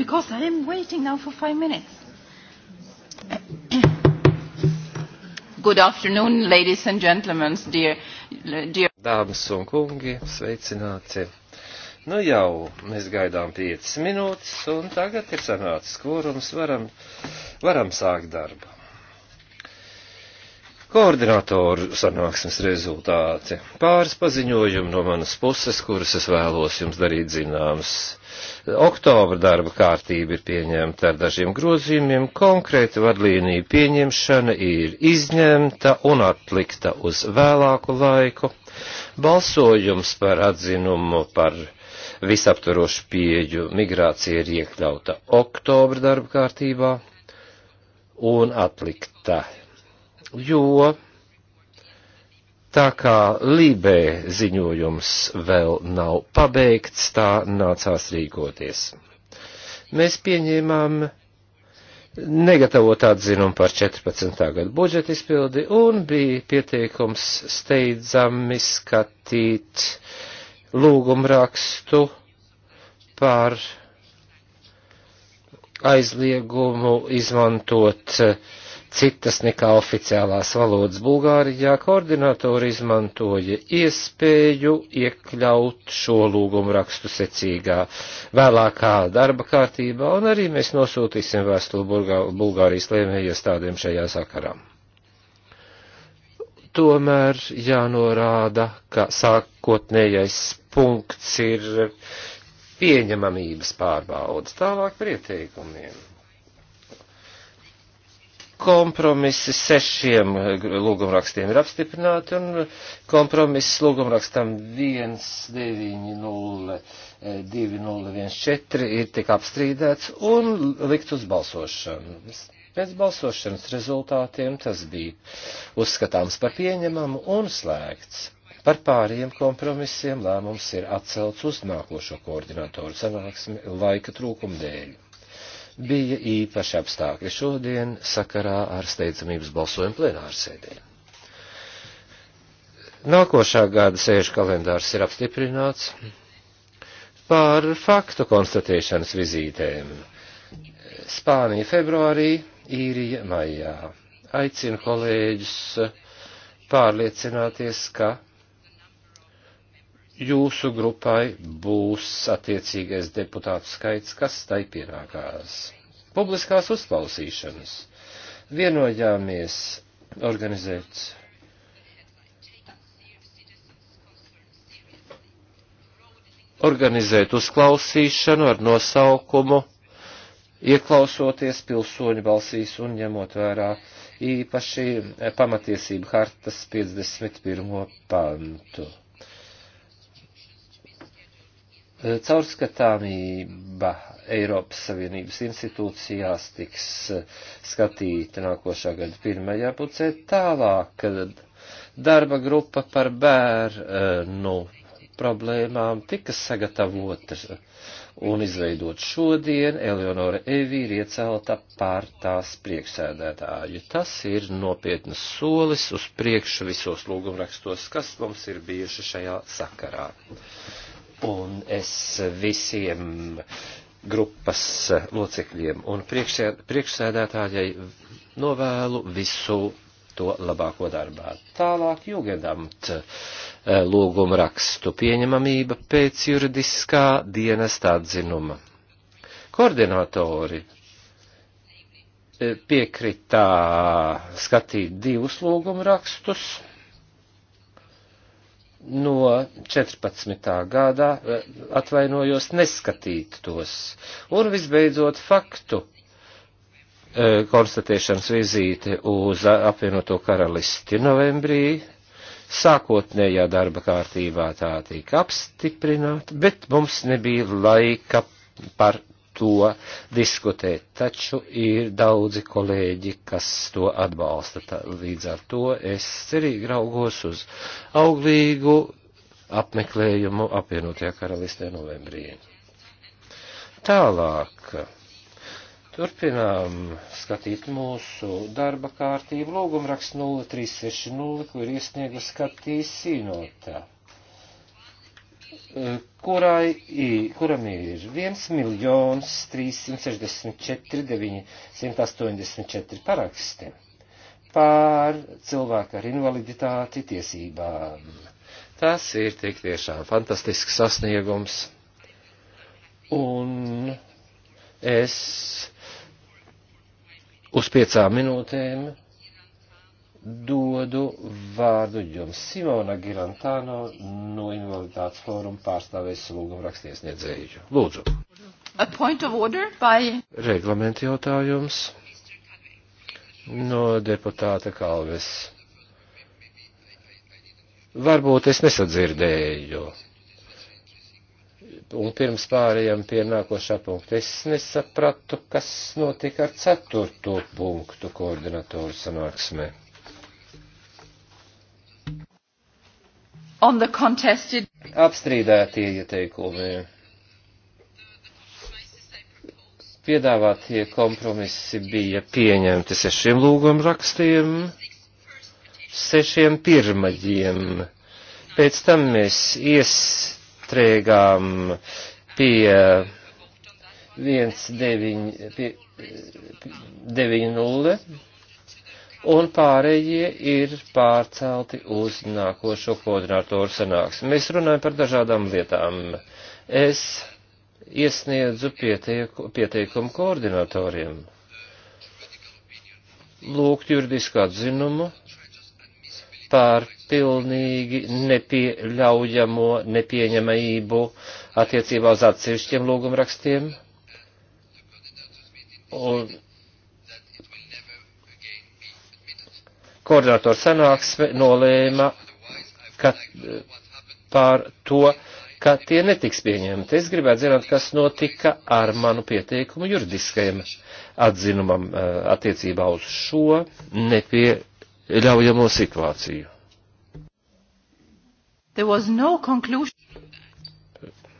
because I am waiting now for five minutes. Good afternoon, ladies and gentlemen, dear, dear. Dāmas un kungi, sveicināti. Nu jau, mēs gaidām 5 minūtes, un tagad ir sanācis kūrums, varam, varam sākt darbu koordinatoru sanāksmes rezultāti. Pāris paziņojumi no manas puses, kurus es vēlos jums darīt zināms. Oktobra darba kārtība ir pieņemta ar dažiem grozījumiem, konkrēta vadlīnija pieņemšana ir izņemta un atlikta uz vēlāku laiku. Balsojums par atzinumu par visaptvarošu pieju migrācija ir iekļauta oktobra darba kārtībā un atlikta jo tā kā Lībē ziņojums vēl nav pabeigts, tā nācās rīkoties. Mēs pieņēmām negatavot atzinumu par 14. gadu budžeta izpildi un bija pieteikums steidzami skatīt lūgumrakstu par aizliegumu izmantot uh, citas nekā oficiālās valodas Bulgārijā, koordinatori izmantoja iespēju iekļaut šo lūgumu rakstu secīgā vēlākā darba kārtībā, un arī mēs nosūtīsim vēstuli Bulgārijas lēmējiestādēm šajā sakarā. Tomēr jānorāda, ka sākotnējais punkts ir pieņemamības pārbaudas tālāk par ieteikumiem kompromisi sešiem lūgumrakstiem ir apstiprināti un kompromiss lūgumrakstam 190214 eh, ir tik apstrīdēts un likt uz balsošanu. Pēc balsošanas rezultātiem tas bija uzskatāms par pieņemamu un slēgts. Par pāriem kompromisiem lēmums ir atcelts uz nākošo koordinatoru sanāksmi laika trūkuma dēļ bija īpaši apstākļi šodien sakarā ar steidzamības balsojumu plenārsēdē. Nākošā gada sēžu kalendārs ir apstiprināts par faktu konstatēšanas vizītēm. Spānija februārī, Īrija maijā. Aicinu kolēģus pārliecināties, ka jūsu grupai būs attiecīgais deputātu skaits, kas tai pienākās. Publiskās uzklausīšanas. Vienojāmies organizēt organizēt uzklausīšanu ar nosaukumu Ieklausoties pilsoņu balsīs un ņemot vērā īpaši pamatiesību hartas 51. pantu Eh, caurskatāmība Eiropas Savienības institūcijās tiks eh, skatīta nākošā gada pirmajā pucē tālāk, kad eh, darba grupa par bērnu problēmām tika sagatavota un izveidot šodien, Eleonora Evi ir iecelta pār tās priekšsēdētāju. Tas ir nopietnas solis uz priekšu visos lūgumrakstos, kas mums ir bijuši šajā sakarā un es visiem grupas locekļiem un priekšsēdētājai novēlu visu to labāko darbā. Tālāk jūgendamt eh, lūguma rakstu pieņemamība pēc juridiskā dienesta atzinuma. Koordinatori eh, piekritā skatīt divus lūguma rakstus no 14. gadā, e, atvainojos, neskatīt tos. Un visbeidzot faktu e, konstatēšanas vizīti uz apvienoto karalisti novembrī. Sākotnējā darba kārtībā tā tika apstiprināta, bet mums nebija laika par to diskutēt, taču ir daudzi kolēģi, kas to atbalsta. Tā, līdz ar to es cerīgi raugos uz auglīgu apmeklējumu apvienotajā karalistē novembrī. Tālāk. Turpinām skatīt mūsu darba kārtību. Lūgumraksts 0360, kur iesniega skatīs sīnotā kurai, kuram ir 1 miljons 364 984 paraksti pār cilvēku ar invaliditāti tiesībām. Tas ir tik tiešām fantastisks sasniegums. Un es uz piecām minūtēm dodu vārdu jums. Simona Girantāno no Invaliditātes fóruma pārstāvēs lūgumu rakstiesniedzēju. Lūdzu. A point of order by... Reglamenta jautājums no deputāta Kalves. Varbūt es nesadzirdēju. Un pirms pārējām pie nākošā punkta es nesapratu, kas notika ar ceturto punktu koordinatoru sanāksmē. contested... Apstrīdētie ieteikumi. Piedāvātie kompromisi bija pieņemti sešiem lūgumrakstiem, sešiem pirmaģiem. Pēc tam mēs iestrēgām pie 1.9.0 un pārējie ir pārcelti uz nākošo koordinātoru sanāksmi. Mēs runājam par dažādām lietām. Es iesniedzu pieteiku, pieteikumu koordinatoriem. Lūgt juridisku atzinumu par pilnīgi nepieļaujamo nepieņemamību attiecībā uz atsevišķiem lūgumrakstiem. Un koordinātoru sanāksme nolēma ka, pār to, ka tie netiks pieņemti. Es gribētu zināt, kas notika ar manu pieteikumu juridiskajam atzinumam eh, attiecībā uz šo nepieļaujamo situāciju. No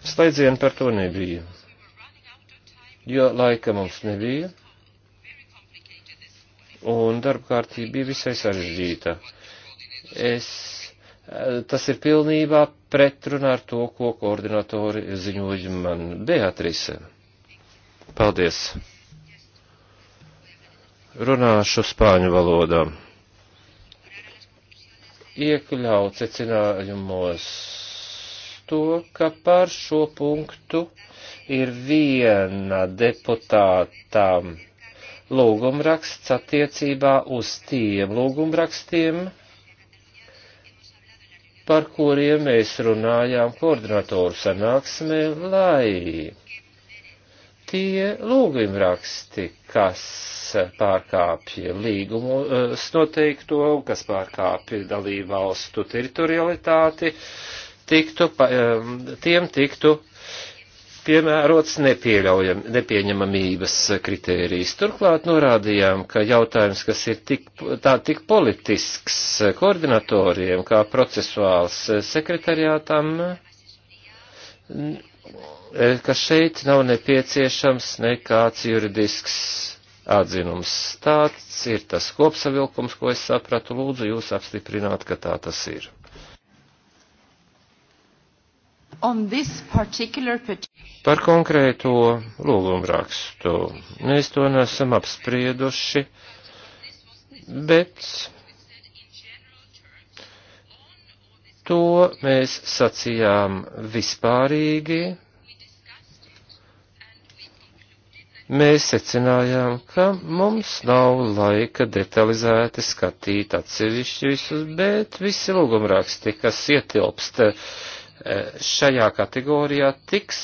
Slēdzienu par to nebija, jo laika mums nebija un darba kārtība bija visai sarežģīta. Es, tas ir pilnībā pretrunā ar to, ko koordinatori ziņoja man Beatrise. Paldies! Runāšu spāņu valodā. Iekļaut secinājumos to, ka par šo punktu ir viena deputātām lūgumraksts attiecībā uz tiem lūgumrakstiem, par kuriem mēs runājām koordinatoru sanāksmē, lai tie lūgumraksti, kas pārkāpja līgumu eh, noteikto, kas pārkāpja dalībvalstu teritorialitāti, tiktu, eh, tiem tiktu piemērots nepieņemamības kritērijas. Turklāt norādījām, ka jautājums, kas ir tik, tā tik politisks koordinatoriem kā procesuāls sekretariātam, ka šeit nav nepieciešams nekāds juridisks atzinums. Tāds ir tas kopsavilkums, ko es sapratu. Lūdzu, jūs apstiprināt, ka tā tas ir. Particular... Par konkrēto lūgumrakstu mēs to nesam apsprieduši, bet to mēs sacījām vispārīgi. Mēs secinājām, ka mums nav laika detalizēti skatīt atsevišķi visus, bet visi lūgumraksti, kas ietilpst Eh, šajā kategorijā tiks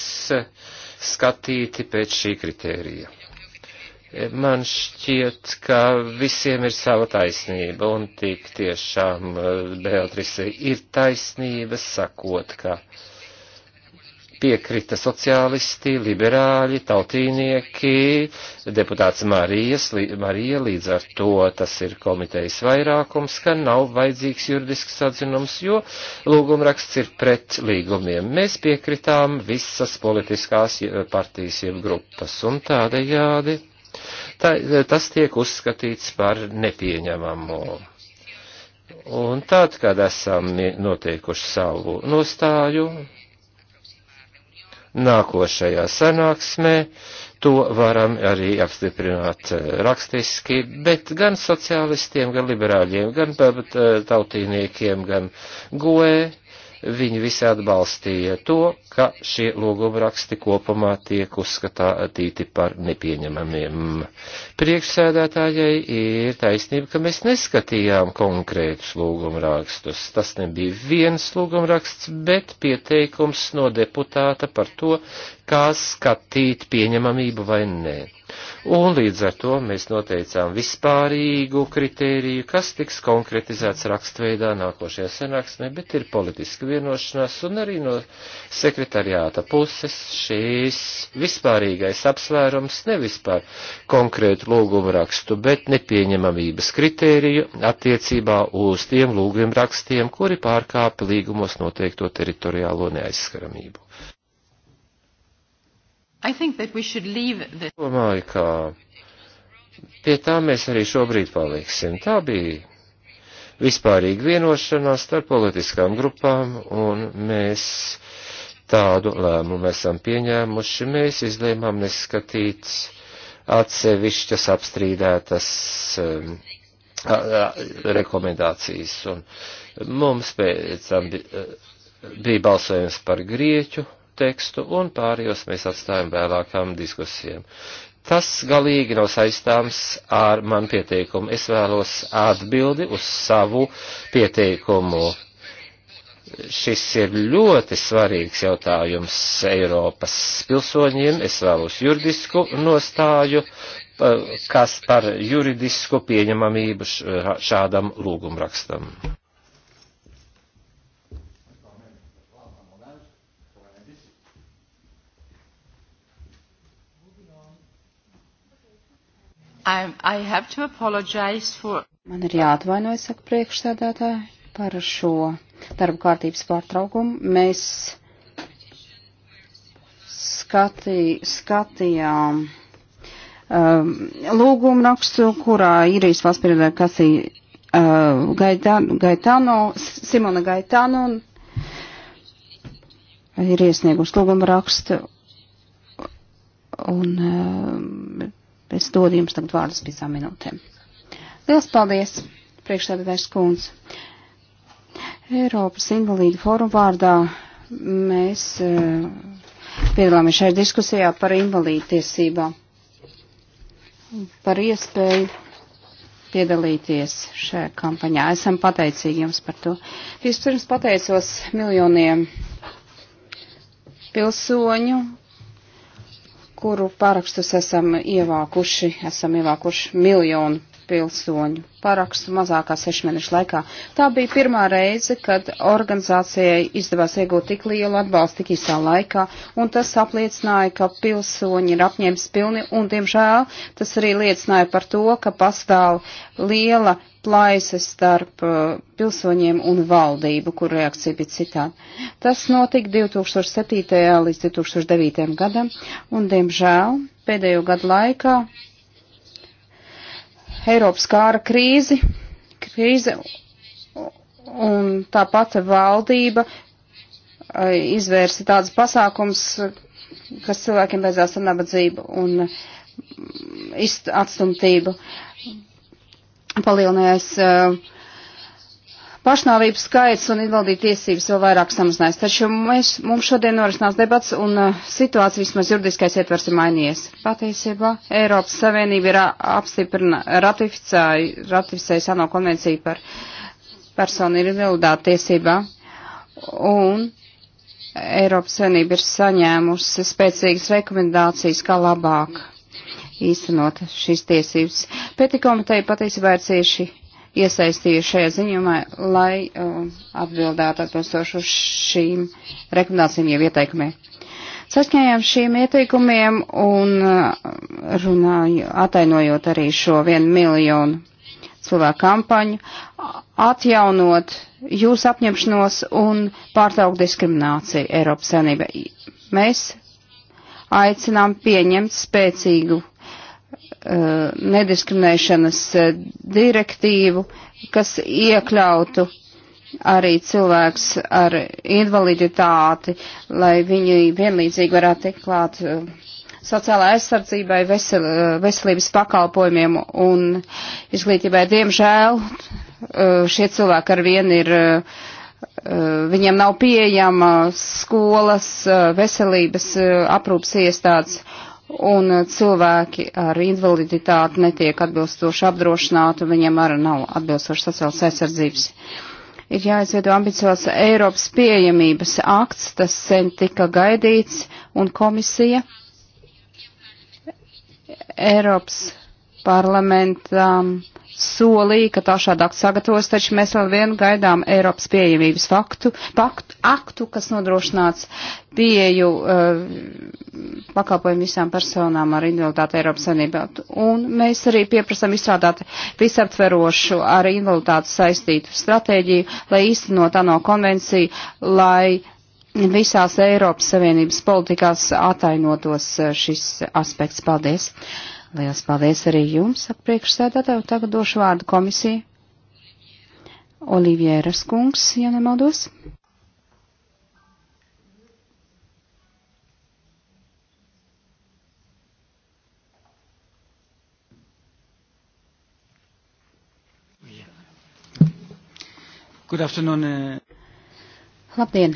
skatīti pēc šī kritērija. Eh, man šķiet, ka visiem ir sava taisnība, un tik tiešām eh, Beatrise ir taisnība sakot, ka uh, piekrita sociālisti, liberāļi, tautīnieki, deputāts Marijas, Marija, līdz ar to tas ir komitejas vairākums, ka nav vajadzīgs juridisks atzinums, jo lūgumraksts ir pret līgumiem. Mēs piekritām visas politiskās partijas jeb grupas un tādējādi. Tā, tas tiek uzskatīts par nepieņemamu. Un tad, kad esam noteikuši savu nostāju, nākošajā sanāksmē. To varam arī apstiprināt eh, rakstiski, bet gan sociālistiem, gan liberāļiem, gan tautīniekiem, gan goē Viņi visi atbalstīja to, ka šie logumraksti kopumā tiek uzskatīti par nepieņemamiem. Priekšsēdētājai ir taisnība, ka mēs neskatījām konkrētus logumrakstus. Tas nebija viens logumraksts, bet pieteikums no deputāta par to, kā skatīt pieņemamību vai nē. Un līdz ar to mēs noteicām vispārīgu kritēriju, kas tiks konkretizēts rakstveidā nākošajā sanāksmē, bet ir politiska vienošanās un arī no sekretariāta puses šīs vispārīgais apsvērums nevis par konkrētu lūgumu rakstu, bet nepieņemamības kritēriju attiecībā uz tiem lūgumu rakstiem, kuri pārkāpa līgumos noteikto teritoriālo neaizskaramību. The... Domāju, ka pie tā mēs arī šobrīd paliksim. Tā bija vispārīga vienošanās starp politiskām grupām, un mēs tādu lēmumu esam pieņēmuši. Mēs izlēmām neskatīt atsevišķas apstrīdētas um, a, a, rekomendācijas, un mums pēc tam bija, bija balsojums par Grieķu tekstu un pārējos mēs atstājam vēlākām diskusijām. Tas galīgi nav saistāms ar man pieteikumu. Es vēlos atbildi uz savu pieteikumu. Šis ir ļoti svarīgs jautājums Eiropas pilsoņiem. Es vēlos juridisku nostāju, kas par juridisku pieņemamību šādam lūgumrakstam. I, I have to apologize for. Man ir jāatvainojas, saka priekšsēdētāji, par šo darba kārtības pārtraukumu. Mēs skatī, skatījām um, lūgumu rakstu, kurā īrijas valsts pirmā kasī uh, Gaitano, Simona Gaitano ir iesniegusi lūgumu rakstu. Un, uh, Es dodu jums tagad vārdus piecām minūtēm. Liels paldies, priekšstādātais kundze. Eiropas invalīdu forumu vārdā mēs uh, piedalāmies šajā diskusijā par invalīdu tiesībām, par iespēju piedalīties šajā kampaņā. Esam pateicīgi jums par to. Vispirms pateicos miljoniem pilsoņu, kuru pārakstus esam ievākuši, esam ievākuši miljonu pilsoņu parakstu mazākā sešu mēnešu laikā. Tā bija pirmā reize, kad organizācijai izdevās iegūt tik lielu atbalstu tik īsā laikā, un tas apliecināja, ka pilsoņi ir apņēmis pilni, un, diemžēl, tas arī liecināja par to, ka pastāv liela plaisa starp uh, pilsoņiem un valdību, kur reakcija bija citāda. Tas notika 2007. līdz 2009. gadam, un, diemžēl, pēdējo gadu laikā Eiropas kāra krīzi, krīze un tāpat valdība eh, izvērsa tādas pasākums, kas cilvēkiem beidzās ar nabadzību un mm, atstumtību. Palielinājās uh, eh, pašnāvības skaits un invalidību tiesības vēl vairāk samazinās. Taču mēs, mums šodien norisinās debats un uh, situācija vismaz juridiskais ietvers ir mainījies. Patiesībā Eiropas Savienība ir uh, ratificējusi ANO konvenciju par personu ir invaliditāte tiesībā un Eiropas Savienība ir saņēmusi spēcīgas rekomendācijas, kā labāk īstenot šīs tiesības. Pēti komiteja patiesībā ir cieši iesaistīju šajā ziņumā, lai uh, atbildētu atbilstoši uz šīm rekomendācijām jau ieteikumiem. Saskaņojām šiem ieteikumiem un uh, runāju, atainojot arī šo vienu miljonu cilvēku kampaņu, atjaunot jūsu apņemšanos un pārtraukt diskrimināciju Eiropas Savienībā. Mēs aicinām pieņemt spēcīgu Eh, nediskriminēšanas eh, direktīvu, kas iekļautu arī cilvēks ar invaliditāti, lai viņi vienlīdzīgi varētu tikt klāt eh, sociālā aizsardzībai, vesel, veselības pakalpojumiem un izglītībai. Diemžēl šie cilvēki ar vienu ir, viņiem nav pieejama skolas, veselības aprūpas iestādes un eh, cilvēki ar invaliditāti netiek atbilstoši apdrošināti, viņiem arī nav atbilstoši sociālas aizsardzības. Ir jāizveido ambiciozs Eiropas pieejamības akts, tas sen tika gaidīts, un komisija Eiropas parlamentam. Um, solīja, ka tā šādi aktu sagatavos, taču mēs vēl vien gaidām Eiropas pieejamības faktu, paktu, aktu, kas nodrošināts pieeju uh, eh, pakalpojumu visām personām ar invaliditāti Eiropas Savienībā. Un mēs arī pieprasam izstrādāt visaptverošu ar invaliditāti saistītu stratēģiju, lai īstenot ANO konvenciju, lai visās Eiropas Savienības politikās atainotos eh, šis aspekts. Paldies! Liels paldies arī jums, saka priekšsēdētāju. Tagad došu vārdu komisiju. Olivieras kungs, ja nemaldos. Good afternoon. Uh, Labdien!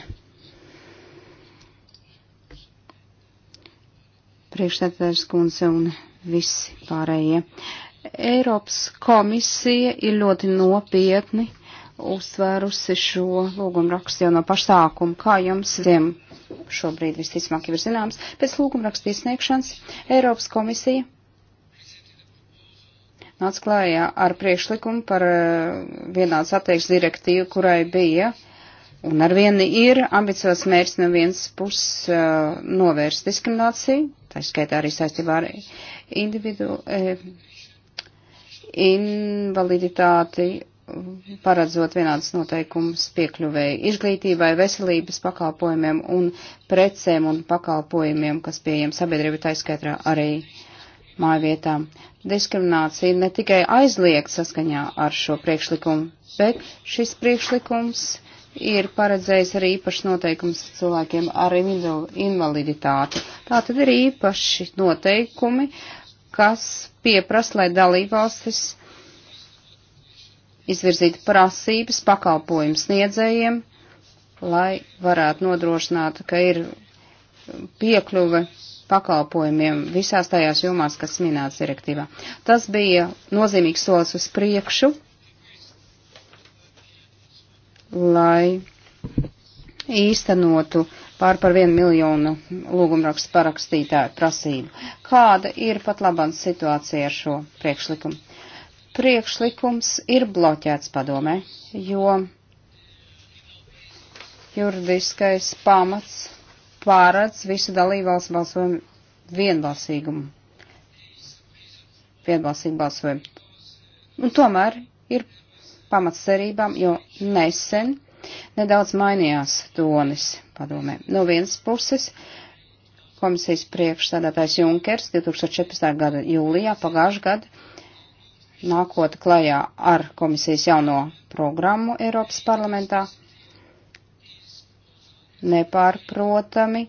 Priekšstādātājs kundze un visi pārējie. Eiropas komisija ir ļoti nopietni uztvērusi šo lūgumrakstu jau no pašsākuma. Kā jums ziem šobrīd visticamāk jau ir zināms, pēc lūgumrakstu izsniegšanas Eiropas komisija nāca klājā ar priekšlikumu par eh, vienāds attieksmes direktīvu, kurai bija un ar vienu ir ambiciozs mērķis no vienas puses eh, novērst diskrimināciju tā skaitā arī saistībā ar individu e, invaliditāti, paredzot vienādas noteikumus piekļuvēji izglītībai, veselības pakalpojumiem un precēm un pakalpojumiem, kas pieejam sabiedrību, tā skaitā arī mājvietām. Diskriminācija ne tikai aizliegt saskaņā ar šo priekšlikumu, bet šis priekšlikums ir paredzējis arī īpašs noteikums cilvēkiem ar invaliditāti. Tā tad ir īpaši noteikumi, kas pieprasa, lai dalībvalstis izvirzītu prasības pakalpojumu sniedzējiem, lai varētu nodrošināt, ka ir piekļuve pakalpojumiem visās tajās jomās, kas minēts direktīvā. Tas bija nozīmīgs solis uz priekšu lai īstenotu pār par vienu miljonu lūgumrakstu parakstītāju prasību. Kāda ir pat labāna situācija ar šo priekšlikumu? Priekšlikums ir bloķēts padomē, jo juridiskais pamats pārēc visu dalībvalsts balsojumu vienbalsīgumu. Vienbalsīgu balsojumu. Un tomēr ir pamatcerībām, jo nesen nedaudz mainījās tonis padomē. No vienas puses, komisijas priekšstādātājs Junkers 2014. gada jūlijā pagājušajā gadā nākot klajā ar komisijas jauno programmu Eiropas parlamentā, nepārprotami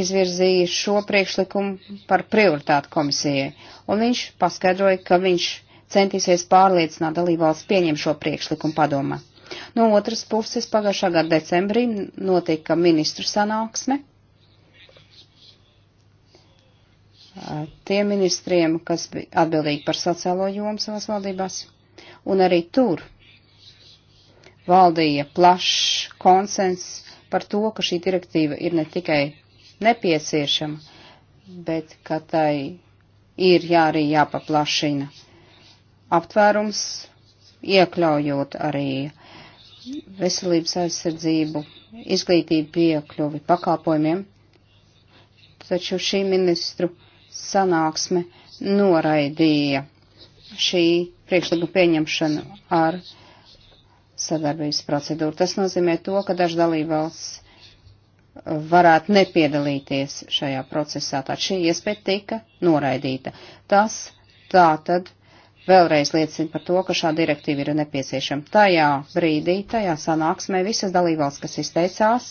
izvirzīja šo priekšlikumu par prioritātu komisijai, un viņš paskaidroja, ka viņš centīsies pārliecināt dalībvalsts pieņem šo priekšlikumu padomā. No otras puses, pagājušā gada decembrī notika ministru sanāksme. Tiem ministriem, kas bija atbildīgi par sociālo jomu savās valdībās, un arī tur valdīja plašs konsens par to, ka šī direktīva ir ne tikai nepieciešama, bet ka tai ir jā, arī jāpaplašina aptvērums, iekļaujot arī veselības aizsardzību, izglītību piekļuvi pakalpojumiem. Taču šī ministru sanāksme noraidīja šī priekšlikuma pieņemšanu ar sadarbības procedūru. Tas nozīmē to, ka daži dalībvalsts varētu nepiedalīties šajā procesā. Tā šī iespēja tika noraidīta. Tas tā tad vēlreiz liecina par to, ka šā direktīva ir nepieciešama. Tajā brīdī, tajā sanāksmē visas dalībvalsts, kas izteicās,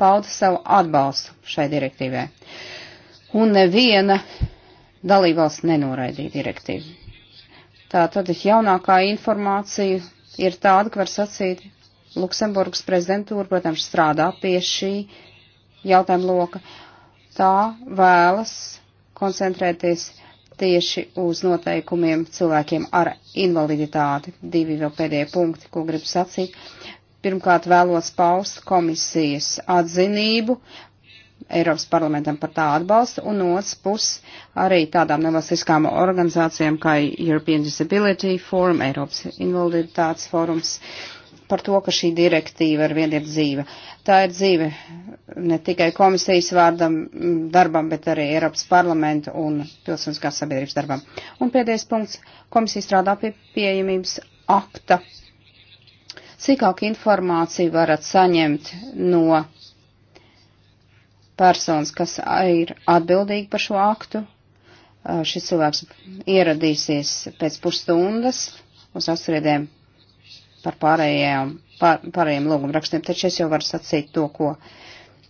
pauda savu atbalstu šai direktīvai. Un neviena dalībvalsts nenoraidīja direktīvu. Tātad jaunākā informācija ir tāda, ka var sacīt, Luksemburgas prezidentūra, protams, strādā pie šī jautājuma loka. Tā vēlas koncentrēties tieši uz noteikumiem cilvēkiem ar invaliditāti. Divi vēl pēdējie punkti, ko gribu sacīt. Pirmkārt, vēlos paust komisijas atzinību Eiropas parlamentam par tā atbalstu, un no otras puses arī tādām nevalstiskām organizācijām kā European Disability Forum, Eiropas Invaliditātes forums. Uh, par to, ka šī direktīva ar vienu ir dzīve. Tā ir dzīve ne tikai komisijas vārdam, mm, darbam, bet arī Eiropas parlamenta un pilsoniskās sabiedrības darbam. Un pēdējais punkts - komisija strādā pie pieejamības akta. Sīkāku informāciju varat saņemt no personas, kas ir atbildīga par šo aktu. Šis cilvēks ieradīsies pēc pusstundas uz astriedēm par pārējiem, pār, pārējiem lūgumrakstiem, taču es jau varu sacīt to, ko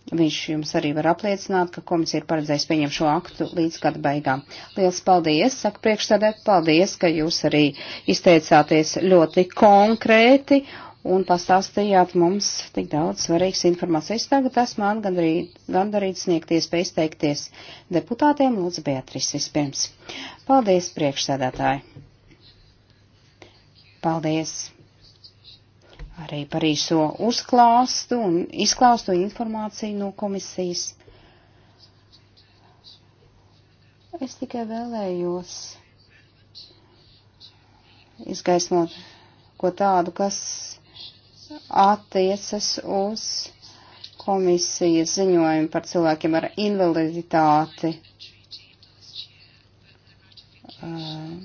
viņš jums arī var apliecināt, ka komisija ir paredzējusi pieņemt šo aktu līdz gada beigām. Liels paldies, saka priekšstādē, paldies, ka jūs arī izteicāties ļoti konkrēti un pastāstījāt mums tik daudz svarīgas informācijas. Tagad esmu gandarīt sniegt iespēju izteikties deputātiem. Lūdzu, Beatris vispirms. Paldies, priekšsēdētāji. Paldies arī par īso uzklāstu un izklāstu informāciju no komisijas. Es tikai vēlējos izgaismot ko tādu, kas attiecas uz komisijas ziņojumu par cilvēkiem ar invaliditāti. Uh,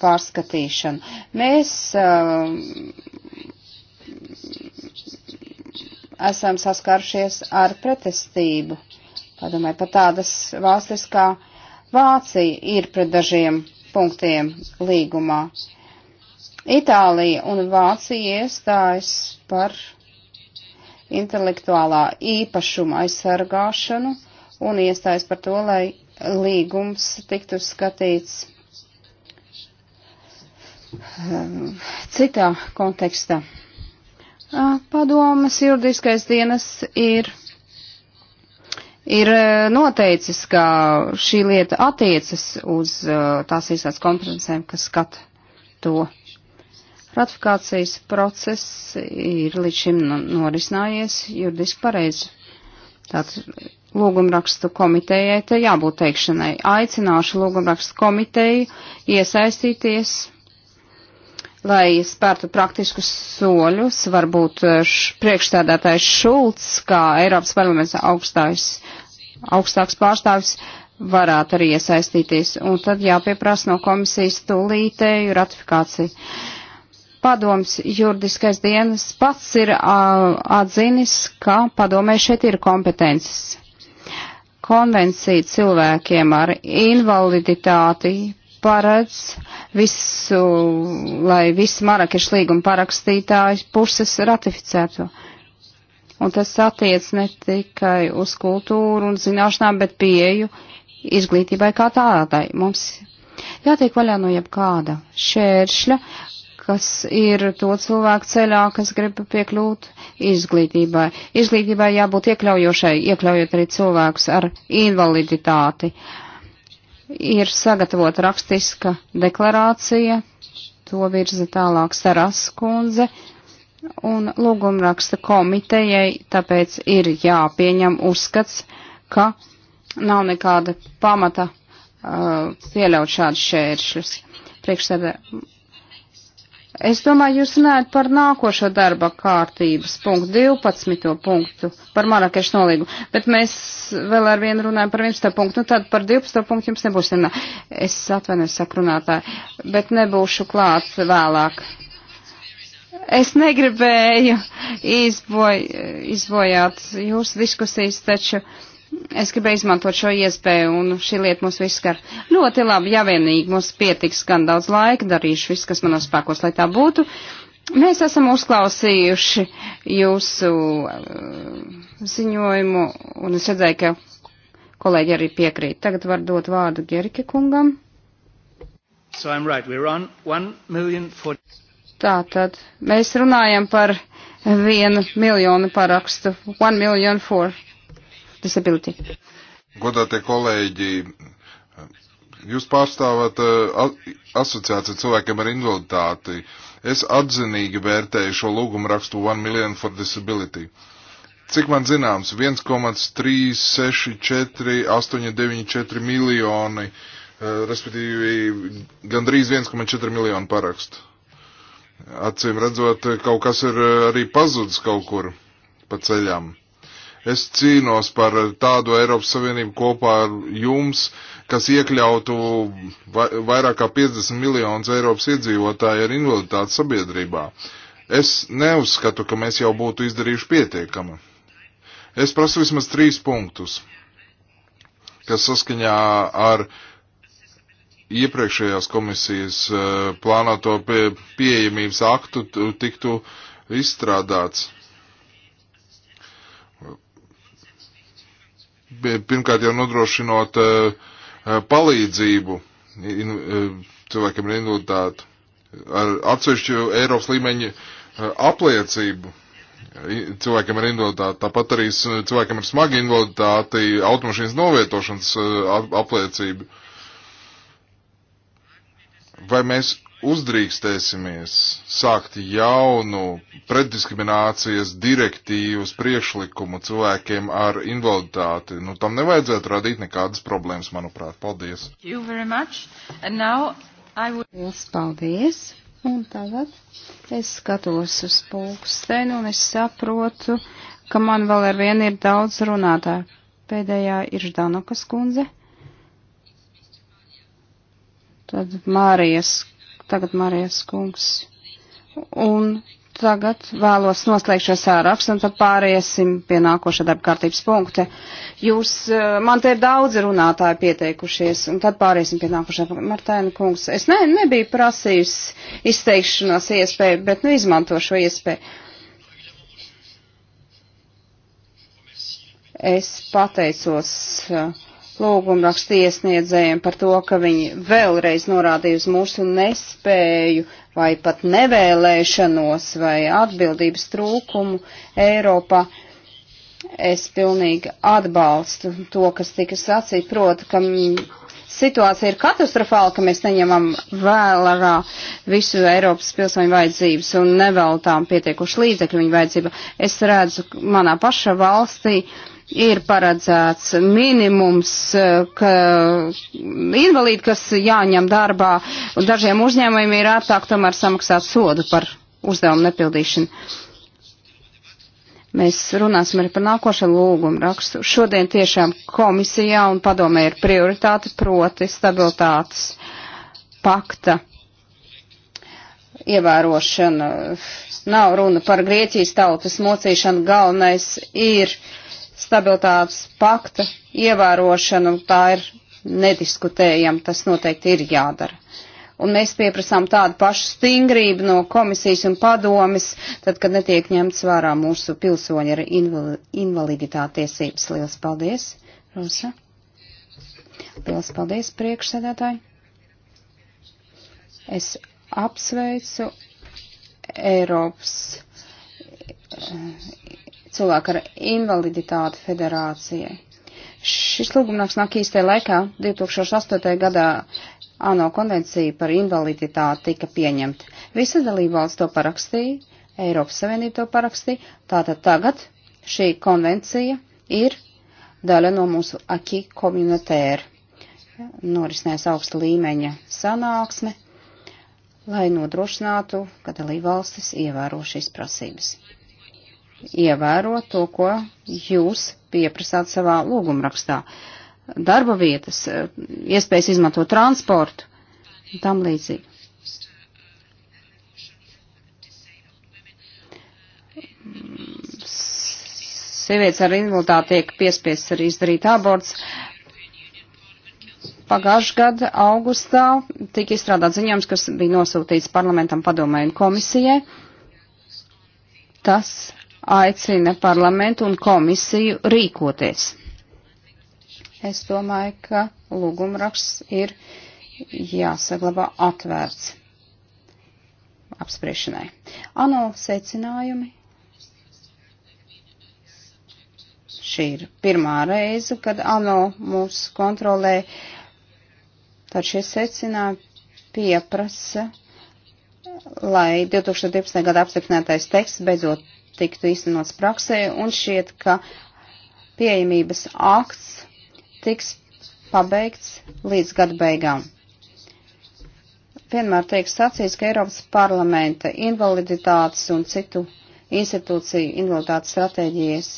pārskatīšanu. Mēs um, esam saskaršies ar pretestību. Padomājiet, pat tādas valstis kā Vācija ir pret dažiem punktiem līgumā. Itālija un Vācija iestājas par intelektuālā īpašuma aizsargāšanu un iestājas par to, lai līgums tiktu skatīts citā kontekstā. Padomas juridiskais dienas ir, ir noteicis, ka šī lieta attiecas uz tās īstās kompetencēm, kas skat to. Ratifikācijas process ir līdz šim norisinājies juridiski pareizi. Tātad lūgumrakstu komitejai te jābūt teikšanai. Aicināšu lūgumrakstu komiteju iesaistīties lai spērtu praktiskus soļus, varbūt eh, priekšstādātājs Šulcs, kā Eiropas parlaments augstāks, augstāks pārstāvis, varētu arī iesaistīties. Un tad jāpieprasa no komisijas tūlītēju ratifikāciju. Padoms juridiskais dienas pats ir atzinis, ka padomē šeit ir kompetences. Konvencija cilvēkiem ar invaliditāti paredz visu, lai visi Marakešu līguma parakstītāji puses ratificētu. Un tas attiec ne tikai uz kultūru un zināšanām, bet pieju izglītībai kā tādai. Mums jātiek vaļā no jebkāda šēršļa, kas ir to cilvēku ceļā, kas grib piekļūt izglītībai. Izglītībai jābūt iekļaujošai, iekļaujot arī cilvēkus ar invaliditāti. Uh, ir sagatavota rakstiska deklarācija, to virza tālāk Saras kundze, un lūgumraksta komitejai tāpēc ir jāpieņem uzskats, ka nav nekāda pamata uh, pieļaut šādus šēršļus. Priekšsēdē Es domāju, jūs runājat par nākošo darba kārtības punktu, 12. punktu, par Marakešu nolīgu, bet mēs vēl ar vienu runājam par 11. punktu, nu tad par 12. punktu jums nebūs runā. Es atvainojos sakrunātāju, bet nebūšu klāt vēlāk. Es negribēju izboj, izbojāt jūsu diskusijas, taču. Uh, Es gribēju izmantot šo iespēju, un šī lieta mūs viss skar ļoti labi. Ja vienīgi mums pietiks gan daudz laika, darīšu viss, kas manos spēkos, lai tā būtu. Mēs esam uzklausījuši jūsu uh, ziņojumu, un es redzēju, ka kolēģi arī piekrīt. Tagad var dot vārdu Gerike kungam. So I'm right. We're on 1,040. Tātad mēs runājam par vienu miljonu parakstu. One million for disability. Godātie kolēģi, jūs pārstāvat eh, asociāciju cilvēkiem ar invaliditāti. Es atzinīgi vērtēju šo lūgumu rakstu One Million for Disability. Cik man zināms, 1,364894 miljoni, eh, respektīvi gandrīz 1,4 miljonu parakstu. Acīm redzot, eh, kaut kas ir arī pazudis kaut kur pa ceļām. Es cīnos par tādu Eiropas Savienību kopā ar jums, kas iekļautu vairāk kā 50 miljonus Eiropas iedzīvotāju ar invaliditāti sabiedrībā. Es neuzskatu, ka mēs jau būtu izdarījuši pietiekami. Es prasu vismaz trīs punktus, kas saskaņā ar iepriekšējās komisijas eh, plānoto pie, pieejamības aktu tiktu izstrādāts. pirmkārt jau nodrošinot e, e, palīdzību e, cilvēkiem ar invaliditāti ar atsevišķu Eiropas līmeņa apliecību cilvēkiem ar invaliditāti, tāpat arī cilvēkiem ar smagu invaliditāti automašīnas novietošanas apliecību. Vai mēs uzdrīkstēsimies sākt jaunu preddiskriminācijas direktīvas priekšlikumu cilvēkiem ar invaliditāti. Nu, tam nevajadzētu radīt nekādas problēmas, manuprāt. Paldies! Would... Jūs paldies! Un tagad es skatos uz pulksteni un es saprotu, ka man vēl ar vienu ir daudz runātāju. Pēdējā ir Ždanokas kundze. Tad Mārijas tagad Marijas kungs. Un tagad vēlos noslēgt šo sārakstu un tad pāriesim pie nākošā darba kārtības punkta. Jūs, eh, man te ir daudzi runātāji pieteikušies un tad pāriesim pie nākošā. Martēna kungs, es ne, nebiju prasījusi izteikšanās iespēju, bet nu izmanto šo iespēju. Es pateicos. Uh, lūgumrakstu iesniedzējiem par to, ka viņi vēlreiz norādīja uz mūsu nespēju vai pat nevēlēšanos vai atbildības trūkumu Eiropā. Es pilnīgi atbalstu to, kas tika sacīt, proti, ka situācija ir katastrofāla, ka mēs neņemam vērā visu Eiropas pilsoņu vajadzības un neveltām pietiekuši līdzekļu viņu vajadzību. Es redzu, manā paša valstī uh, ir paredzēts minimums, eh, ka invalīdi, kas jāņem darbā, dažiem uzņēmumiem ir ērtāk tomēr samaksāt sodu par uzdevumu nepildīšanu. Mēs runāsim arī par nākošo lūgumu rakstu. Šodien tiešām komisijā un padomē ir prioritāte proti stabilitātes pakta ievērošana. Nav runa par Grieķijas tautas mocīšanu. Galvenais ir uh, stabilitātes pakta ievērošanu, tā ir nediskutējama, tas noteikti ir jādara. Un mēs pieprasām tādu pašu stingrību no komisijas un padomis, tad, kad netiek ņemts vērā mūsu pilsoņi ar invaliditāti tiesības. Liels paldies, Rosa. Liels paldies, priekšsēdētāji. Es apsveicu Eiropas eh, cilvēku ar invaliditāti federācijai. Šis lūgumnāks nāk īstajā laikā. 2008. gadā ANO konvencija par invaliditāti tika pieņemta. Visa dalībvalsts to parakstīja, Eiropas Savienība to parakstīja. Tātad tagad šī konvencija ir daļa no mūsu aki komunitēra. Norisinās augsta līmeņa sanāksme, lai nodrošinātu, ka dalībvalstis ievēro šīs prasības ievērot to, ko jūs pieprasāt savā lūgumrakstā. Darba vietas, iespējas izmantot transportu un tam līdzīgi. Sievietes ar invaliditāti tiek piespiestas arī izdarīt aborts. Pagājušā gada augustā tika izstrādāts ziņojums, kas bija nosūtīts parlamentam padomēju komisijai. Tas aicina parlamentu un komisiju rīkoties. Es domāju, ka lūgumraksts ir jāsaglabā atvērts apspriešanai. Ano secinājumi. Šī ir pirmā reize, kad ANO mūs kontrolē, tad šie secinājumi pieprasa, lai 2012. gada apstiprinātais teksts beidzot tiktu īstenots praksē, un šķiet, ka pieejamības akts tiks pabeigts līdz gada beigām. Vienmēr tiek sacīts, ka Eiropas parlamenta invaliditātes un citu institūciju invaliditātes stratēģijas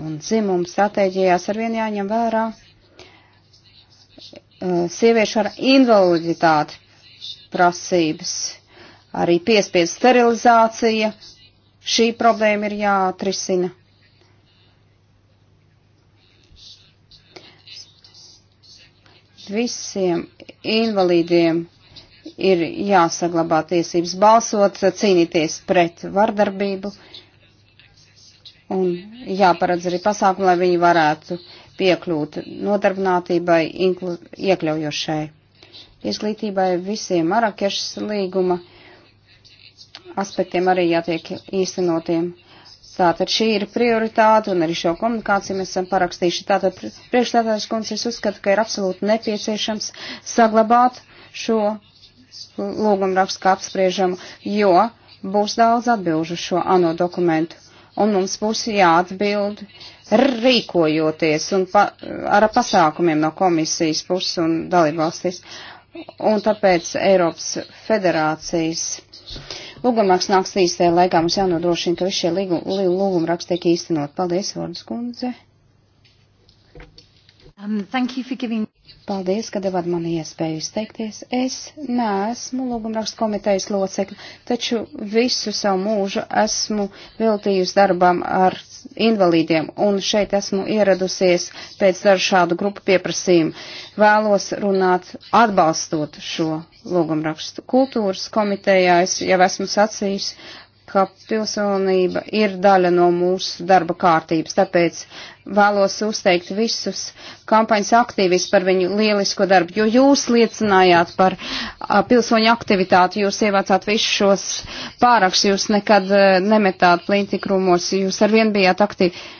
un dzimumu stratēģijās arvien jāņem vērā eh, sieviešu ar invaliditāti prasības, arī piespiedu sterilizācija, Šī problēma ir jāatrisina. Visiem invalīdiem ir jāsaglabā tiesības balsot, cīnīties pret vardarbību un jāparedz arī pasākumu, lai viņi varētu piekļūt nodarbinātībai, iekļaujošai izglītībai visiem Marakešas līguma aspektiem arī jātiek īstenotiem. Tātad šī ir prioritāte un arī šo komunikāciju mēs esam parakstījuši. Tātad priekšstādājas kundze es uzskatu, ka ir absolūti nepieciešams saglabāt šo lūgumrakstu kā apspriežamu, jo būs daudz atbilžu šo ANO dokumentu. Un mums būs jāatbild rīkojoties un pa, ar pasākumiem no komisijas puses un dalībvalstīs. Un tāpēc Eiropas federācijas Lūgumāks nāks īstajā laikā, mums jānodrošina, ka visi šie lūguma raksti tiek īstenot. Paldies, Vordas kundze. Um, giving... Paldies, ka devāt man iespēju izteikties. Es neesmu lūgumrakstu komitejas locekļa, taču visu savu mūžu esmu veltījusi darbam ar invalīdiem, un šeit esmu ieradusies pēc dažu šādu grupu pieprasījumu. Vēlos runāt atbalstot šo lūgumrakstu. Kultūras komitejā es jau esmu sacījis, ka pilsonība ir daļa no mūsu darba kārtības, tāpēc vēlos uzteikt visus kampaņas aktīvis par viņu lielisko darbu, jo jūs liecinājāt par a, pilsoņu aktivitāti, jūs ievācāt visus šos pāraks, jūs nekad a, nemetāt plintikrumos, jūs arvien bijāt aktīvi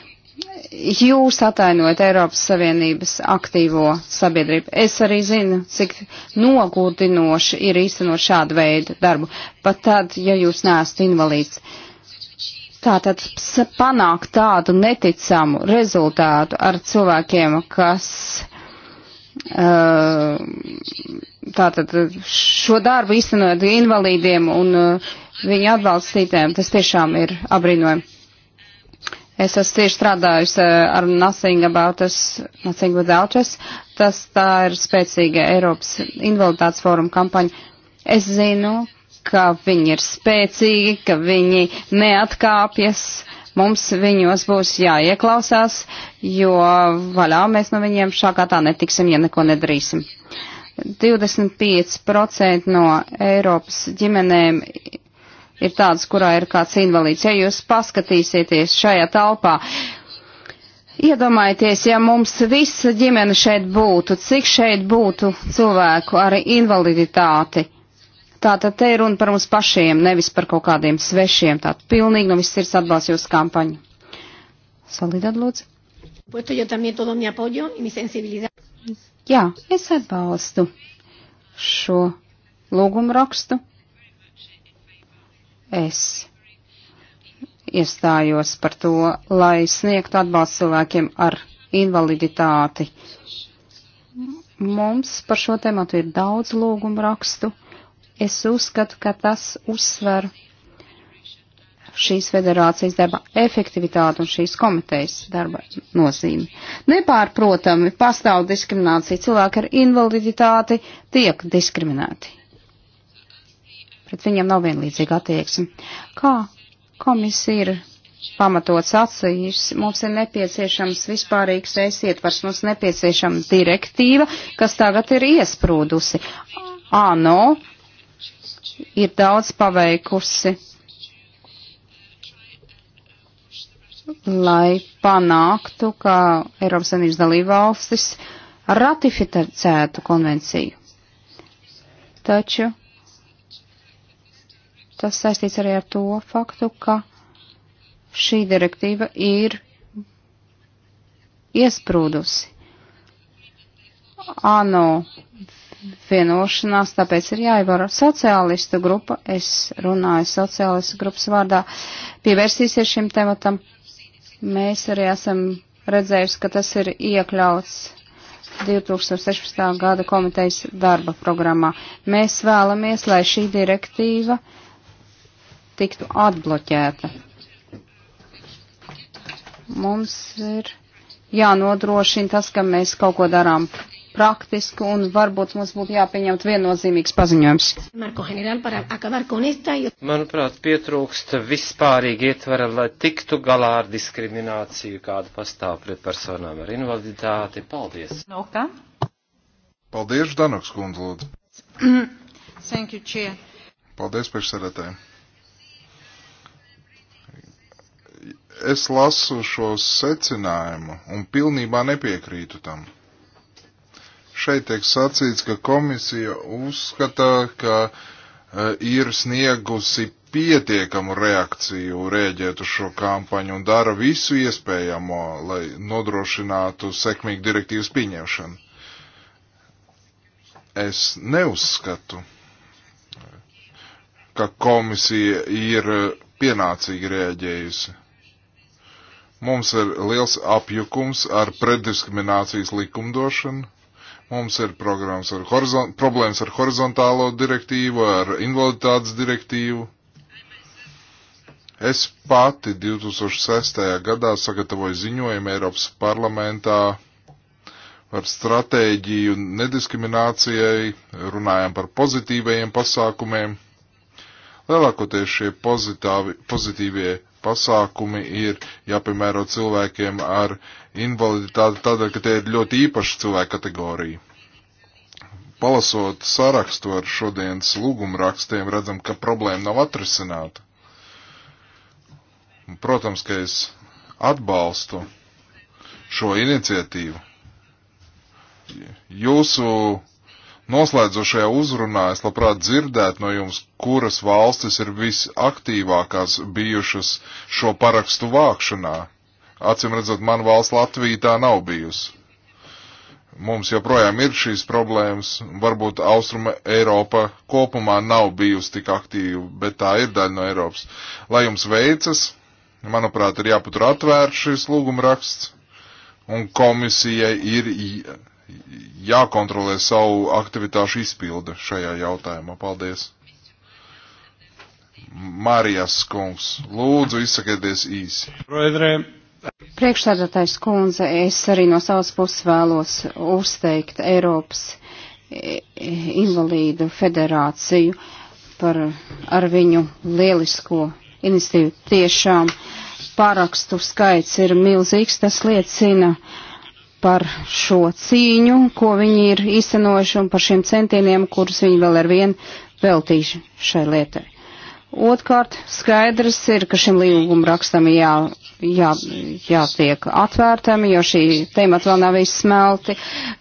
jūs atainojat Eiropas Savienības aktīvo sabiedrību. Es arī zinu, cik nogurdinoši ir īstenot šādu veidu darbu, pat tad, ja jūs neesat invalīds. Tātad panākt tādu neticamu rezultātu ar cilvēkiem, kas uh, tātad šo darbu īstenot invalīdiem un uh, viņu atbalstītēm, tas tiešām ir abrīnojami. Es esmu tieši strādājusi eh, ar Nothing About Us, Nothing Without Us. Tas tā ir spēcīga Eiropas invaliditātes fóruma kampaņa. Es zinu, ka viņi ir spēcīgi, ka viņi neatkāpjas. Mums viņos būs jāieklausās, jo vaļā mēs no viņiem šā kā tā netiksim, ja neko nedarīsim. 25% no Eiropas ģimenēm ir tāds, kurā ir kāds invalīds. Ja jūs paskatīsieties šajā talpā, iedomājieties, ja mums visa ģimene šeit būtu, cik šeit būtu cilvēku ar invaliditāti. Tātad te ir runa par mums pašiem, nevis par kaut kādiem svešiem. Tātad pilnīgi no viss sirds atbalsts jūsu kampaņu. Salīdāt, lūdzu. Jā, es atbalstu šo lūgumu rakstu Es iestājos par to, lai sniegtu atbalstu cilvēkiem ar invaliditāti. Mums par šo tematu ir daudz lūgumu rakstu. Es uzskatu, ka tas uzsver šīs federācijas darba efektivitāti un šīs komitejas darba nozīmi. Nepārprotami pastāv diskriminācija. Cilvēki ar invaliditāti tiek diskriminēti pret viņiem nav vienlīdzīga attieksme. Kā komisija ir pamatot sacījusi, mums ir nepieciešams vispārīgs es ietvars, mums nepieciešama direktīva, kas tagad ir iesprūdusi. ANO ir daudz paveikusi, lai panāktu, ka Eiropas Savienības dalībvalstis ratificētu konvenciju. Taču Tas saistīts arī ar to faktu, ka šī direktīva ir iesprūdusi. ANO vienošanās, tāpēc ir jāievaro sociālistu grupa, es runāju sociālistu grupas vārdā, pievērsīsies šim tematam. Mēs arī esam redzējuši, ka tas ir iekļauts 2016. gada komitejas darba programmā. Mēs vēlamies, lai šī direktīva tiktu atbloķēta. Mums ir jānodrošina tas, ka mēs kaut ko darām praktisku un varbūt mums būtu jāpieņemt viennozīmīgs paziņojums. Manuprāt, pietrūkst vispārīgi ietvara, lai tiktu galā ar diskrimināciju, kāda pastāv pret personām ar invaliditāti. Paldies! No kā? Paldies, Danoks kundze, lūdzu. Thank you, chair. Paldies, priekšsēdētāji. es lasu šo secinājumu un pilnībā nepiekrītu tam. Šeit tiek sacīts, ka komisija uzskata, ka uh, ir sniegusi pietiekamu reakciju rēģēt uz šo kampaņu un dara visu iespējamo, lai nodrošinātu sekmīgu direktīvas pieņemšanu. Es neuzskatu, ka komisija ir pienācīgi rēģējusi Mums ir liels apjukums ar preddiskriminācijas likumdošanu. Mums ir ar horizon, problēmas ar horizontālo direktīvu, ar invaliditātes direktīvu. Es pati 2006. gadā sagatavoju ziņojumu Eiropas parlamentā par stratēģiju nediskriminācijai, runājam par pozitīvajiem pasākumiem. Lielākoties šie pozitāvi, pozitīvie pasākumi ir jāpiemēro cilvēkiem ar invaliditāti tādēļ, ka tie ir ļoti īpaši cilvēku kategorija. Palasot sarakstu ar šodienas lūgumrakstiem, redzam, ka problēma nav atrisināta. Protams, ka es atbalstu šo iniciatīvu. Jūsu Noslēdzošajā uzrunā es labprāt dzirdētu no jums, kuras valstis ir visaktīvākās bijušas šo parakstu vākšanā. Acim redzot, man valsts Latvija tā nav bijusi. Mums joprojām ir šīs problēmas, varbūt Austruma Eiropa kopumā nav bijusi tik aktīva, bet tā ir daļa no Eiropas. Lai jums veicas, manuprāt, ir jāpatur atvērts šis lūgumraksts, un komisijai ir jākontrolē savu aktivitāšu izpilde šajā jautājumā. Paldies! Marijas kungs, lūdzu izsakieties īsi. Proedrē. Priekšsēdētājs kundze, es arī no savas puses vēlos uzteikt Eiropas invalīdu federāciju par ar viņu lielisko iniciatīvu. Tiešām parakstu skaits ir milzīgs, tas liecina uh, par šo cīņu, ko viņi ir īstenojuši un par šiem centieniem, kurus viņi vēl ar vienu veltīšu šai lietai. Otkārt, skaidrs ir, ka šim līgumam rakstam jā, jā, jātiek atvērtam, jo šī temata vēl nav izsmelti.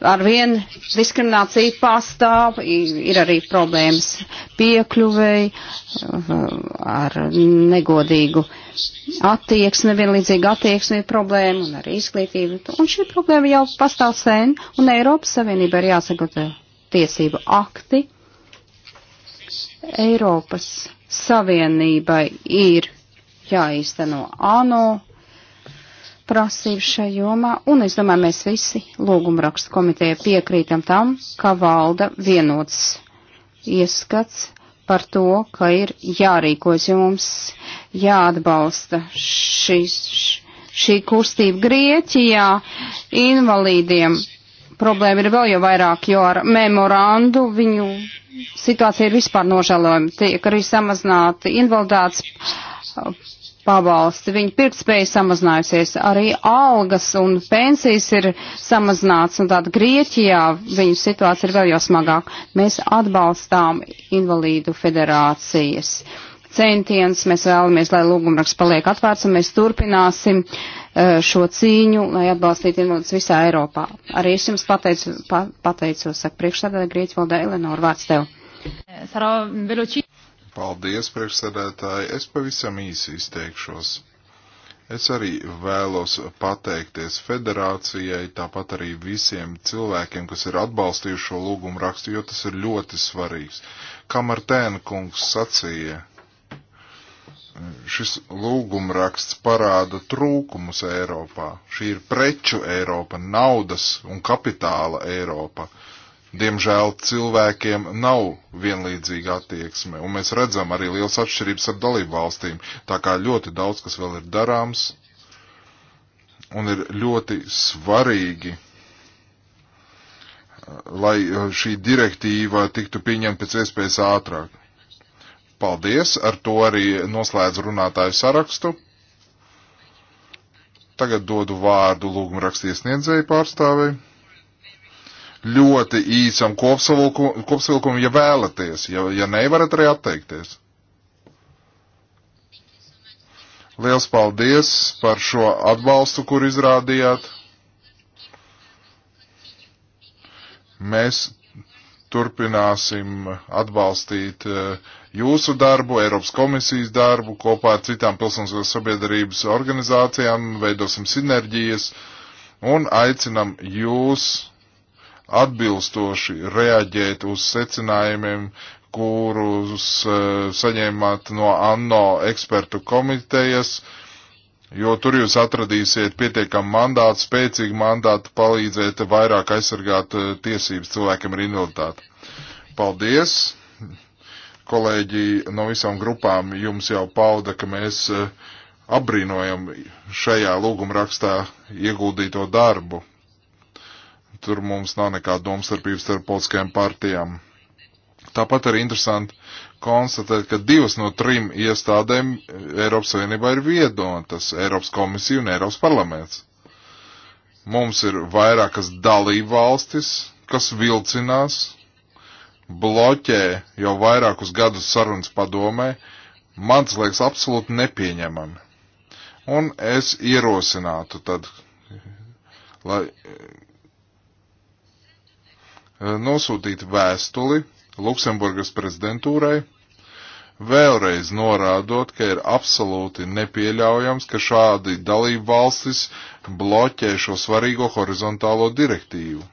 Arvien diskriminācija pastāv, ir arī problēmas piekļuvēji eh, ar negodīgu attieksmi, vienlīdzīgu attieksmi ir problēma un arī izglītība. Un šī problēma jau pastāv sen, un Eiropas Savienība ir jāsagatavo tiesību akti. Eiropas Savienībai ir jāīsteno ANO prasības šajā jomā, un es domāju, mēs visi lūgumrakstu komiteja piekrītam tam, ka valda vienots ieskats par to, ka ir jārīkojas, jo mums jāatbalsta šis, šī kustība Grieķijā invalīdiem. Problēma ir vēl jau vairāk, jo ar memorandu viņu situācija ir vispār nožēlojama. Tiek arī samazināti invaliditātes pabalsti. Viņa pirktspēja samazinājusies, arī algas un pensijas ir samazināts, un tāda Grieķijā viņu situācija ir vēl jau smagāk. Mēs atbalstām invalīdu federācijas centiens, mēs vēlamies, lai lūgumraksts paliek atvērts, un mēs turpināsim eh, šo cīņu, lai atbalstītu invalīdus visā Eiropā. Arī es jums pateicu, pa, pateicos, saka priekšsēdētāja Grieķvalda Eleonora, vārds tev. Eh, Saro, veloci... Paldies, priekšsēdētāji. Es pavisam īsi izteikšos. Es arī vēlos pateikties federācijai, tāpat arī visiem cilvēkiem, kas ir atbalstījuši šo lūgumu rakstu, jo tas ir ļoti svarīgs. Kamartēna kungs sacīja, šis lūguma raksts parāda trūkumus Eiropā. Šī ir preču Eiropa, naudas un kapitāla Eiropa. Uh, Diemžēl cilvēkiem nav vienlīdzīga attieksme, un mēs redzam arī liels atšķirības ar dalību valstīm, tā kā ļoti daudz, kas vēl ir darāms, un ir ļoti svarīgi, lai uh, šī direktīva tiktu pieņemta pēc iespējas ātrāk. Paldies, ar to arī noslēdz runātāju sarakstu. Tagad dodu vārdu lūgumu rakstiesniedzēju pārstāvei ļoti īsam kopsavilkumam, kopsavilkum, ja vēlaties, ja, ja nevarat arī atteikties. Liels paldies par šo atbalstu, kur izrādījāt. Mēs turpināsim atbalstīt e, jūsu darbu, Eiropas komisijas darbu, kopā ar citām pilsoniskās sabiedrības organizācijām, veidosim sinerģijas un aicinam jūs atbilstoši reaģēt uz secinājumiem, kurus e, saņēmāt no ANO ekspertu komitejas, jo tur jūs atradīsiet pietiekam mandātu, spēcīgu mandātu palīdzēt vairāk aizsargāt e, tiesības cilvēkiem ar invaliditāti. Paldies! Kolēģi no visām grupām jums jau pauda, ka mēs e, apbrīnojam šajā lūgumrakstā ieguldīto darbu tur mums nav nekāda domstarpības starp politiskajām partijām. Tāpat arī interesanti konstatēt, ka divas no trim iestādēm Eiropas Savienībā ir viedotas - Eiropas komisija un Eiropas parlaments. Mums ir vairākas dalība valstis, kas vilcinās, bloķē jau vairākus gadus sarunas padomē, man tas liekas absolūti nepieņemami. Un es ierosinātu tad, lai Eh, nosūtīt vēstuli Luksemburgas prezidentūrai, vēlreiz norādot, ka ir absolūti nepieļaujams, ka šādi dalību valstis bloķē šo svarīgo horizontālo direktīvu.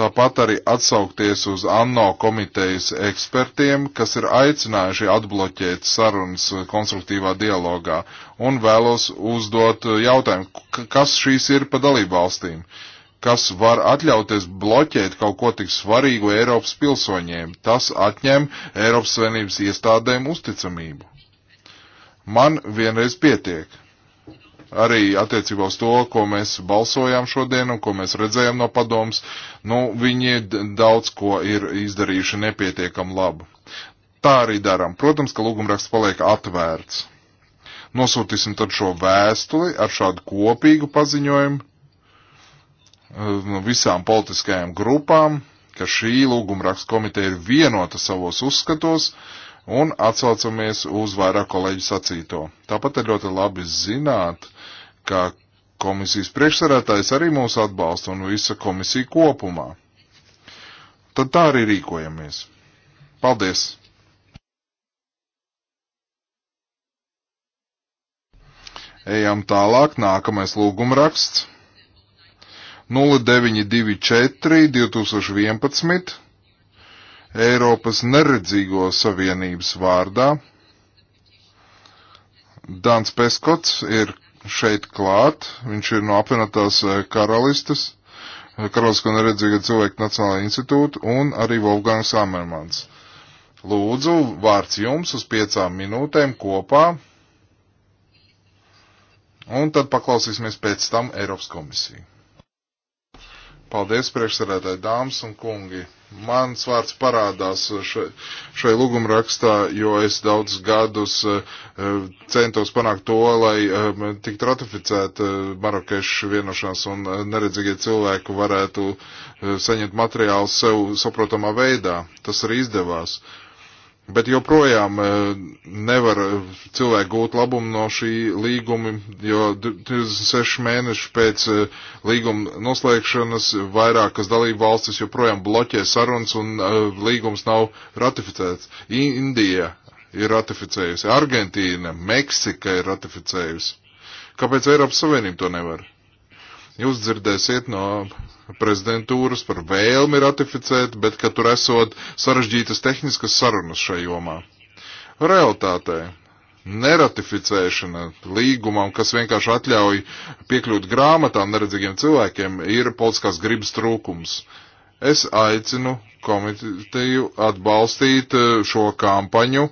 Tāpat arī atsaukties uz ANO komitejas ekspertiem, kas ir aicinājuši atbloķēt sarunas konstruktīvā dialogā, un vēlos uzdot jautājumu, kas šīs ir pa dalību valstīm. Uh, kas var atļauties bloķēt kaut ko tik svarīgu Eiropas pilsoņiem. Tas atņem Eiropas Savienības iestādēm uzticamību. Man vienreiz pietiek. Arī attiecībā uz to, ko mēs balsojām šodien un ko mēs redzējām no padoms, nu, viņi daudz ko ir izdarījuši nepietiekam labu. Tā arī darām. Protams, ka lūgumraksts paliek atvērts. Nosūtīsim tad šo vēstuli ar šādu kopīgu paziņojumu Eh, no visām politiskajām grupām, ka šī lūguma raksts komiteja ir vienota savos uzskatos un atsaucamies uz vairāk kolēģu sacīto. Tāpat ir ļoti labi zināt, ka komisijas priekšsarētājs arī mūs atbalsta un visa komisija kopumā. Tad tā arī rīkojamies. Paldies! Ejam tālāk, nākamais lūgumraksts. 0924 2011 Eiropas neredzīgo savienības vārdā. Dans Peskots ir šeit klāt, viņš ir no apvienotās eh, karalistas, eh, Karalisko neredzīgo cilvēku Nacionālajā institūta un arī Wolfgangs Amermans. Lūdzu, vārds jums uz piecām minūtēm kopā, un tad paklausīsimies pēc tam Eiropas komisiju. Paldies, priekšsarētāji, dāmas un kungi. Mans vārds parādās šai, šai lūgumrakstā, jo es daudz gadus eh, centos panākt to, lai eh, tiktu ratificēta eh, Marokešu vienošanās un neredzīgie cilvēki varētu saņemt materiālu sev saprotamā veidā. Tas arī izdevās. Uh, Bet joprojām eh, nevar eh, cilvēki gūt labumu no šī līguma, jo 26 mēneši pēc eh, līguma noslēgšanas vairākas dalību valstis joprojām bloķē sarunas un līgums nav ratificēts. Indija ir ratificējusi, Argentīna, Meksika ir ratificējusi. Kāpēc Eiropas Savienība to nevar? Jūs dzirdēsiet no prezidentūras par vēlmi ratificēt, bet ka tur esot sarežģītas tehniskas sarunas šajā jomā. Realtātē neratificēšana līgumam, kas vienkārši atļauj piekļūt grāmatām neredzīgiem cilvēkiem, ir politiskās gribas trūkums. Uh, Es aicinu komiteju atbalstīt eh, šo kampaņu,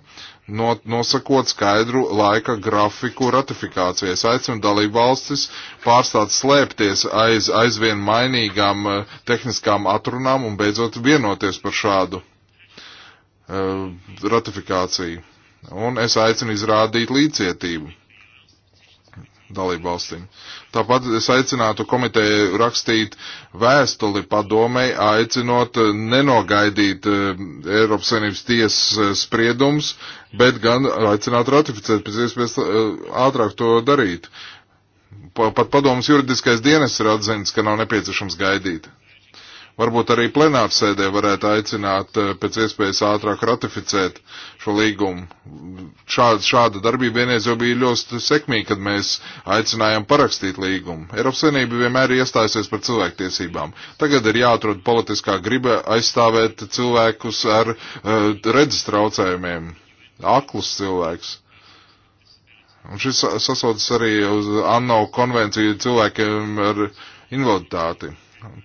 no, nosakot skaidru laika grafiku ratifikācijai. Es aicinu dalību valstis pārstāt slēpties aiz aizvien mainīgām eh, tehniskām atrunām un beidzot vienoties par šādu uh, ratifikāciju. Un es aicinu izrādīt līdzcietību dalībvalstīm. Tāpat es aicinātu komiteju rakstīt vēstuli padomei, aicinot eh, nenogaidīt eh, Eiropas Savienības tiesas eh, spriedums, bet gan aicināt ratificēt pēc iespējas ātrāk to darīt. Pat padomas juridiskais dienas ir atzinis, ka nav nepieciešams gaidīt. Varbūt arī plenārsēdē varētu aicināt eh, pēc iespējas ātrāk ratificēt šo līgumu. Šāda, šāda darbība vienreiz jau bija ļoti sekmīga, kad mēs aicinājām parakstīt līgumu. Eiropas Savienība vienmēr ir iestājusies par cilvēktiesībām. Tagad ir jāatrod politiskā griba aizstāvēt cilvēkus ar uh, eh, redzes traucējumiem. Aklus cilvēks. Un šis sasaucas arī uz ANO konvenciju cilvēkiem ar invaliditāti.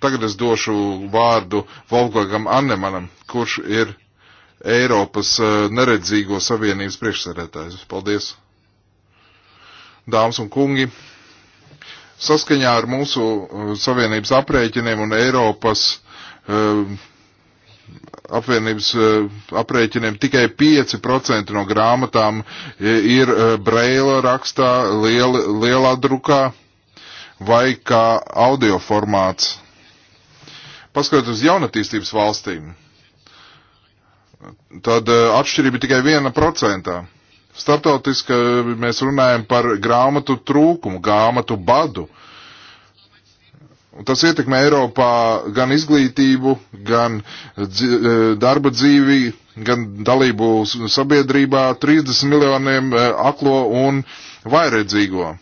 Tagad es došu vārdu Volgogam Annemanam, kurš ir Eiropas eh, neredzīgo savienības priekšsēdētājs. Paldies! Dāmas un kungi! Saskaņā ar mūsu eh, savienības aprēķiniem un Eiropas uh, apvienības uh, aprēķiniem tikai 5% no grāmatām ir uh, braila rakstā, liel, lielā drukā vai kā audio formāts. Paskatot uz jaunatīstības valstīm, tad eh, atšķirība tikai viena procentā. Startautiski eh, mēs runājam par grāmatu trūkumu, grāmatu badu. Un tas ietekmē Eiropā gan izglītību, gan dz eh, darba dzīvi, gan dalību sabiedrībā 30 miljoniem aklo un vairedzīgo.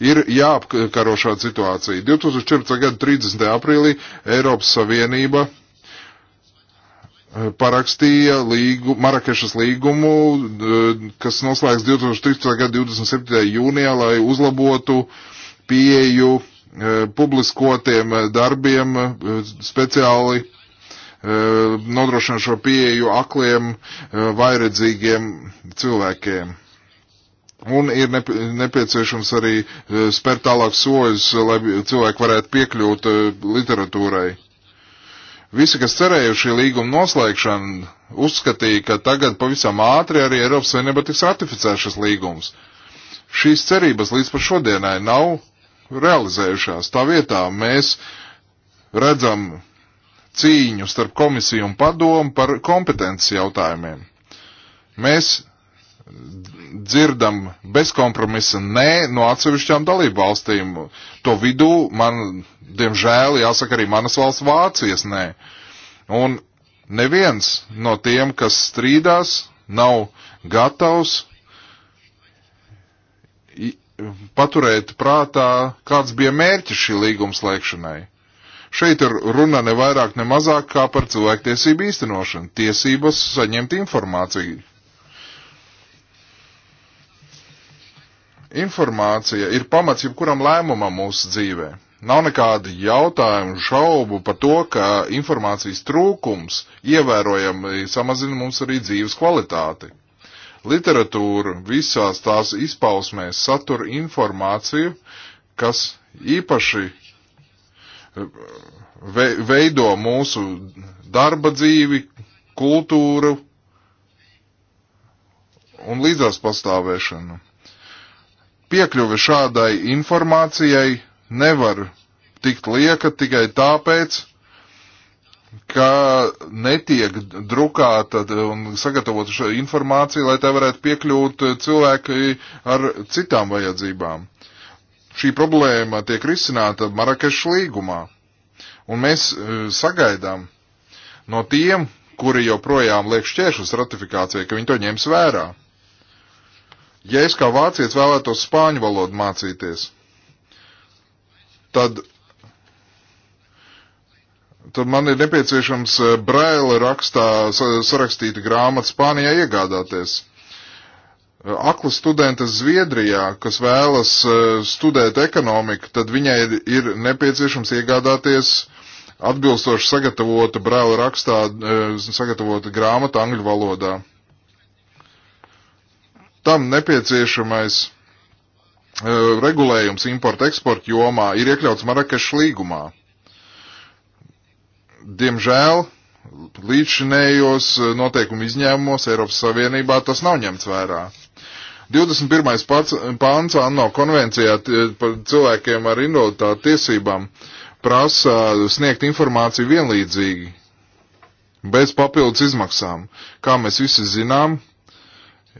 Ir jāapkaro šāda situācija. 2014. gada 30. aprīlī Eiropas Savienība eh, parakstīja līgu, Marakešas līgumu, eh, kas noslēgs 2013. gada 27. jūnijā, lai uzlabotu pieju eh, publiskotiem darbiem speciāli nodrošina šo pieeju akliem, vairedzīgiem cilvēkiem. Un ir nepieciešams arī eh, spērt tālāk soļus, lai cilvēki varētu piekļūt eh, literatūrai. Visi, kas cerēja šī līguma noslēgšanu, uzskatīja, ka tagad pavisam ātri arī Eiropas Savienība tiks ratificēts šis līgums. Šīs cerības līdz pat šodienai nav realizējušās. Tā vietā mēs redzam cīņu starp komisiju un padomu par kompetences jautājumiem. Mēs dzirdam bezkompromisa nē no atsevišķām dalību valstīm. To vidū man, diemžēl, jāsaka arī manas valsts Vācijas nē. Un neviens no tiem, kas strīdās, nav gatavs paturēt prātā, kāds bija mērķis šī līguma slēgšanai. Šeit ir runa ne vairāk, ne mazāk kā par cilvēktiesību īstenošanu, tiesības saņemt informāciju Informācija ir pamats jebkuram lēmumam mūsu dzīvē. Nav nekādu jautājumu, šaubu par to, ka informācijas trūkums ievērojami samazina mums arī dzīves kvalitāti. Literatūra visās tās izpausmēs satura informāciju, kas īpaši eh, veido mūsu darba dzīvi, kultūru un līdzās pastāvēšanu. Piekļuve šādai informācijai nevar tikt lieka tikai tāpēc, ka netiek drukāta un sagatavota šī informācija, lai tā varētu piekļūt cilvēki ar citām vajadzībām. Šī problēma tiek risināta Marakešas līgumā, un mēs e, sagaidām no tiem, kuri joprojām liek šķēršus ratifikācijai, ka viņi to ņems vērā. Ja es kā vācietis vēlētos spāņu valodu mācīties, tad, tad man ir nepieciešams eh, brēle rakstā sarakstīta grāmata Spānijā iegādāties. Eh, Akla studenta Zviedrijā, kas vēlas eh, studēt ekonomiku, tad viņai ir nepieciešams iegādāties atbilstoši sagatavota brēla rakstā, sagatavota grāmata angļu valodā tam nepieciešamais e, regulējums importa-eksporta jomā ir iekļauts Marakešas līgumā. Diemžēl līdzšinējos e, noteikumu izņēmumos Eiropas Savienībā tas nav ņemts vērā. 21. pāns ANO konvencijā e, par cilvēkiem ar invaliditāti tiesībām prasa sniegt informāciju vienlīdzīgi, bez papildus izmaksām. Kā mēs visi zinām,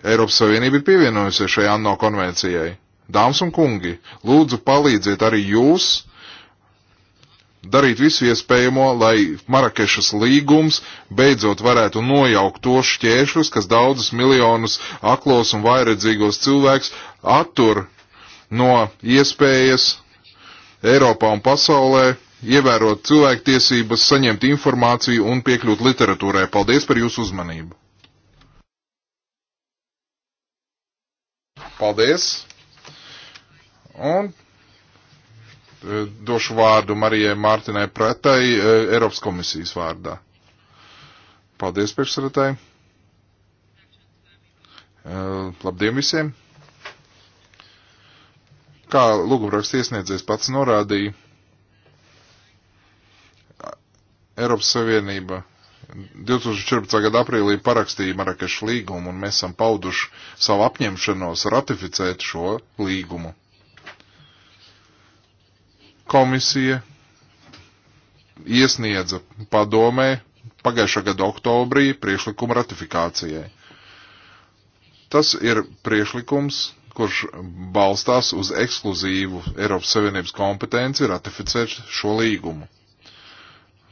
Eiropas Savienība ir pievienojusies šai ANO konvencijai. Dāmas un kungi, lūdzu palīdziet arī jūs darīt visu iespējamo, lai Marakešas līgums beidzot varētu nojaukt tos šķēršļus, kas daudzus miljonus aklos un vairedzīgos cilvēks attur no iespējas Eiropā un pasaulē ievērot cilvēktiesības, saņemt informāciju un piekļūt literatūrai. Paldies par jūsu uzmanību! Paldies! Un e, došu vārdu Marijai Mārtiņai Pretai e, Eiropas komisijas vārdā. Paldies, priekšsēdētāji! E, labdien visiem! Kā lūgumraksts iesniedzējs pats norādīja, Eiropas Savienība 2014. gada aprīlī parakstīja Marakešu līgumu, un mēs esam pauduši savu apņemšanos ratificēt šo līgumu. Komisija iesniedza padomē pagājušā gada oktobrī priešlikumu ratifikācijai. Tas ir priešlikums, kurš balstās uz ekskluzīvu Eiropas Savienības kompetenci ratificēt šo līgumu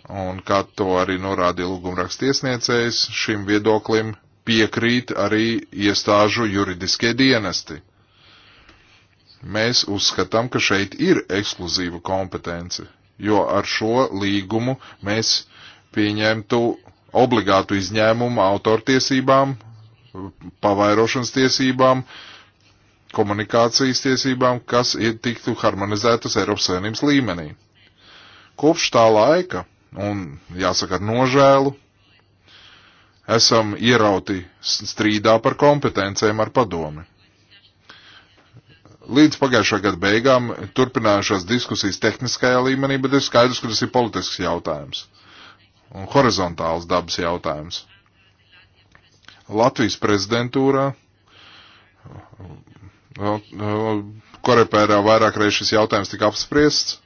un kā to arī norādīja lūgumraksta iesniedzējs, šim viedoklim piekrīt arī iestāžu juridiskie dienesti. Mēs uzskatām, ka šeit ir ekskluzīva kompetence, jo ar šo līgumu mēs pieņemtu obligātu izņēmumu autortiesībām, pavairošanas tiesībām, komunikācijas tiesībām, kas ir tiktu harmonizētas Eiropas Savienības līmenī. Kopš tā laika un, jāsaka, ar nožēlu, esam ierauti strīdā par kompetencēm ar padomi. Līdz pagājušā gada beigām turpinājušās diskusijas tehniskajā līmenī, bet ir skaidrs, ka tas ir politisks jautājums un horizontāls dabas jautājums. Latvijas prezidentūrā Korepērā vairāk reiz šis jautājums tika apspriests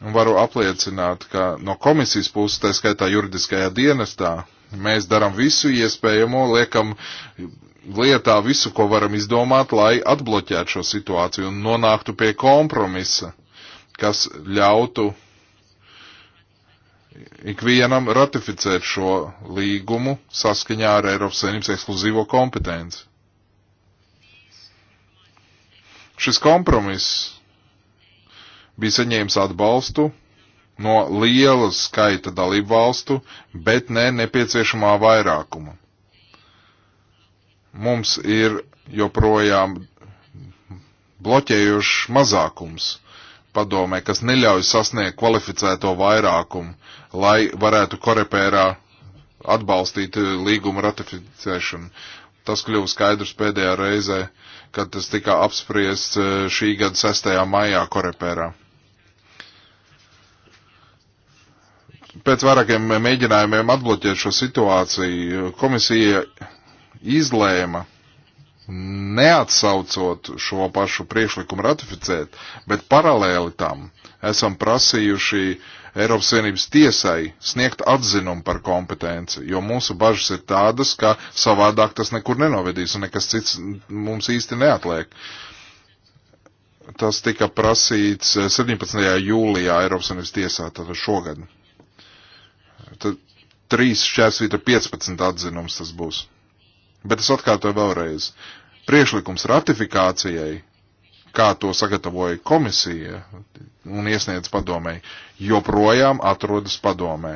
Un varu apliecināt, ka no komisijas puses, tā skaitā juridiskajā dienestā, mēs darām visu iespējamo, liekam lietā visu, ko varam izdomāt, lai atbloķētu šo situāciju un nonāktu pie kompromisa, kas ļautu ikvienam ratificēt šo līgumu saskaņā ar Eiropas Savienības ekskluzīvo kompetenci. Šis kompromiss bija saņēmis atbalstu no liela skaita dalību valstu, bet ne nepieciešamā vairākuma. Mums ir joprojām bloķējušs mazākums padomē, kas neļauj sasniegt kvalificēto vairākumu, lai varētu korepērā atbalstīt līguma ratificēšanu. Tas kļuva skaidrs pēdējā reizē, kad tas tika apspriests eh, šī gada 6. maijā korepērā. Pēc vairākiem mēģinājumiem atbloķēt šo situāciju, komisija izlēma neatsaucot šo pašu priekšlikumu ratificēt, bet paralēli tam esam prasījuši Eiropas Savienības tiesai sniegt atzinumu par kompetenci, jo mūsu bažas ir tādas, ka savādāk tas nekur nenovedīs un nekas cits mums īsti neatliek. Tas tika prasīts eh, 17. jūlijā Eiropas Savienības tiesā, tātad šogad. Tad 3 šķērsvītra 15 atzinums tas būs. Bet es atkārtoju vēlreiz. Priekšlikums ratifikācijai, kā to sagatavoja komisija un iesniedz padomēji, joprojām atrodas padomē.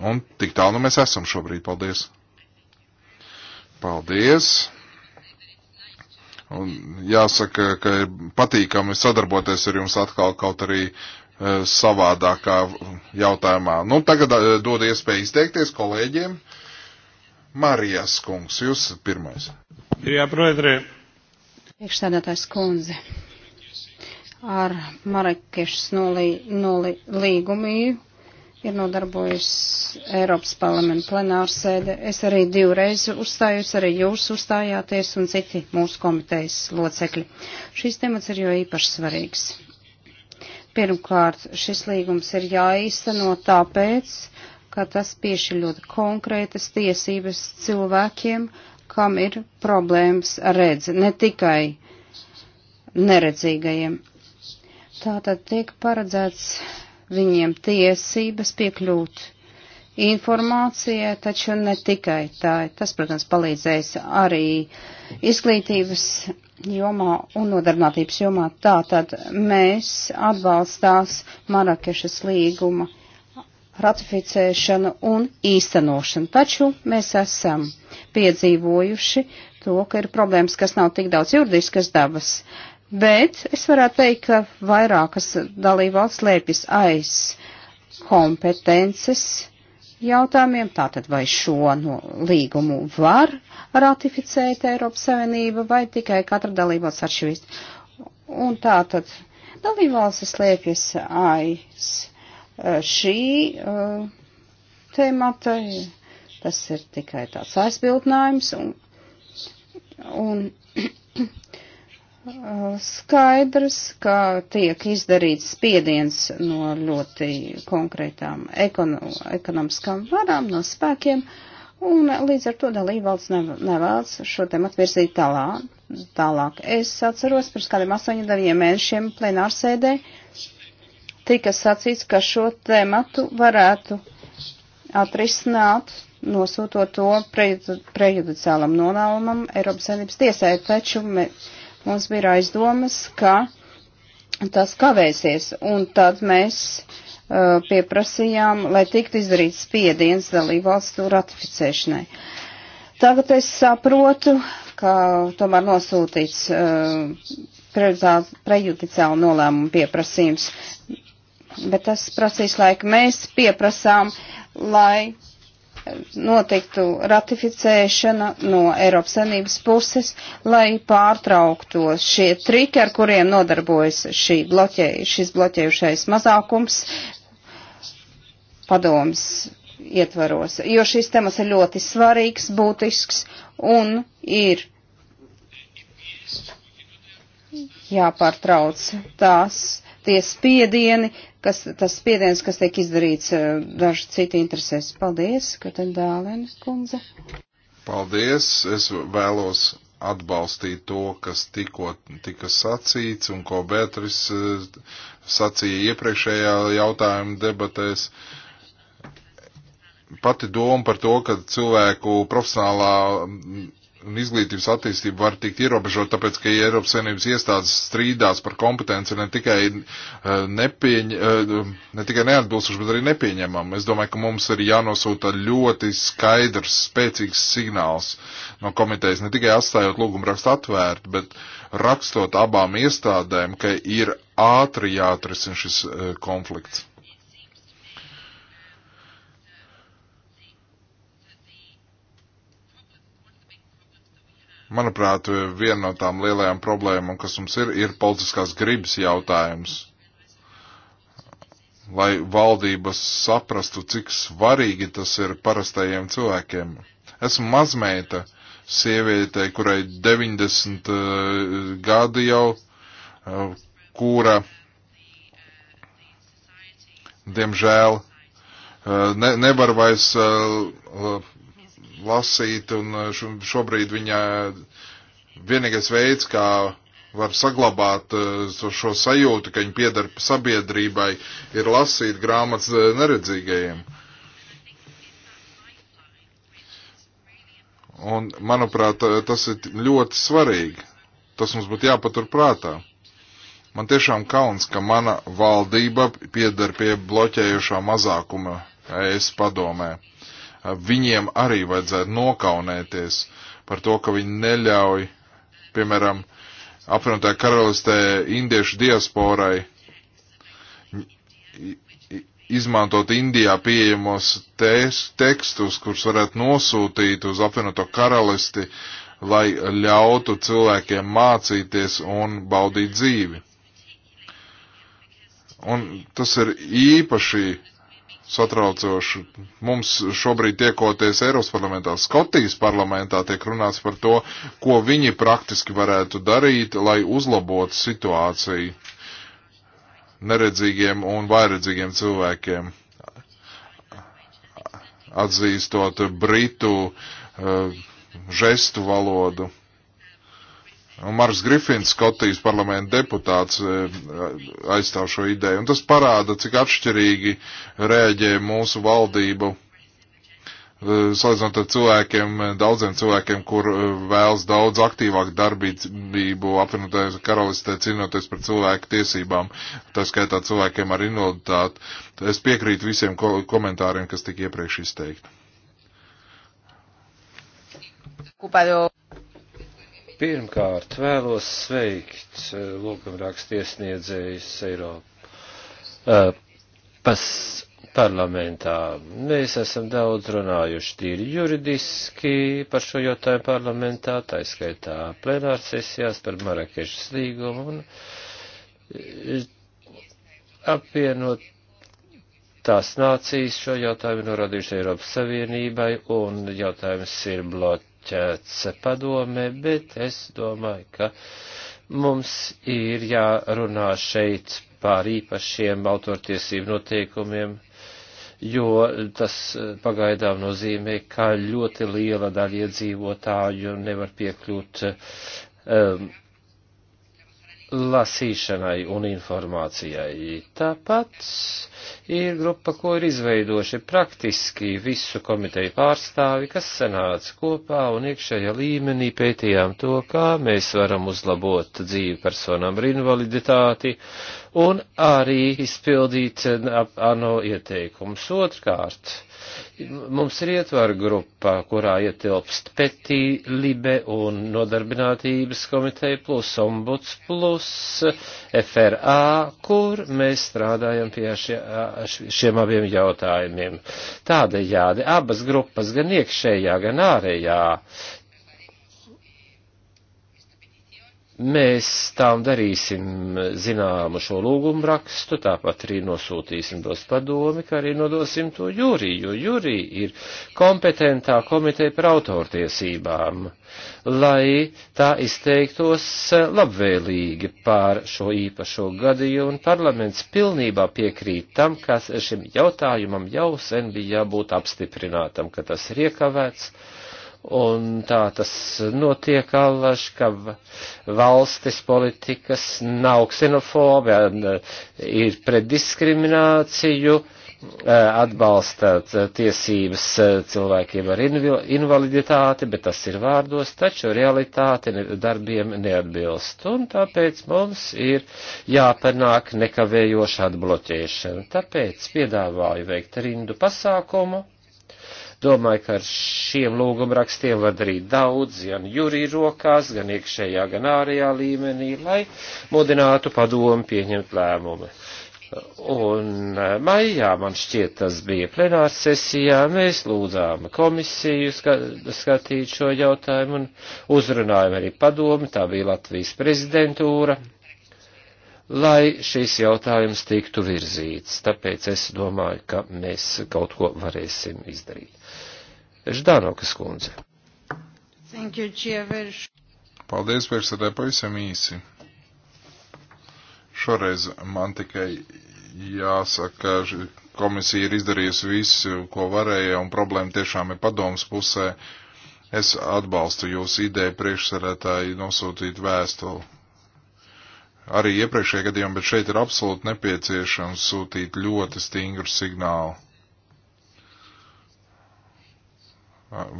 Un tik tālu nu mēs esam šobrīd. Paldies! Paldies! Un jāsaka, ka ir patīkami sadarboties ar jums atkal, kaut arī uh, Eh, savādākā jautājumā. Nu, tagad eh, dod iespēju izteikties kolēģiem. Marijas kungs, jūs pirmais. Jā, proedrē. Priekšstādātājs kundze. Ar Marakešas nolīgumību ir nodarbojas Eiropas parlamenta plenārsēde. Es arī divreiz uzstājos, arī jūs uzstājāties un citi mūsu komitejas locekļi. Šīs temats ir jo īpaši svarīgs. Pirmkārt, šis līgums ir jāīsteno tāpēc, ka tas piešķir ļoti konkrētas tiesības cilvēkiem, kam ir problēmas redz, ne tikai neredzīgajiem. Tātad tiek paredzēts viņiem tiesības piekļūt informācija, taču ne tikai tā. Tas, protams, palīdzēs arī izglītības jomā un nodarbinātības jomā. Tātad mēs atbalstās Marakešas līguma ratificēšanu un īstenošanu. Taču mēs esam piedzīvojuši to, ka ir problēmas, kas nav tik daudz juridiskas dabas, bet es varētu teikt, ka vairākas dalībvalsts lēpjas aiz kompetences jautājumiem. Tātad, vai šo no nu, līgumu var ratificēt Eiropas Savienība vai tikai katra dalībvalsts atšķirīst? Un tātad dalībvalstis liepjas aiz eh, šī uh, temata. Tas ir tikai tāds aizbildinājums. Un, un Uh, skaidrs, ka tiek izdarīts spiediens no ļoti konkrētām ekono, ekonomiskām varām, no spēkiem, un līdz ar to dalībvalsts nevēlas šo tematu virzīt tālāk. tālāk. Es atceros, pirms kādiem astoņiem deviem mēnešiem plenārsēdē tika sacīts, ka šo tematu varētu atrisināt nosūtot to prejudiciālam nonālumam Eiropas Savienības tiesai, taču mēs mums bija aizdomas, ka tas kavēsies, un tad mēs uh, pieprasījām, lai tiktu izdarīts spiediens dalībvalstu ratificēšanai. Tagad es saprotu, ka tomēr nosūtīts uh, prejudiciāli nolēmumu pieprasījums, bet tas prasīs laiku. Mēs pieprasām, lai notiktu ratificēšana no Eiropas Savienības puses, lai pārtrauktos šie triki, ar kuriem nodarbojas šī bloķē, šis bloķējušais mazākums padomas ietvaros, jo šis temats ir ļoti svarīgs, būtisks un ir jāpārtrauc tās tie spiedieni, kas, tas spiediens, kas tiek izdarīts eh, dažu citu interesēs. Paldies, Katendālēna kundze. Paldies, es vēlos atbalstīt to, kas tikko tika sacīts un ko Beatris eh, sacīja iepriekšējā jautājuma debatēs. Pati doma par to, ka cilvēku profesionālā un izglītības attīstība var tikt ierobežot, tāpēc, ka Eiropas Savienības iestādes strīdās par kompetenci ne tikai, eh, nepieņ, eh, ne tikai neatbilstuši, bet arī nepieņemam. Es domāju, ka mums ir jānosūta ļoti skaidrs, spēcīgs signāls no komitejas, ne tikai atstājot lūgumu rakstu atvērt, bet rakstot abām iestādēm, ka ir ātri jāatrisina šis eh, konflikts. Manuprāt, viena no tām lielajām problēmām, kas mums ir, ir politiskās gribas jautājums. Lai valdības saprastu, cik svarīgi tas ir parastajiem cilvēkiem. Esmu mazmeita, sieviete, kurai 90 uh, eh, gadi jau, uh, kura, diemžēl, uh, ne, nevar vairs uh, lasīt, un uh, šobrīd viņa vienīgais veids, kā var saglabāt uh, šo sajūtu, ka viņi piedar sabiedrībai, ir lasīt grāmatas uh, neredzīgajiem. Un, manuprāt, tas ir ļoti svarīgi. Tas mums būtu jāpatur prātā. Man tiešām kauns, ka mana valdība piedar pie bloķējušā mazākuma ES padomē viņiem arī vajadzētu nokaunēties par to, ka viņi neļauj, piemēram, apvienotāju karalistē indiešu diasporai izmantot Indijā pieejamos tēs, tekstus, kurus varētu nosūtīt uz apvienoto karalisti, lai ļautu cilvēkiem mācīties un baudīt dzīvi. Un tas ir īpaši satraucoši. Mums šobrīd tiekoties Eiropas parlamentā, Skotijas parlamentā tiek runāts par to, ko viņi praktiski varētu darīt, lai uzlabotu situāciju neredzīgiem un vairedzīgiem cilvēkiem. Atzīstot Britu uh, žestu valodu. Un Marks Grifins, Skotijas parlamenta deputāts, e, aizstāv šo ideju. Un tas parāda, cik atšķirīgi rēģē mūsu valdību, e, salīdzinot ar cilvēkiem, daudziem cilvēkiem, kur e, vēlas daudz aktīvāk darbību apvienotajā karalistē cīnoties par cilvēku tiesībām, tā skaitā cilvēkiem ar invaliditāti. Es piekrītu visiem ko komentāriem, kas tika iepriekš izteikti. Ocupado Pirmkārt, vēlos sveikt eh, lūgumrakstiesniedzējus Eiropā. Eh, pas parlamentā. Mēs esam daudz runājuši tīri juridiski par šo jautājumu parlamentā, tā skaitā plenārsesijās par Marakešas līgumu un eh, apvienot tās nācijas šo jautājumu norādījuši Eiropas Savienībai un jautājums ir blot bloķēts padomē, bet es domāju, ka mums ir jārunā šeit par īpašiem autortiesību noteikumiem, jo tas pagaidām nozīmē, ka ļoti liela daļa iedzīvotāju nevar piekļūt um, lasīšanai un informācijai. Tāpat ir grupa, ko ir izveidoši praktiski visu komiteju pārstāvi, kas sanāca kopā un iekšējā līmenī pētījām to, kā mēs varam uzlabot dzīvi personām ar invaliditāti un arī izpildīt ANO ieteikumus. Otrkārt, Mums ir ietvaru grupā, kurā ietilpst Petī, Libe un Nodarbinātības komiteja plus Ombuds plus FRA, kur mēs strādājam pie šie, šiem abiem jautājumiem. Tādējādi abas grupas, gan iekšējā, gan ārējā, Mēs tām darīsim zināmu šo lūgumu rakstu, tāpat arī nosūtīsim dos padomi, kā arī nodosim to jūrī, jo jūrī ir kompetentā komiteja par autortiesībām, lai tā izteiktos labvēlīgi pār šo īpašo gadījumu, un parlaments pilnībā piekrīt tam, ka šim jautājumam jau sen bija jābūt apstiprinātam, ka tas ir iekavēts Un tā tas notiek allaž, ka valstis politikas nav ksenofobi, ir pret diskrimināciju, e, atbalsta tiesības e, cilvēkiem ar invaliditāti, bet tas ir vārdos, taču realitāte darbiem neatbilst. Un tāpēc mums ir jāpanāk nekavējoša atbloķēšana. Tāpēc piedāvāju veikt rindu pasākumu Domāju, ka ar šiem lūgumrakstiem var darīt daudz, gan jūrī rokās, gan iekšējā, gan ārējā līmenī, lai mudinātu padomu pieņemt lēmumu. Un eh, maijā, man šķiet, tas bija plenāra sesijā, mēs lūdzām komisiju skatīt šo jautājumu un uzrunājām arī padomi, tā bija Latvijas prezidentūra. Mm lai šīs jautājums tiktu virzīts. Tāpēc es domāju, ka mēs kaut ko varēsim izdarīt. Ždānokas kundze. Thank you, Čieverš. Paldies, priekšsēdē, pavisam īsi. Šoreiz man tikai jāsaka, ka komisija ir izdarījusi visu, ko varēja, un problēma tiešām ir padomas pusē. Es atbalstu jūsu ideju priekšsarētāji nosūtīt vēstuli arī iepriekšējā gadījumā, bet šeit ir absolūti nepieciešams sūtīt ļoti stingru signālu.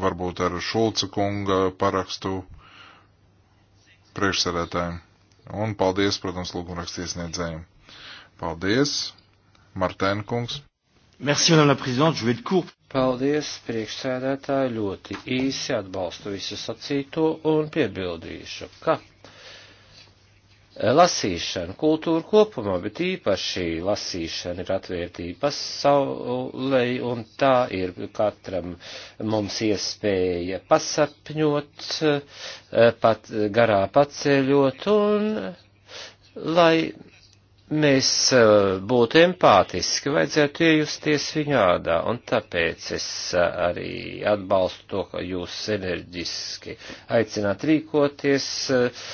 Varbūt ar Šulca kunga parakstu priekšsēdētājiem. Un paldies, protams, lūgumrakstiesniedzējiem. Paldies, Martēna kungs. Merci, madame la présidente, je vais être court. Paldies, priekšsēdētāji, ļoti īsi atbalstu visu sacīto un piebildīšu, ka lasīšana, kultūra kopumā, bet īpaši lasīšana ir atvērtība pasaulē, un tā ir katram mums iespēja pasapņot, eh, pat garā paceļot, un lai mēs eh, būtu empātiski, vajadzētu iejusties viņa ādā, un tāpēc es eh, arī atbalstu to, ka jūs enerģiski aicināt rīkoties, eh,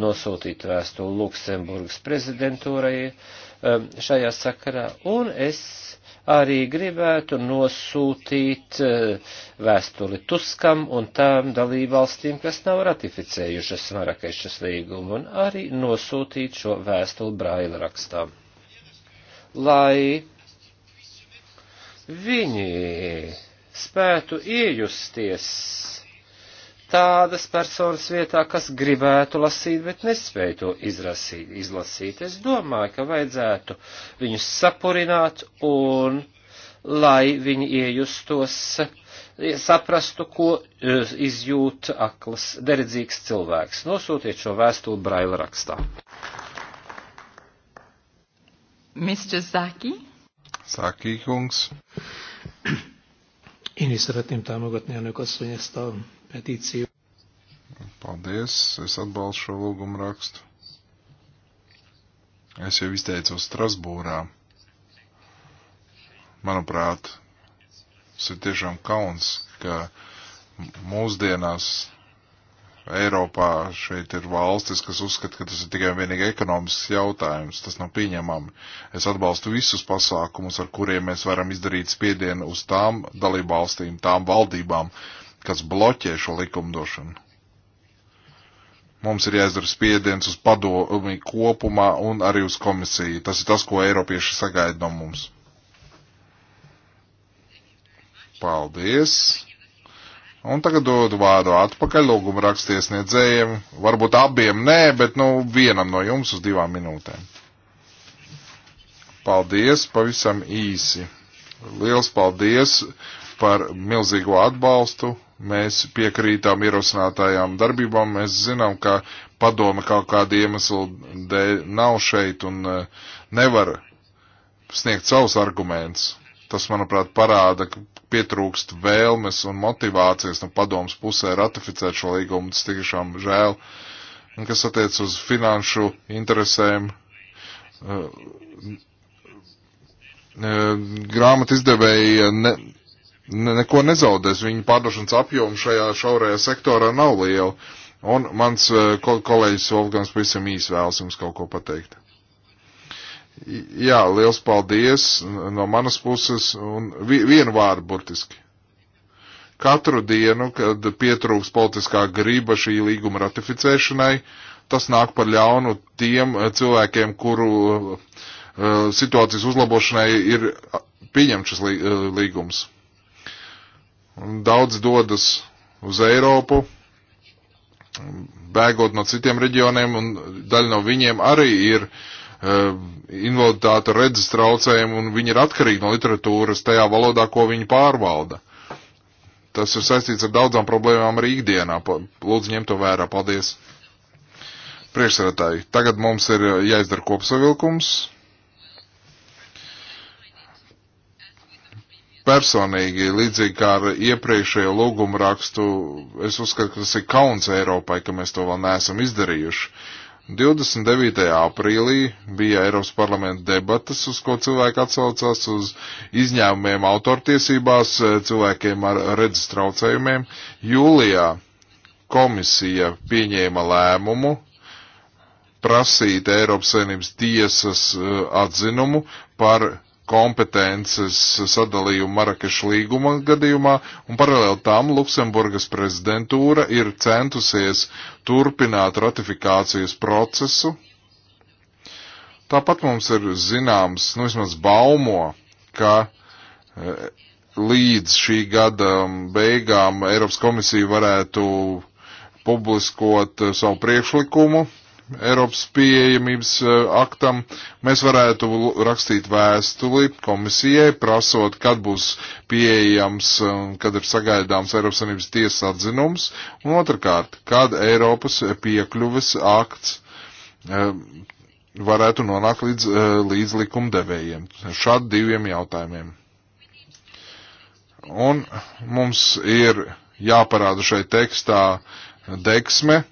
nosūtīt vēstuli Luksemburgas prezidentūrai šajā sakarā, un es arī gribētu nosūtīt eh, vēstuli Tuskam un tām dalībvalstīm, kas nav ratificējušas Marakešas līgumu, un arī nosūtīt šo vēstuli Braila rakstā. Lai viņi spētu iejusties tādas personas vietā, kas gribētu lasīt, bet nespēj to izrasīt, izlasīt. Es domāju, ka vajadzētu viņus sapurināt un lai viņi iejustos, saprastu, ko e, izjūt aklas, deredzīgs cilvēks. Nosūtiet šo vēstuli braila rakstā. Mr. Zaki. Zaki kungs. Én is szeretném támogatni elnök asszony ezt a petīciju. Paldies, es atbalstu šo lūgumu rakstu. Es jau izteicu Strasbūrā. Manuprāt, tas ir tiešām kauns, ka mūsdienās Eiropā šeit ir valstis, kas uzskata, ka tas ir tikai un vienīgi ekonomisks jautājums. Tas nav pieņemami. Es atbalstu visus pasākumus, ar kuriem mēs varam izdarīt spiedienu uz tām dalībvalstīm, tām valdībām, kas bloķē šo likumdošanu. Mums ir jāizdara spiediens uz padomi kopumā un arī uz komisiju. Tas ir tas, ko Eiropieši sagaida no mums. Paldies! Un tagad dodu vārdu atpakaļ lūguma rakstiesniedzējiem. Varbūt abiem nē, bet nu vienam no jums uz divām minūtēm. Paldies, pavisam īsi. Liels paldies par milzīgo atbalstu mēs piekrītām ierosinātajām darbībām. Mēs zinām, ka padome kaut kāda iemesla dēļ nav šeit un eh, nevar sniegt savus argumentus. Tas, manuprāt, parāda, ka pietrūkst vēlmes un motivācijas no padomas pusē ratificēt šo līgumu. Tas tiešām žēl. Un kas attiec uz finanšu interesēm, eh, eh, grāmatu izdevēja ne, neko nezaudēs. Viņu pārdošanas apjomu šajā šaurajā sektorā nav liela. Un mans eh, kol kolēģis Volgans pavisam īsi vēlas jums kaut ko pateikt. Jā, liels paldies no manas puses un vi vienu vārdu burtiski. Katru dienu, kad pietrūks politiskā grība šī līguma ratificēšanai, tas nāk par ļaunu tiem eh, cilvēkiem, kuru uh, situācijas uzlabošanai ir pieņemts šis lī, uh, līgums. Daudz dodas uz Eiropu, bēgot no citiem reģioniem, un daļa no viņiem arī ir uh, invaliditāte redzes traucējumi, un viņi ir atkarīgi no literatūras tajā valodā, ko viņi pārvalda. Tas ir saistīts ar daudzām problēmām arī ikdienā. Lūdzu, ņem to vērā. Paldies! Priekšsēdētāji, tagad mums ir eh, jāizdara kopsavilkums. personīgi, līdzīgi kā ar iepriekšējo lūgumu rakstu, es uzskatu, ka tas ir kauns Eiropai, ka mēs to vēl neesam izdarījuši. 29. aprīlī bija Eiropas parlamenta debatas, uz ko cilvēki atsaucās uz izņēmumiem autortiesībās, cilvēkiem ar redzes traucējumiem. Jūlijā komisija pieņēma lēmumu prasīt Eiropas Savienības tiesas eh, atzinumu par kompetences sadalījumu Marakešu līguma gadījumā, un paralēli tam Luksemburgas prezidentūra ir centusies turpināt ratifikācijas procesu. Tāpat mums ir zināms, nu vismaz baumo, ka e, līdz šī gada um, beigām Eiropas komisija varētu publiskot eh, savu priekšlikumu Eiropas pieejamības eh, aktam, mēs varētu rakstīt vēstuli komisijai, prasot, kad būs pieejams, eh, kad ir sagaidāms Eiropas Savienības tiesas atzinums, un otrkārt, kad Eiropas piekļuves akts eh, varētu nonākt līdz, līdz likumdevējiem. Šādi diviem jautājumiem. Un mums ir jāparāda šai tekstā deksme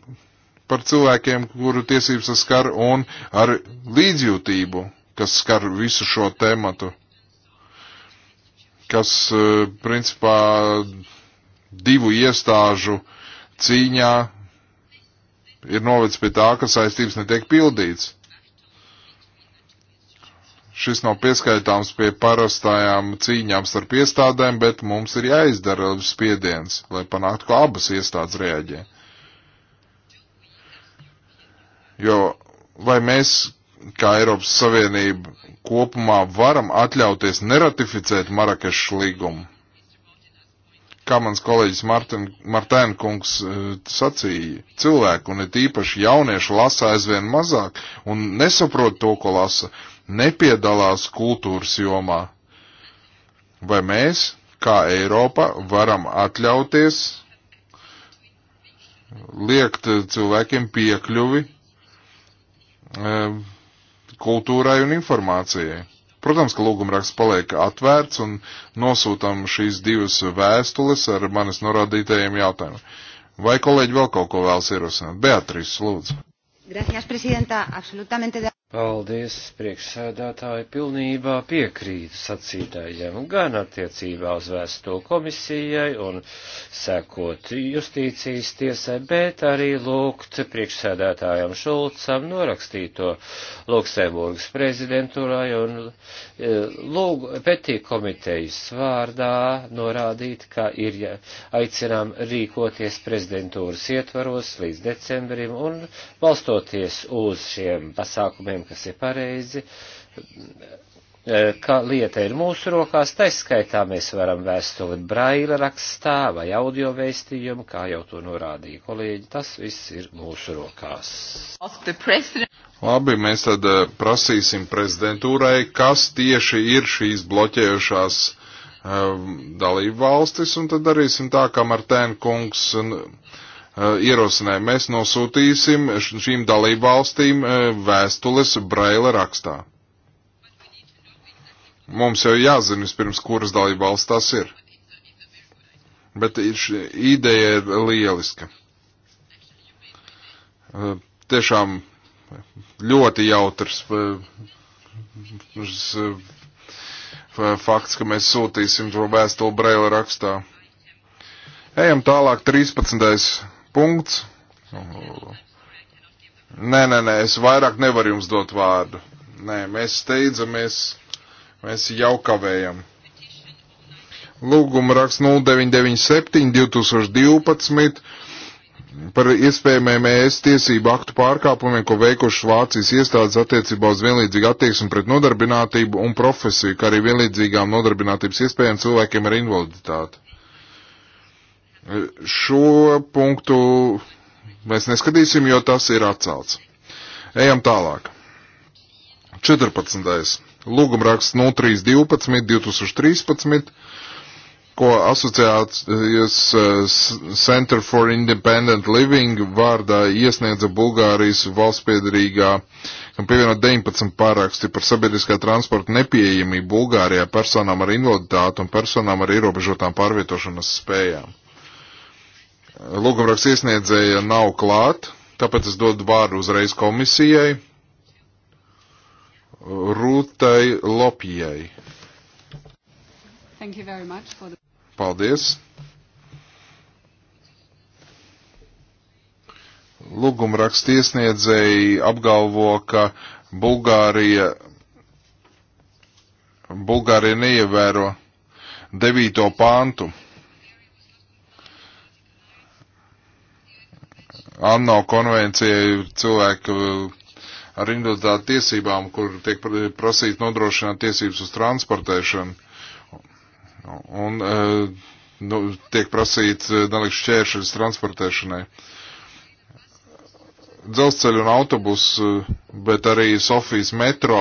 par cilvēkiem, kuru tiesības tas skar, un ar līdzjūtību, kas skar visu šo tēmatu, kas e, principā divu iestāžu cīņā ir novedis pie tā, ka saistības netiek pildīts. Šis nav pieskaitāms pie parastajām cīņām starp iestādēm, bet mums ir jāizdara spiediens, lai panāktu, ka abas iestādes reaģē. Jo vai mēs, kā Eiropas Savienība, kopumā varam atļauties neratificēt Marakešas līgumu? Kā mans kolēģis Martēna kungs e, sacīja, cilvēku un it īpaši jauniešu lasa aizvien mazāk un nesaprot to, ko lasa, nepiedalās kultūras jomā. Vai mēs, kā Eiropa, varam atļauties liekt cilvēkiem piekļuvi kultūrai un informācijai. Protams, ka lūgumraksts paliek atvērts un nosūtam šīs divas vēstules ar manis norādītajiem jautājumiem. Vai kolēģi vēl kaut ko vēlas ierosināt? Beatrīs, lūdzu. Gracias, presidenta. Absolutamente. Paldies, priekšsēdētāji, pilnībā piekrītu sacītājiem gan attiecībā uz vēsto komisijai un sekot justīcijas tiesai, bet arī lūgt priekšsēdētājam Šulcam norakstīto Luksemburgas prezidentūrai un e, lūg petī komitejas vārdā norādīt, ka ir ja, aicinām rīkoties prezidentūras ietvaros līdz decembrim un balstoties uz šiem pasākumiem domājam, kas ir pareizi, e, ka lieta ir mūsu rokās, taiskaitā mēs varam vēstuli braila rakstā vai audio vēstījumu, kā jau to norādīja kolēģi, tas viss ir mūsu rokās. Labi, mēs tad e, prasīsim prezidentūrai, kas tieši ir šīs bloķējušās um, dalību valstis, un tad darīsim tā, kā Martēn kungs. Un, um, Eh, ierosināja, mēs nosūtīsim šīm dalību valstīm eh, vēstules braila rakstā. Mums jau jāzina vispirms, kuras dalību valsts tas ir. Bet ideja ir lieliska. Eh, tiešām ļoti jautrs fakts, ka mēs sūtīsim to vēstuli braila rakstā. Ejam tālāk, 13 punkts. Nē, nē, nē, es vairāk nevaru jums dot vārdu. Nē, mēs steidzamies, mēs jau kavējam. Lūguma raksts 0997 2012 par iespējamiem ES tiesību aktu pārkāpumiem, ko veikušas Vācijas iestādes attiecībā uz vienlīdzīgu attieksmi pret nodarbinātību un profesiju, kā arī vienlīdzīgām nodarbinātības iespējām cilvēkiem ar invaliditāti. Šo punktu mēs neskatīsim, jo tas ir atcelts. Ejam tālāk. 14. Lūgumraksts 0312 2013, ko asociācijas eh, Center for Independent Living vārdā iesniedza Bulgārijas valstspiedrīgā, kam pievienot 19 pāraksti par sabiedriskā transporta nepieejamību Bulgārijā personām ar invaliditātu un personām ar ierobežotām pārvietošanas spējām. Lūgumraks iesniedzēja nav klāt, tāpēc es dodu vārdu uzreiz komisijai. Rūtai Lopijai. The... Paldies. Lūgumraksta iesniedzēji apgalvo, ka Bulgārija, Bulgārija neievēro devīto pāntu ANO konvencija cilvēku ar individuālu tiesībām, kur tiek prasīt nodrošināt tiesības uz transportēšanu. Un e, nu, tiek prasīts e, nelikt šķēršļus transportēšanai. Dzelzceļu un autobusu, e, bet arī Sofijas metro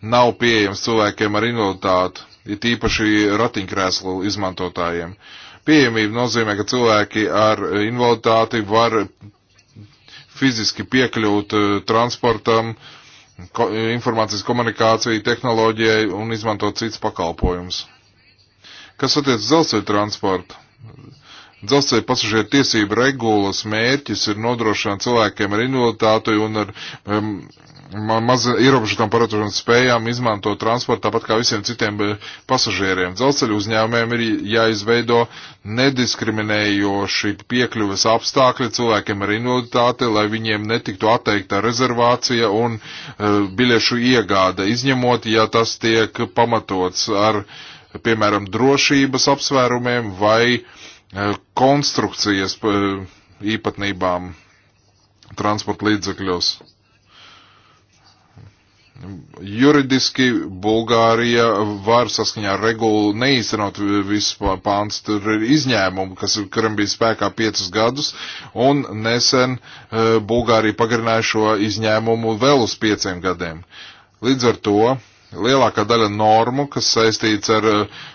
nav pieejams cilvēkiem ar invaliditāti, ir tīpaši ratiņkrēslu izmantotājiem. Pieejamība nozīmē, ka cilvēki ar invaliditāti var fiziski piekļūt eh, transportam, ko, eh, informācijas komunikāciju, tehnoloģijai un izmantot cits pakalpojums. Kas attiec uz dzelzceļa transportu? Dzelzceļa pasažieru tiesību regulas mērķis ir nodrošināt cilvēkiem ar invaliditāti un ar um, maz ierobežotām paratošanas spējām izmantot transportu tāpat kā visiem citiem eh, pasažieriem. Dzelzceļa uzņēmējiem ir jāizveido nediskriminējoši piekļuves apstākļi cilvēkiem ar invaliditāti, lai viņiem netiktu atteikta rezervācija un uh, biļešu iegāde, izņemot, ja tas tiek pamatots ar, piemēram, drošības apsvērumiem vai uh, Eh, konstrukcijas eh, īpatnībām transporta līdzekļos. Juridiski Bulgārija var saskaņā ar regulu neīstenot visu pāns, tur ir izņēmumi, kas, kuram bija spēkā piecus gadus, un nesen uh, Bulgārija pagarināja šo izņēmumu vēl uz pieciem gadiem. Līdz ar to lielākā daļa normu, kas saistīts ar uh,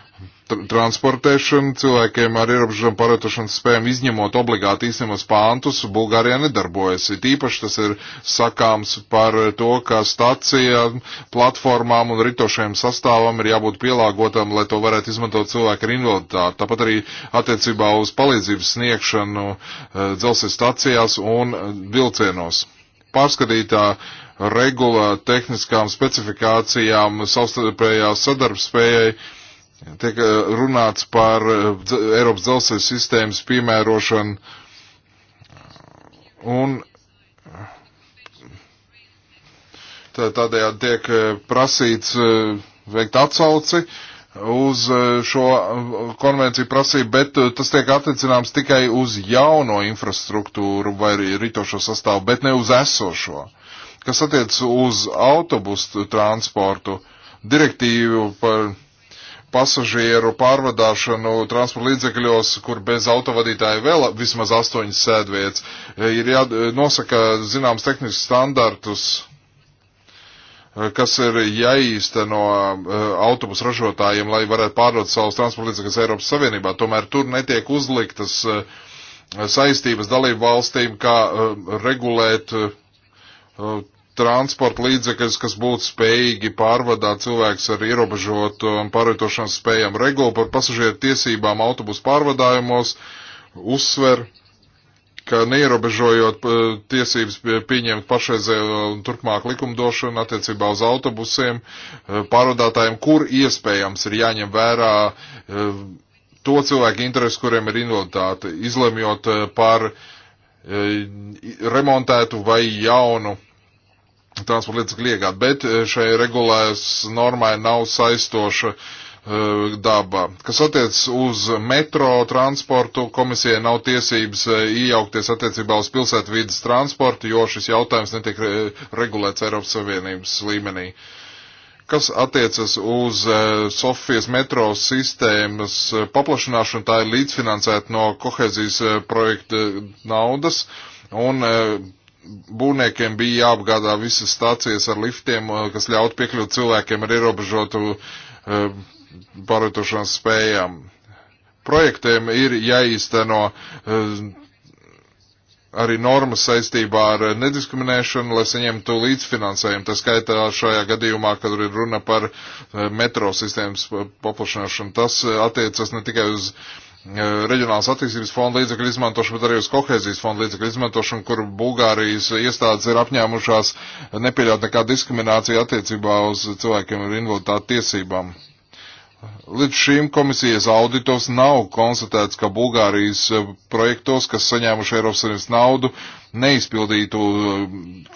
transportēšanu cilvēkiem ar ierobežojumu pārvietošanas spējām izņemot obligāti īstenos pāntus, Bulgārijā nedarbojas. It īpaši tas ir sakāms par to, ka stacijām, platformām un ritošajam sastāvam ir jābūt pielāgotam, lai to varētu izmantot cilvēki ar invaliditāti. Tāpat arī attiecībā uz palīdzības sniegšanu eh, dzelzceļa stacijās un eh, vilcienos. Pārskatītā regula tehniskām specifikācijām, savstarpējā sadarbspējai Tiek eh, runāts par eh, Eiropas dzelzceļa sistēmas piemērošanu un eh, tādējādi tiek prasīts veikt atsauci uz šo konvenciju prasību, bet tas tiek attiecināms tikai uz jauno infrastruktūru vai ritošo sastāvu, bet ne uz esošo. Kas attiec uz autobusu transportu, direktīvu par pasažieru pārvadāšanu transporta līdzekļos, kur bez autovadītāja vēl vismaz astoņas sēdvietas, e, ir jānosaka e, zināms tehnisks standartus, e, kas ir jāīsteno autobusu ražotājiem, lai varētu pārdot savus transporta līdzekļus Eiropas Savienībā. Tomēr tur netiek uzliktas saistības dalību valstīm, kā regulēt transporta līdzekļus, kas būtu spējīgi pārvadāt cilvēks ar ierobežotu un pārvietošanas spējām. Regula par pasažieru tiesībām autobusu pārvadājumos uzsver, ka neierobežojot eh, tiesības pieņemt pašreizējo un turpmāk likumdošanu attiecībā uz autobusiem, eh, pārvadātājiem, kur iespējams ir jāņem vērā eh, to cilvēku interesi, kuriem ir invaliditāte, izlemjot par remontētu vai jaunu transporta līdzekļu iegādi, bet eh, šai regulējas normai nav saistoša uh, daba. Kas attiec uz metro transportu, komisijai nav tiesības eh, iejaukties attiecībā uz pilsētvidas transportu, jo šis jautājums netiek regulēts Eiropas Savienības līmenī. Kas attiecas uz uh, Sofijas metro sistēmas paplašināšanu, tā ir līdzfinansēta no kohēzijas projekta naudas un uh, būvniekiem bija jāapgādā visas stācijas ar liftiem, eh, kas ļaut piekļūt cilvēkiem ar ierobežotu eh, pārvietošanās spējām. Projektiem ir jāīsteno eh, arī normas saistībā ar nediskriminēšanu, lai saņemtu līdzfinansējumu. Tā skaitā šajā gadījumā, kad ir runa par metro sistēmas paplašināšanu, tas attiecas ne tikai uz uh, reģionālas attīstības fonda līdzekļu izmantošanu, bet arī uz kohēzijas fonda līdzekļu izmantošanu, kur Bulgārijas iestādes ir apņēmušās nepieļaut nekādu diskrimināciju attiecībā uz cilvēkiem ar invaliditāti tiesībām. Līdz šīm komisijas auditos nav konstatēts, ka Bulgārijas projektos, kas saņēmuši Eiropas Savienības naudu, neizpildītu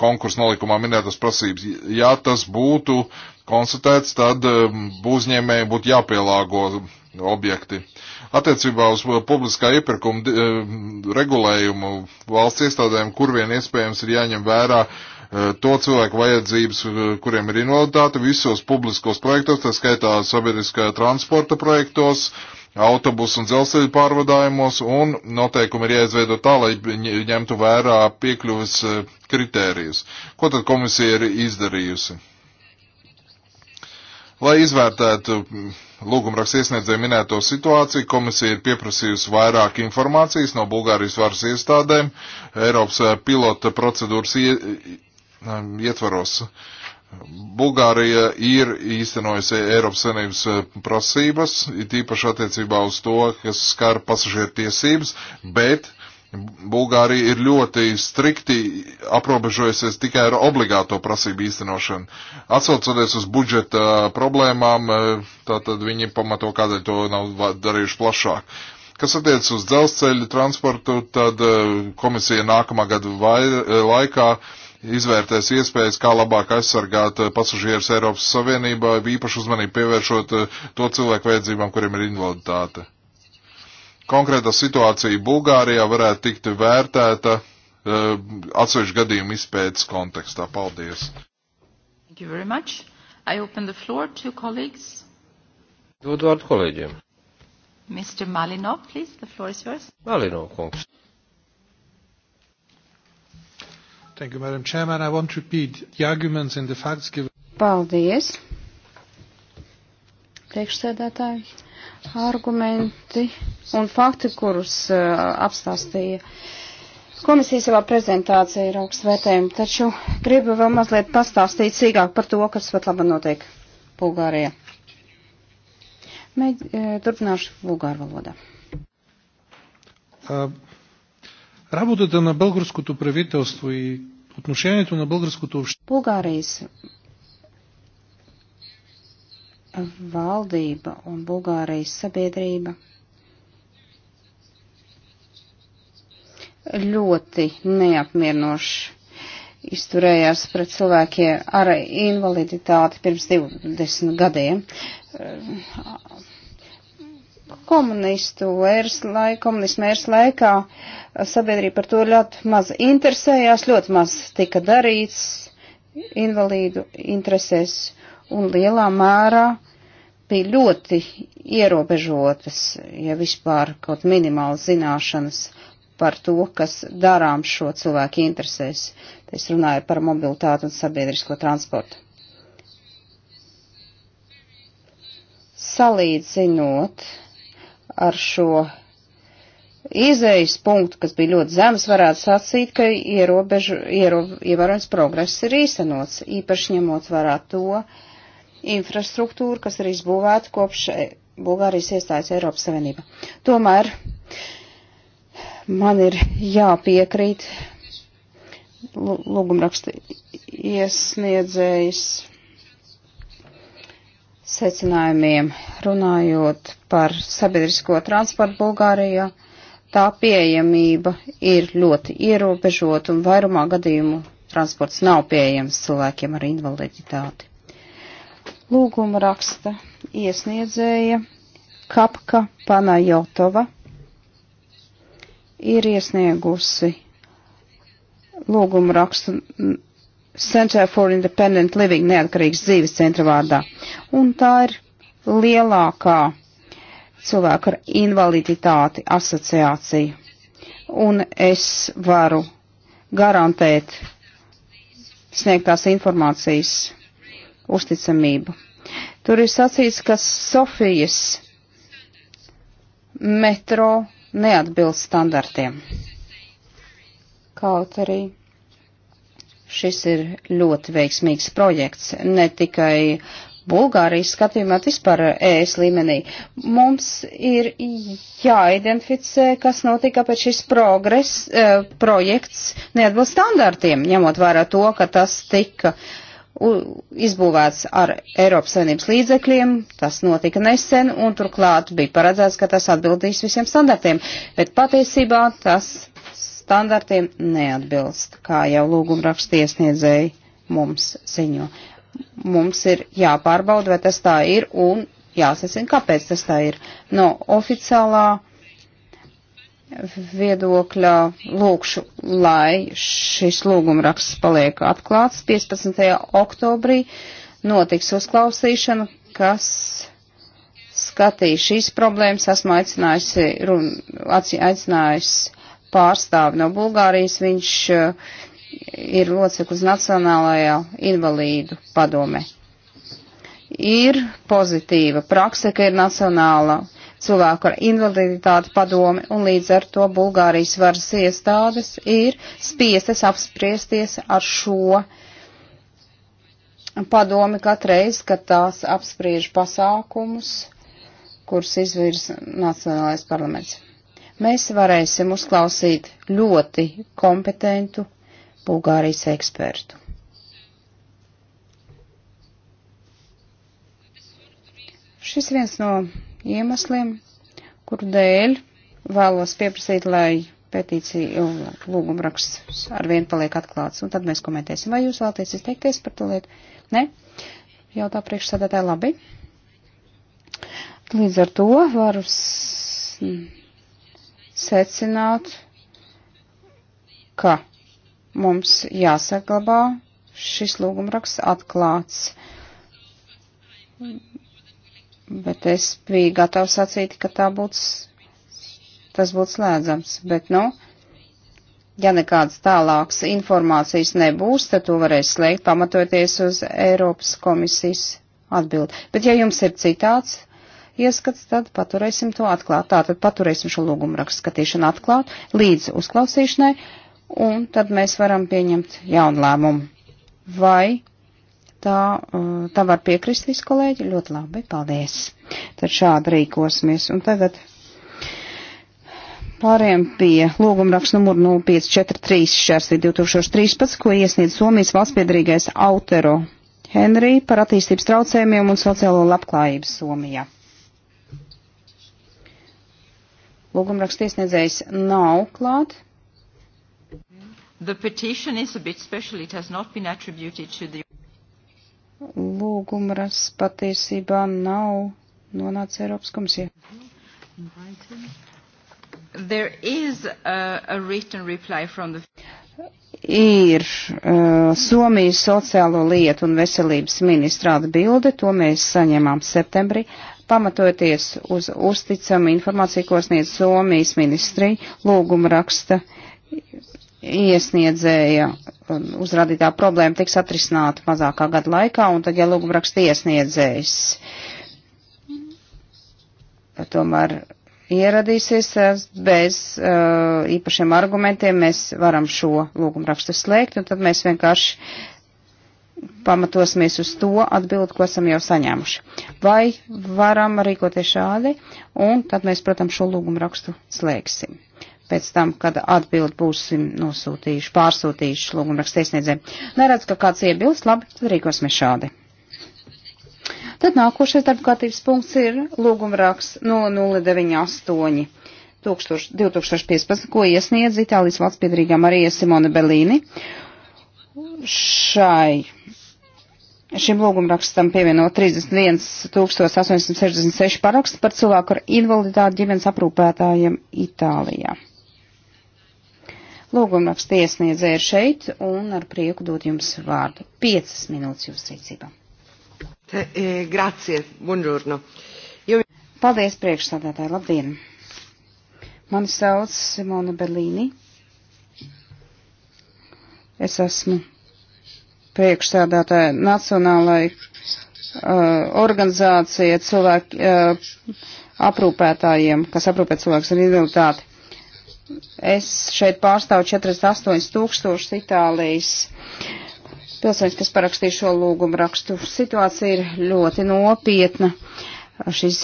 konkursu nolikumā minētas prasības. Ja tas būtu konstatēts, tad uzņēmēji būtu jāpielāgo objekti. Attiecībā uz publiskā iepirkuma eh, regulējumu valsts iestādēm, kur vien iespējams ir jāņem vērā eh, to cilvēku vajadzības, eh, kuriem ir invaliditāte visos publiskos projektos, tā skaitā sabiedriskajā transporta projektos, autobusu un dzelzceļu pārvadājumos, un noteikumi ir jāizveido tā, lai ņemtu vērā piekļuvis kritērijus. Ko tad komisija ir izdarījusi? Lai izvērtētu lūgumraks iesniedzēja minēto situāciju, komisija ir pieprasījusi vairāk informācijas no Bulgārijas varas iestādēm Eiropas eh, pilota procedūras um, ietvaros. Bulgārija ir īstenojusi Eiropas Savienības eh, prasības, it īpaši attiecībā uz to, kas skar pasažieru tiesības, bet Bulgārija ir ļoti strikti aprobežojusies tikai ar obligāto prasību īstenošanu. Atsaucoties uz budžeta problēmām, e, tātad viņi pamato, kādēļ to nav darījuši plašāk. Kas attiec uz dzelzceļu transportu, tad e, komisija nākamā gada vai, e, laikā izvērtēs iespējas, kā labāk aizsargāt pasažierus Eiropas Savienībā, īpaši uzmanību pievēršot to cilvēku vajadzībām, kuriem ir invaliditāte konkrētā situācija Bulgārijā varētu tikt vērtēta uh, atsevišķu gadījumu izpētes kontekstā. Paldies! Thank you very much. I open the floor to colleagues. Dod vārdu kolēģiem. Mr. Malinov, please, the floor is yours. Malinov, kungs. Thank you, Madam Chairman. I want to repeat the arguments and the facts given. Paldies. Priekšsēdētāji argumenti un fakti, kurus uh, apstāstīja komisija savā prezentācijā ir augstvērtējumi, taču gribu vēl mazliet pastāstīt sīkāk par to, kas pat laba notiek Bulgārijā. Mēģ, uh, turpināšu Bulgāru valodā. Uh, работата на българското правителство и отношението на българското общество. Bulgārijas valdība un Bulgārijas sabiedrība ļoti neapmierinoši izturējās pret cilvēkiem ar invaliditāti pirms 20 gadiem. Komunistu ēras laikā, komunismu ēras laikā sabiedrība par to ļoti maz interesējās, ļoti maz tika darīts invalīdu interesēs un lielā mērā bija ļoti ierobežotas, ja vispār kaut minimāli zināšanas par to, kas darām šo cilvēku interesēs. Te es runāju par mobilitāti un sabiedrisko transportu. Salīdzinot ar šo izējas punktu, kas bija ļoti zems, varētu sacīt, ka ierobežu, ierob, ievērojams progress ir īstenots, īpaši ņemot vērā to, uh, infrastruktūru, kas ir izbūvēta kopš Bulgārijas iestājas Eiropas Savienībā. Tomēr man ir jāpiekrīt lūgumraksta iesniedzējs secinājumiem runājot par sabiedrisko transportu Bulgārijā. Tā pieejamība ir ļoti ierobežota un vairumā gadījumu transports nav pieejams cilvēkiem ar invaliditāti. Lūguma raksta iesniedzēja Kapka Panajotova ir iesniegusi lūgumu rakstu Center for Independent Living neatkarīgas dzīves centra vārdā. Un tā ir lielākā cilvēku ar invaliditāti asociācija. Un es varu garantēt sniegtās informācijas uzticamību. Tur ir sacīts, ka Sofijas metro neatbilst standartiem. Kaut arī šis ir ļoti veiksmīgs projekts, ne tikai Bulgārijas skatījumā, bet vispār ES līmenī. Mums ir jāidentificē, kas notika pēc šis progress, eh, projekts neatbilst standartiem, ņemot vērā to, ka tas tika eh, izbūvēts ar Eiropas Savienības līdzekļiem, tas notika nesen, un turklāt bija paredzēts, ka tas atbildīs visiem standartiem, bet patiesībā tas standartiem neatbilst, kā jau lūguma rakstiesniedzēji mums ziņo. Mums ir jāpārbauda, vai tas tā ir, un jāsacina, kāpēc tas tā ir. No oficiālā viedokļa lūkšu, lai šis lūgumraksts paliek atklāts. 15. oktobrī notiks uzklausīšana, kas skatīs šīs problēmas. Esmu aicinājusi, run, aicinājusi pārstāvi no Bulgārijas. Viņš eh, ir loceklis Nacionālajā invalīdu padome. Ir pozitīva prakse, ka ir Nacionāla cilvēku ar invaliditāti padomi, un līdz ar to Bulgārijas varas iestādes ir spiestas apspriesties ar šo padomi katreiz, kad tās apspriež pasākumus, kurus izvirs Nacionālais parlaments. Mēs varēsim uzklausīt ļoti kompetentu Bulgārijas ekspertu. Šis viens no iemesliem, kuru dēļ vēlos pieprasīt, lai petīcija uh, lūguma raksts arvien paliek atklāts, un tad mēs komentēsim, vai jūs vēlaties izteikties par to lietu. Ne? Jautā priekšsēdētāji labi. Līdz ar to varu secināt, ka mums jāsaglabā šis lūgumraksts atklāts bet es biju gatavs sacīt, ka tā būtu, tas būtu slēdzams, bet nu, ja nekādas tālākas informācijas nebūs, tad to varēs slēgt pamatoties uz Eiropas komisijas atbildi. Bet ja jums ir citāds ieskats, tad paturēsim to atklāt. Tātad paturēsim šo lūgumu rakstu skatīšanu atklāt līdz uzklausīšanai, un tad mēs varam pieņemt jaunu lēmumu. Vai Tā, uh, tā var piekrist visi kolēģi. Ļoti labi, paldies. Tad šādi rīkosimies. Un tagad pārējām pie lūgumraksta numuru 0543 šķērsī 2013, ko iesniedz Somijas valstspiedrīgais Autero Henrī par attīstības traucējumiem un sociālo labklājību Somijā. Lūgumraksta iesniedzējs nav klāt. The petition is a bit special. It has not been attributed to the lūgumras patiesībā nav nonācis Eiropas komisijā. There is a, a written reply from the ir uh, Somijas sociālo lietu un veselības ministra atbilde, to mēs saņemām septembrī, pamatoties uz uzticamu informāciju, ko sniedz Somijas ministrija, lūguma raksta iesniedzēja uzrādītā problēma tiks atrisināta mazākā gada laikā, un tad, ja lūgumraksta iesniedzējs tomēr ieradīsies bez uh, īpašiem argumentiem, mēs varam šo lūgumrakstu slēgt, un tad mēs vienkārši pamatosimies uz to atbildi, ko esam jau saņēmuši. Vai varam rīkoties šādi, un tad mēs, protams, šo lūgumrakstu slēgsim pēc tam, kad atbild būsim nosūtījuši, pārsūtījuši lūgumrakstu iesniedzēm. Neredz, ka kāds iebilst, labi, tad rīkosimies šādi. Tad nākošais darba kārtības punkts ir lūgumraksts 0098 2015, ko iesniedz Itālijas valsts piedarīgā Marija Simone Bellīni. Šai Šim lūgumrakstam pievieno 31.866 parakstu par cilvēku ar invaliditāti ģimenes aprūpētājiem Itālijā. Lūgumraksta iesniedzēja ir šeit un ar prieku dod jums vārdu. Piecas minūtes jūsu rīcībā. E, grazie, buongiorno. Jum... Paldies priekšsādātāji, labdien. Mani sauc Simona Berlīni. Es esmu priekšsādātāja Nacionālai uh, organizācija cilvēku uh, e, aprūpētājiem, kas aprūpē cilvēkus ar invaliditāti. Es šeit pārstāvu 48 tūkstošus Itālijas pilsēņus, kas parakstīja šo lūgumu rakstu. Situācija ir ļoti nopietna. Šis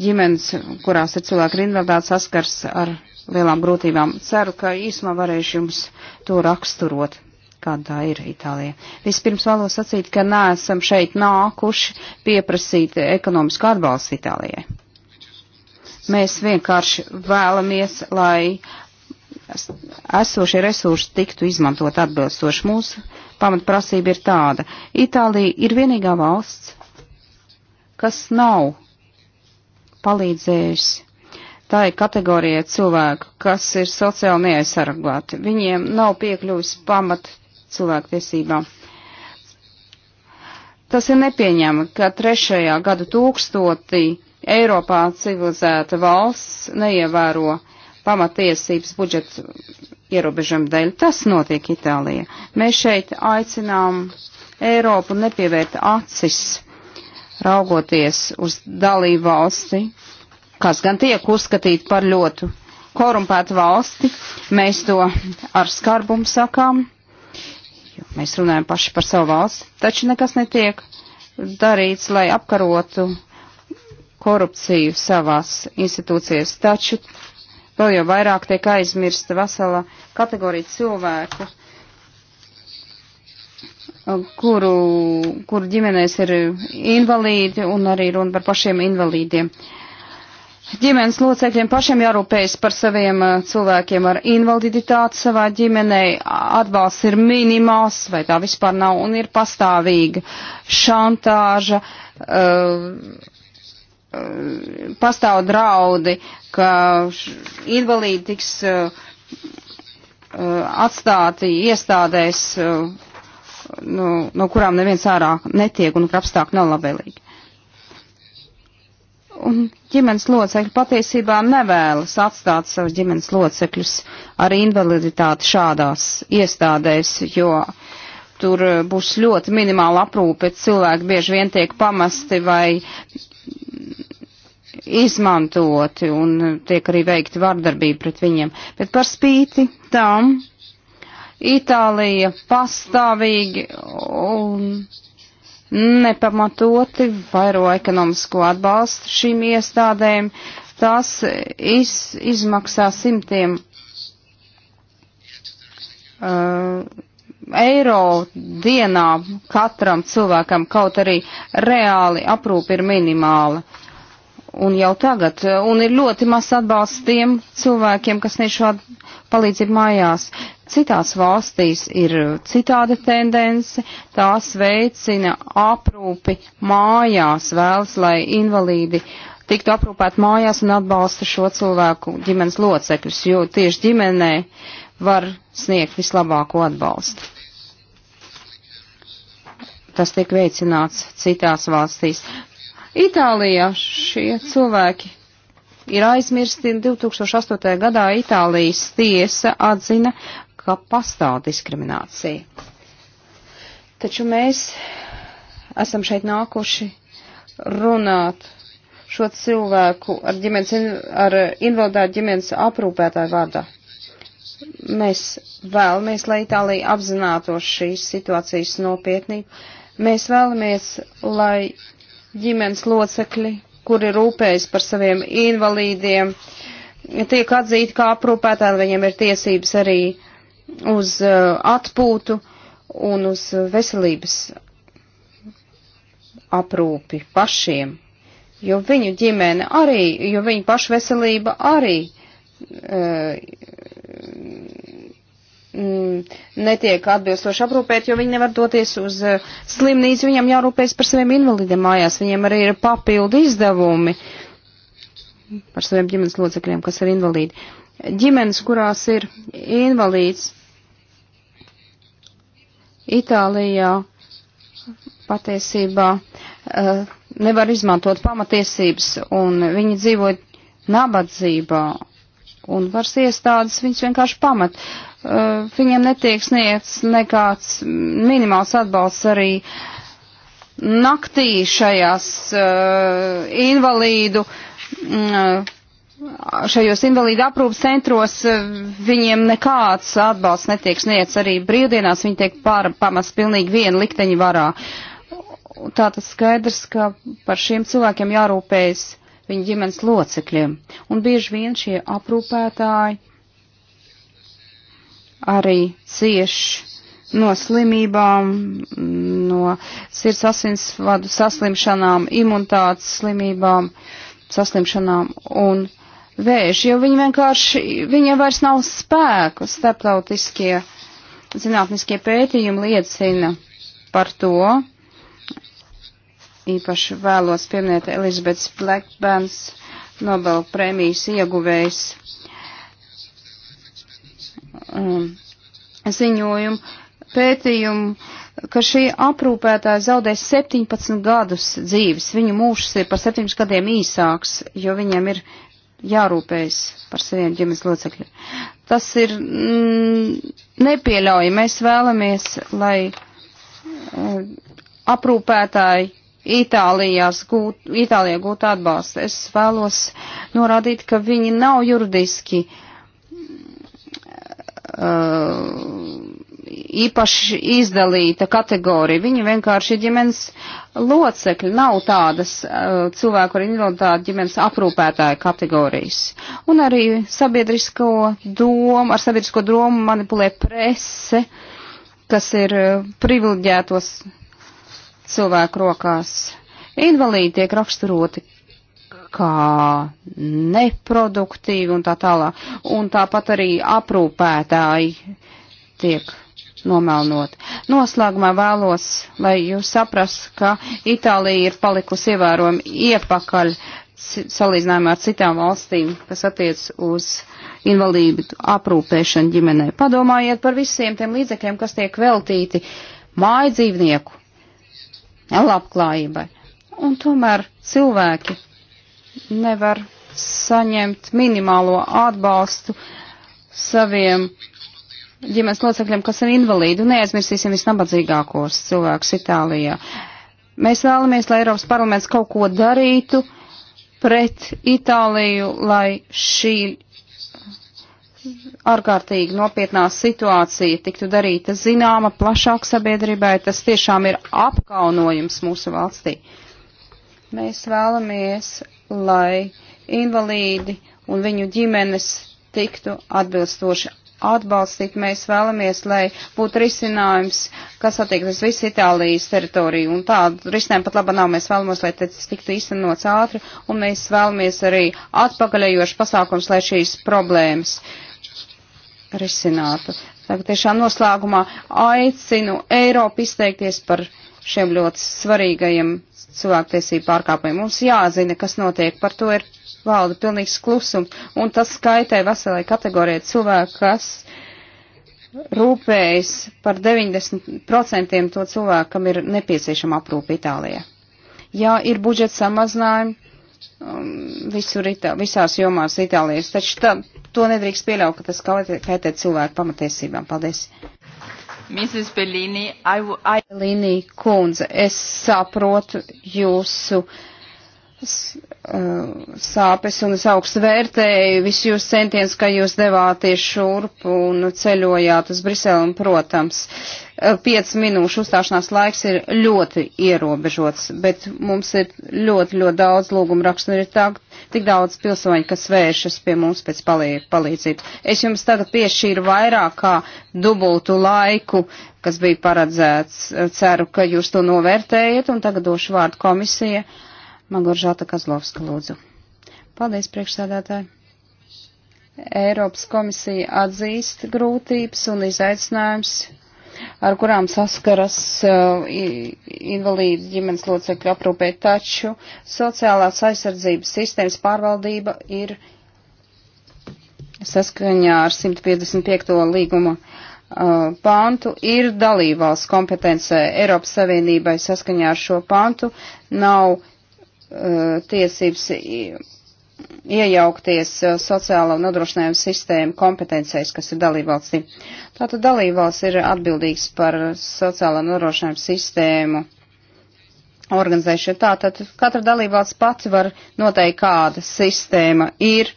ģimenes, kurās ir cilvēki ar invaliditāti, saskars ar lielām grūtībām. Ceru, ka īsumā varēšu jums to raksturot kāda tā ir Itālija. Vispirms vēlos sacīt, ka neesam šeit nākuši pieprasīt ekonomisku atbalstu Itālijai. Mēs vienkārši vēlamies, lai esošie resursi tiktu izmantot atbilstoši. Mūsu pamatprasība ir tāda. Itālija ir vienīgā valsts, kas nav palīdzējusi tai kategorijai cilvēku, kas ir sociāli neaizsargāti. Viņiem nav piekļuvis pamat cilvēktiesībām. Tas ir nepieņemami, ka trešajā gadu tūkstotī Eiropā civilizēta valsts neievēro pamatiesības budžeta ierobežojumu dēļ. Tas notiek Itālijā. Mēs šeit aicinām Eiropu nepievērt acis, raugoties uz dalību valsti, kas gan tiek uzskatīt par ļoti korumpētu valsti. Mēs to ar skarbumu sakām, jo mēs runājam paši par savu valsti, taču nekas netiek darīts, lai apkarotu korupciju savās institūcijās, taču vēl jau vairāk tiek aizmirsta vesela kategorija cilvēku, kuru, kuru ģimenēs ir invalīdi un arī runa par pašiem invalīdiem. Ģimenes locekļiem pašiem jārūpējas par saviem eh, cilvēkiem ar invaliditāti savā ģimenē, atbalsts ir minimāls vai tā vispār nav un ir pastāvīga šantāža. Uh, Eh, pastāv draudi, ka invalīdi tiks eh, eh, atstāti iestādēs, no, nu, no kurām neviens ārā netiek un kur apstākļi nav labvēlīgi. Un ģimenes locekļi patiesībā nevēlas atstāt savus ģimenes locekļus ar invaliditāti šādās iestādēs, jo tur būs ļoti minimāla aprūpe, cilvēki bieži vien tiek pamesti vai izmantoti un tiek arī veikti vardarbība pret viņiem. Bet par spīti tam Itālija pastāvīgi un nepamatoti vairo ekonomisko atbalstu šīm iestādēm. Tas iz, izmaksā simtiem. Uh, eiro dienā katram cilvēkam, kaut arī reāli aprūpi ir minimāla. Un jau tagad, un ir ļoti maz atbalsts tiem cilvēkiem, kas sniedz šo palīdzību mājās. Citās valstīs ir citāda tendence, tās veicina aprūpi mājās, vēlas, lai invalīdi tiktu aprūpēt mājās un atbalsta šo cilvēku ģimenes locekļus, jo tieši ģimenē var sniegt vislabāko atbalstu tas tiek veicināts citās valstīs. Itālijā šie cilvēki ir aizmirsti. 2008. gadā Itālijas tiesa atzina, ka pastāv diskriminācija. Taču mēs esam šeit nākuši runāt šo cilvēku ar, ģimenes, ar invaliditāti ģimenes aprūpētāju vārdā. Mēs vēlamies, lai Itālija apzinātos šīs situācijas nopietnību Mēs vēlamies, lai ģimenes locekļi, kuri rūpējas par saviem invalīdiem, tiek atzīti kā aprūpētāji, viņiem ir tiesības arī uz uh, atpūtu un uz veselības aprūpi pašiem, jo viņu ģimene arī, jo viņu pašu veselība arī uh, Mm, netiek atbilstoši aprūpēt, jo viņi nevar doties uz eh, slimnīcu, viņam jārūpējas par saviem invalidiem mājās, viņiem arī ir papildu izdevumi par saviem ģimenes locekļiem, kas ir invalīdi. Ģimenes, kurās ir invalīds, Itālijā patiesībā eh, nevar izmantot pamatiesības, un viņi dzīvo nabadzībā, un varas iestādes viņus vienkārši pamat. Uh, Uh, viņiem netiek sniegts nekāds minimāls atbalsts arī naktī šajās uh, invalīdu, mm, uh, šajos invalīdu aprūpas centros uh, viņiem nekāds atbalsts netiek sniegts arī brīvdienās, viņi tiek pār, pamats pilnīgi viena likteņa varā. Tā tas skaidrs, ka par šiem cilvēkiem jārūpējas viņa ģimenes locekļiem. Un bieži vien šie aprūpētāji arī cieš no slimībām, no sirds asinsvadu saslimšanām, imunitātes slimībām, saslimšanām un vēži, jo viņi vienkārši, viņiem vairs nav spēku. Starptautiskie zinātniskie pētījumi liecina par to. Īpaši vēlos pieminēt Elizabetes Blackburns Nobel prēmijas ieguvējs um, ziņojumu, pētījumu, ka šī aprūpētāja zaudēs 17 gadus dzīves. Viņu mūžs ir par 7 gadiem īsāks, jo viņiem ir jārūpējas par saviem ģimenes locekļiem. Tas ir mm, nepieļaujami. Mēs vēlamies, lai mm, aprūpētāji Itālijās gūt, Itālijā gūt atbalstu. Es vēlos norādīt, ka viņi nav juridiski uh, Uh, īpaši izdalīta kategorija. Viņi vienkārši ir ģimenes locekļi, nav tādas uh, cilvēku ar invaliditāti ģimenes aprūpētāja kategorijas. Un arī sabiedrisko domu, ar sabiedrisko domu manipulē prese, kas ir uh, privileģētos cilvēku rokās. Invalīdi tiek raksturoti kā neproduktīvi un tā tālāk. Un tāpat arī aprūpētāji tiek nomelnot. Noslēgumā vēlos, lai jūs saprast, ka Itālija ir palikusi ievērojami iepakaļ salīdzinājumā ar citām valstīm, kas attiec uz invalīdu aprūpēšanu ģimenei. Padomājiet par visiem tiem līdzekļiem, kas tiek veltīti māju dzīvnieku labklājībai. Un tomēr cilvēki nevar saņemt minimālo atbalstu saviem ģimenes locekļiem, kas ir invalīdi, un neaizmirsīsim visnabadzīgākos cilvēkus Itālijā. Mēs vēlamies, lai Eiropas parlaments kaut ko darītu pret Itāliju, lai šī ārkārtīgi nopietnā situācija tiktu darīta zināma plašāk sabiedrībai, tas tiešām ir apkaunojums mūsu valstī. Mēs vēlamies, lai invalīdi un viņu ģimenes tiktu atbilstoši atbalstīt. Mēs vēlamies, lai būtu risinājums, kas attiektas visu Itālijas teritoriju. Un tādu risinājumu pat laba nav. Mēs vēlamies, lai tas tiktu īstenots ātri. Un mēs vēlamies arī atpakaļējošu pasākums, lai šīs problēmas risinātu. Tagad tiešām noslēgumā aicinu Eiropu izteikties par šiem ļoti svarīgajiem cilvēktiesību pārkāpumiem. Mums jāzina, kas notiek, par to ir valda pilnīgs klusums, un tas skaitē veselai kategorijai cilvēku, kas rūpējas par 90% to cilvēku, kam ir nepieciešama aprūpa Itālijā. Jā, ir budžeta samazinājumi um, visur, Itā, visās jomās Itālijas, taču tā, to nedrīkst pieļaut, ka tas kaitē cilvēku pamatiesībām. Paldies! Mrs. Bellini, I, I... Bellini kundze, es saprotu jūsu Uh, sāpes un es augstu vērtēju visu jūs centienus, ka jūs devāties šurp un ceļojāt uz Briselu un, protams, uh, piec minūšu uzstāšanās laiks ir ļoti ierobežots, bet mums ir ļoti, ļoti daudz lūgumu rakstu un ir tā, tik daudz pilsoņu, kas vēršas pie mums pēc palīdzību. Es jums tagad piešķīru vairāk kā dubultu laiku, kas bija paredzēts. Ceru, ka jūs to novērtējat un tagad došu vārdu komisija Magoržāta Kazlovska lūdzu. Paldies, priekšsēdētāji. Eiropas komisija atzīst grūtības un izaicinājums, ar kurām saskaras uh, invalīdu ģimenes locekļu aprūpē, taču sociālās aizsardzības sistēmas pārvaldība ir saskaņā ar 155. līguma uh, pantu ir dalībvalsts kompetencē Eiropas Savienībai saskaņā ar šo pantu nav Eh, tiesības iejaukties eh, sociālo nodrošinājumu sistēmu kompetencijas, kas ir dalībvalstī. Tātad dalībvalsts ir atbildīgs par sociālo nodrošinājumu sistēmu organizēšanu. Tātad katra dalībvalsts pats var noteikt, kāda sistēma ir.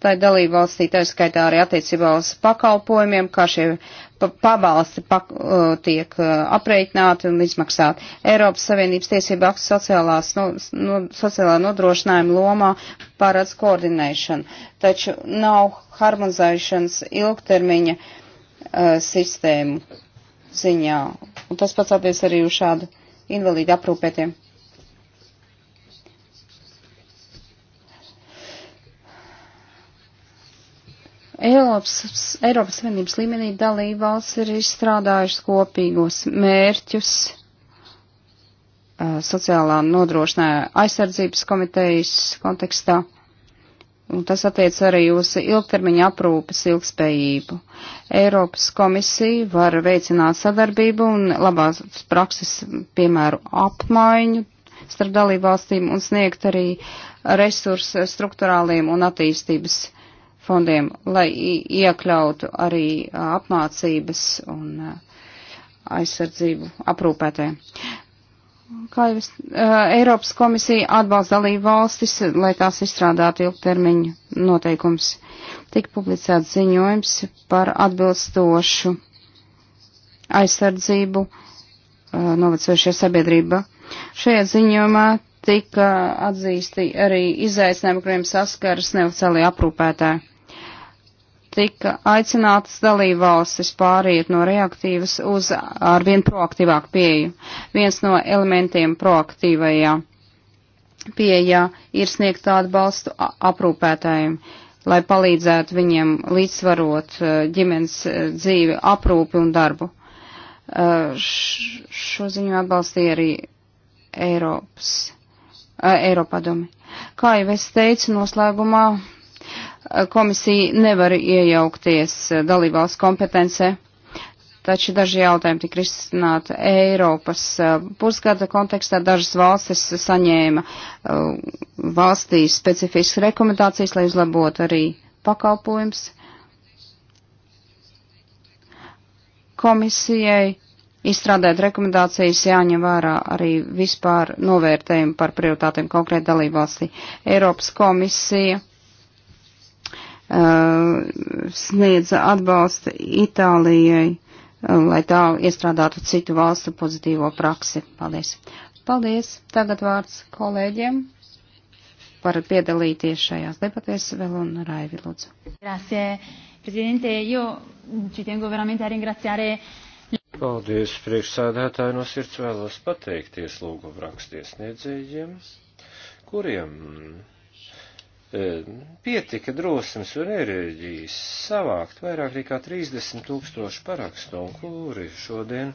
Tā ir dalībvalstī, tā skaitā arī attiecībā uz pakalpojumiem, kā šie pabalsti pa, uh, tiek uh, apreikināti un izmaksāti. Eiropas Savienības tiesība aktu sociālās, no, no, sociālā nodrošinājuma lomā pārāds koordinēšanu, taču nav harmonizēšanas ilgtermiņa uh, sistēmu ziņā. Un tas pats attiec arī uz šādu invalīdu aprūpētiem Eiropas, Eiropas Savienības līmenī dalība valsts ir izstrādājušas kopīgos mērķus uh, sociālā nodrošinājuma aizsardzības komitejas kontekstā, un tas attiec arī uz ilgtermiņa aprūpes ilgspējību. Eiropas komisija var veicināt sadarbību un labās prakses piemēru apmaiņu starp dalībvalstīm un sniegt arī resursu struktūrāliem un attīstības fondiem, lai iekļautu arī apmācības un aizsardzību aprūpētē. Kā jau es, Eiropas komisija atbalsta dalību valstis, lai tās izstrādātu ilgtermiņu noteikums. Tik publicēts ziņojums par atbilstošu aizsardzību novecojušajā sabiedrība. Šajā ziņojumā tika atzīsti arī izaicinājumi, kuriem saskaras neoficiālajā aprūpētāji tika aicinātas dalībvalstis pāriet no reaktīvas uz arvien proaktīvāku pieeju. Viens no elementiem proaktīvajā pieejā ir sniegt tādu balstu aprūpētājiem, lai palīdzētu viņiem līdzsvarot e, ģimenes e, dzīvi, aprūpi un darbu. E, šo ziņu atbalstīja arī Eiropas, Eiropadomi. Kā jau es teicu, noslēgumā komisija nevar iejaukties dalībvalsts kompetencē, taču daži jautājumi tika risināti Eiropas pusgada kontekstā. Dažas valstis saņēma valstī specifiskas rekomendācijas, lai uzlabotu arī pakalpojums. Komisijai izstrādēt rekomendācijas jāņem vērā arī vispār novērtējumi par prioritātiem konkrēti dalībvalstī. Eiropas komisija Uh, sniedza atbalstu Itālijai, uh, lai tā iestrādātu citu valstu pozitīvo praksi. Paldies! Paldies! Tagad vārds kolēģiem par piedalīties šajās debatēs vēl un Raivi Lūdzu. Grazie, prezidente, jo ci tengo veramente a ringraziare. Paldies, priekšsādātāji, no sirds vēlos pateikties lūgumu rakstiesniedzējiem, kuriem E, pietika drosmes un enerģijas savākt vairāk nekā 30 tūkstošu parakstu, un kuri šodien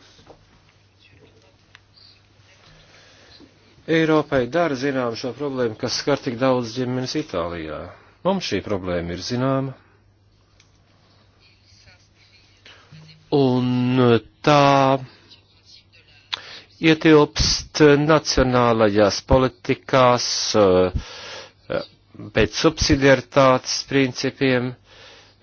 Eiropai dara zinām šo problēmu, kas skar tik daudz ģimenes Itālijā. Mums šī problēma ir zināma. Un tā ietilpst nacionālajās politikās, uh, pēc subsidiaritātes principiem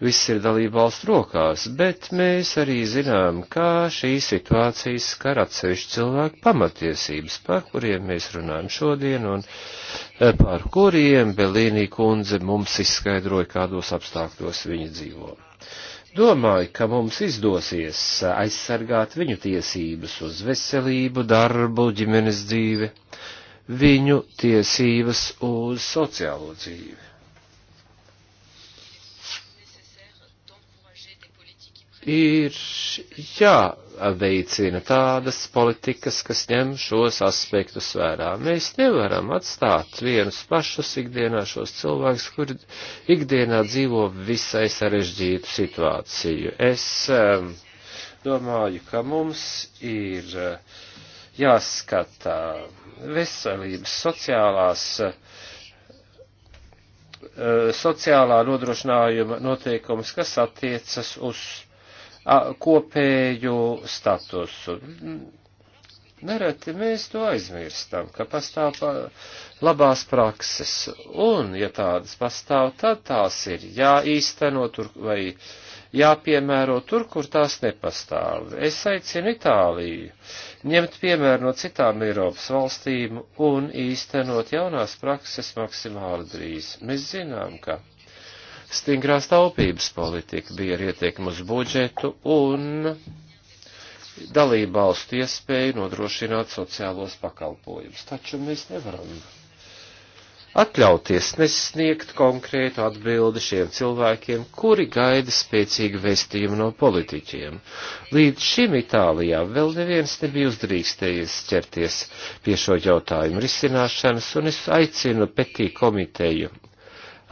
viss ir dalība valsts rokās, bet mēs arī zinām, kā šī situācija skar atsevišķu cilvēku pamatiesības, par kuriem mēs runājam šodien un eh, par kuriem Belīnī kundze mums izskaidroja, kādos apstākļos viņi dzīvo. Domāju, ka mums izdosies aizsargāt viņu tiesības uz veselību, darbu, ģimenes dzīvi viņu tiesības uz sociālo dzīvi. Ir jāveicina tādas politikas, kas ņem šos aspektus vērā. Mēs nevaram atstāt vienus pašus ikdienā šos cilvēkus, kuri ikdienā dzīvo visai sarežģītu situāciju. Es um, domāju, ka mums ir eh, jāskatā veselības, sociālās, eh, sociālā nodrošinājuma noteikums, kas attiecas uz kopēju statusu. Nereti mēs to aizmirstam, ka pastāv labās prakses, un, ja tādas pastāv, tad tās ir jāīsteno tur vai uh, jāpiemēro tur, kur tās nepastāv. Es aicinu Itāliju ņemt piemēru no citām Eiropas valstīm un īstenot jaunās prakses maksimāli drīz. Mēs zinām, ka stingrā staupības politika bija ar ietekmu uz budžetu un dalību valstu iespēju nodrošināt sociālos pakalpojumus. Taču mēs nevaram atļauties nesniegt konkrētu atbildi šiem cilvēkiem, kuri gaida spēcīgu vēstījumu no politiķiem. Līdz šim Itālijā vēl neviens nebija uzdrīkstējies ķerties pie šo jautājumu risināšanas, un es aicinu petī komiteju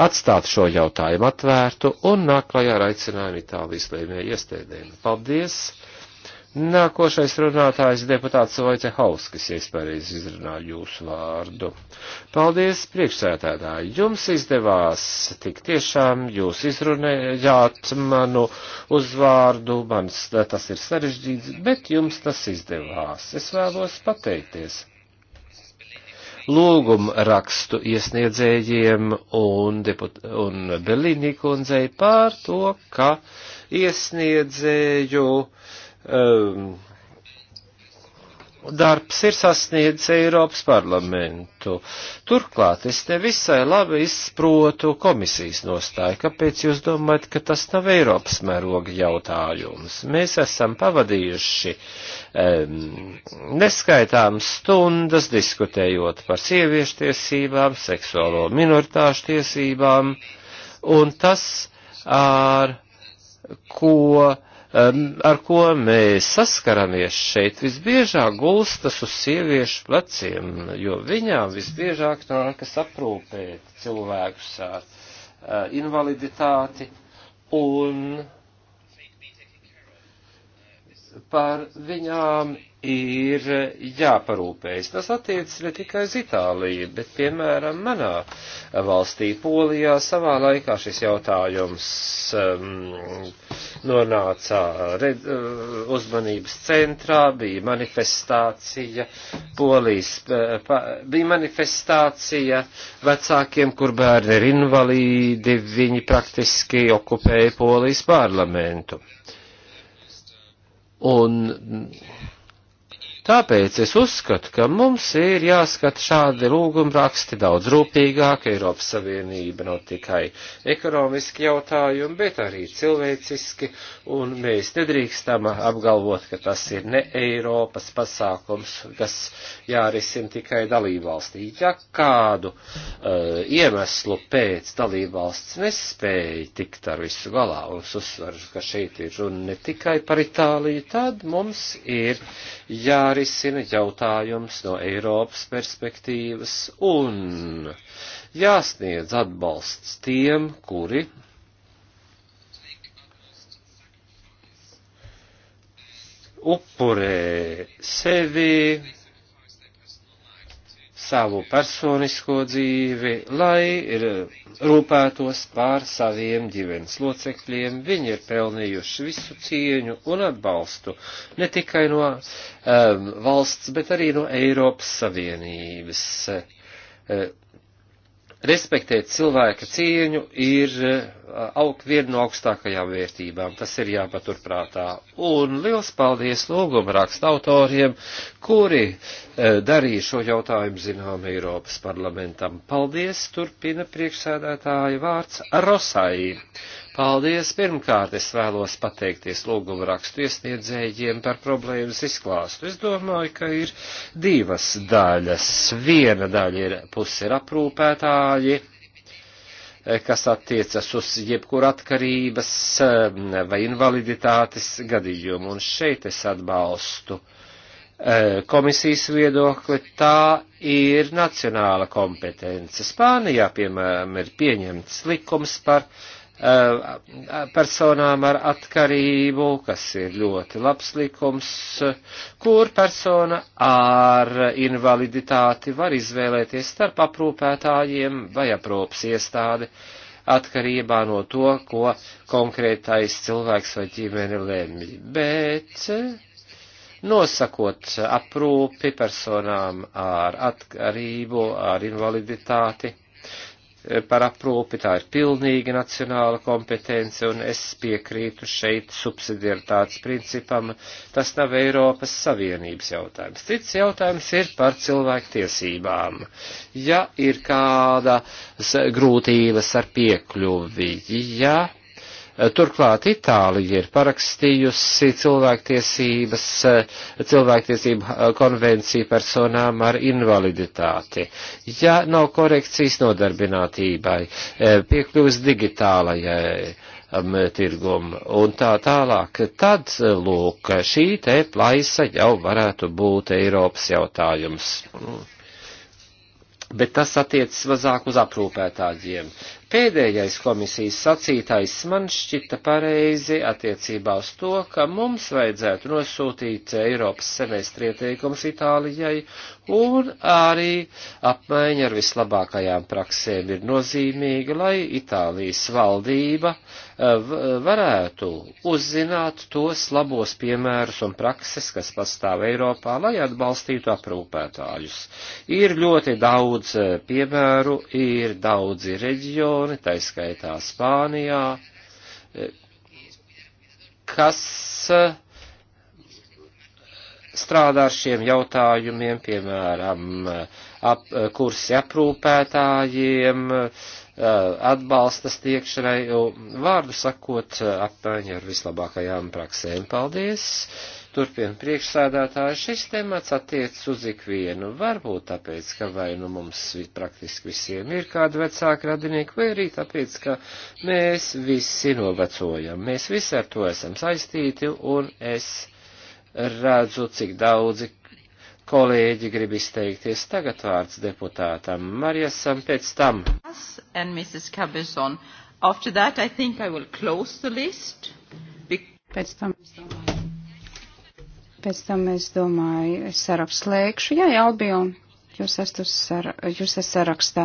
atstāt šo jautājumu atvērtu un nāk klajā ar aicinājumu Itālijas lēmēju iestēdēm. Paldies! Nākošais runātājs deputāts Vojcehovskis, ja es pareizi izrunāju jūsu vārdu. Paldies, priekšsētētāji, jums izdevās tik tiešām jūs izrunējāt manu uzvārdu, man tas ir sarežģīts, bet jums tas izdevās. Es vēlos pateikties lūgumu rakstu iesniedzējiem un, un Berlīnī kundzei par to, ka iesniedzēju uh, um, darbs ir sasniedzis Eiropas parlamentu. Turklāt es te visai labi izprotu komisijas nostāju, kāpēc jūs domājat, ka tas nav Eiropas mēroga jautājums. Mēs esam pavadījuši um, ehm, neskaitāmas stundas diskutējot par sieviešu tiesībām, seksuālo minoritāšu tiesībām, un tas ar ko uh, ar ko mēs saskaramies šeit, visbiežāk gulstas uz sieviešu pleciem, jo viņām visbiežāk nākas aprūpēt cilvēkus ar eh, invaliditāti un par viņām ir jāparūpējas. Tas attiecas ne tikai uz Itāliju, bet, piemēram, manā valstī Polijā savā laikā šis jautājums um, nonāca red, uh, uzmanības centrā, bija manifestācija, Polijas uh, pa, bija manifestācija vecākiem, kur bērni ir invalīdi, viņi praktiski okupēja Polijas parlamentu. Un Tāpēc es uzskatu, ka mums ir jāskata šādi lūguma raksti daudz rūpīgāk. Eiropas Savienība nav tikai ekonomiski jautājumi, bet arī cilvēciski, un mēs nedrīkstam apgalvot, ka tas ir ne Eiropas pasākums, kas jārisina tikai dalībvalstī. Ja kādu uh, iemeslu pēc dalībvalsts nespēja tikt ar visu galā, un es uzsveru, ka šeit ir runa ne tikai par Itāliju, tad mums ir jārisina jārisina jautājums no Eiropas perspektīvas un jāsniedz atbalsts tiem, kuri upurē sevi savu personisko dzīvi, lai eh, rūpētos pār saviem ģimenes locekļiem. Viņi ir pelnījuši visu cieņu un atbalstu ne tikai no um, valsts, bet arī no Eiropas Savienības. Uh, respektēt cilvēka cieņu ir eh, aug, viena no augstākajām vērtībām. Tas ir jāpaturprātā. Un liels paldies lūguma raksta autoriem, kuri eh, darīja šo jautājumu zinām Eiropas parlamentam. Paldies, turpina priekšsēdētāja vārds Rosai. Paldies! Pirmkārt, es vēlos pateikties lūguma rakstu iesniedzējiem par problēmas izklāstu. Es domāju, ka ir divas daļas. Viena daļa ir puse ir aprūpētāji, kas attiecas uz jebkuru atkarības eh, vai invaliditātes gadījumu. Un šeit es atbalstu eh, komisijas viedokli, tā ir nacionāla kompetence. Spānijā, piemēram, ir pieņemts likums par Uh, personām ar atkarību, kas ir ļoti labs likums, kur persona ar invaliditāti var izvēlēties starp aprūpētājiem vai aprūpas iestādi atkarībā no to, ko konkrētais cilvēks vai ģimene lemj. Bet nosakot aprūpi personām ar atkarību, ar invaliditāti, Eh, par aprūpi, tā ir pilnīgi nacionāla kompetence, un es piekrītu šeit subsidiaritātes principam, tas nav Eiropas Savienības jautājums. Cits jautājums ir par cilvēktiesībām. Ja ir kāda grūtības ar piekļuvi, ja Turklāt Itālija ir parakstījusi cilvēktiesības, cilvēktiesību eh, konvenciju personām ar invaliditāti. Ja nav korekcijas nodarbinātībai, eh, piekļūst digitālajai um, tirgumu un tā tālāk. Tad, lūk, šī te plaisa jau varētu būt Eiropas jautājums. Bet tas attiecas mazāk uz aprūpētājiem. Pēdējais komisijas sacītais man šķita pareizi attiecībā uz to, ka mums vajadzētu nosūtīt Eiropas semestri ieteikums Itālijai un arī apmaiņa ar vislabākajām praksēm ir nozīmīga, lai Itālijas valdība eh, varētu uzzināt tos labos piemērus un prakses, kas pastāv Eiropā, lai atbalstītu aprūpētājus. Ir ļoti daudz eh, piemēru, ir daudzi reģioni, reģioni, taiskaitā Spānijā, e, kas e, strādā ar šiem jautājumiem, piemēram, e, ap, kursi aprūpētājiem, atbalsta stiekšanai, vārdu sakot, apmaiņa ar vislabākajām praksēm. Paldies! Turpina priekšsādātāji, šis temats attiecas uz ikvienu, varbūt tāpēc, ka vai nu mums praktiski visiem ir kādi vecāki radinieki, vai arī tāpēc, ka mēs visi novecojam, mēs visi ar to esam saistīti, un es redzu, cik daudzi kolēģi grib izteikties. Tagad vārds deputātam Marijasam pēc tam. That, I I Pēc tam. Pēc tam es domāju, es sarakstu. Jā, jā, Albion, jūs esat, sar, jūs esat sarakstā.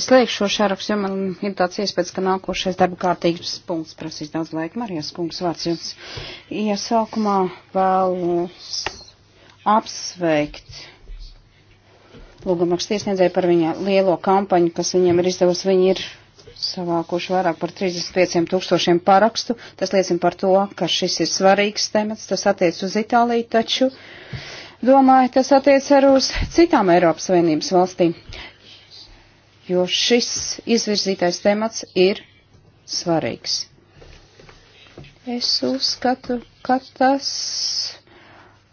Es liekšu šo sarakstu, jo man ir tāds iespējas, ka nākošais darba kārtības punkts prasīs daudz laika. Marijas kungs, vārds jums. Iesākumā vēlu apsveikt lūgumrakstiesniedzēju par viņa lielo kampaņu, kas viņiem ir izdevusi. Viņi ir savākuši vairāk par 35 tūkstošiem parakstu. Tas liecina par to, ka šis ir svarīgs temats, tas attiec uz Itāliju, taču, domāju, tas attiec arī uz citām Eiropas Savienības valstīm, jo šis izvirzītais temats ir svarīgs. Es uzskatu, ka tas,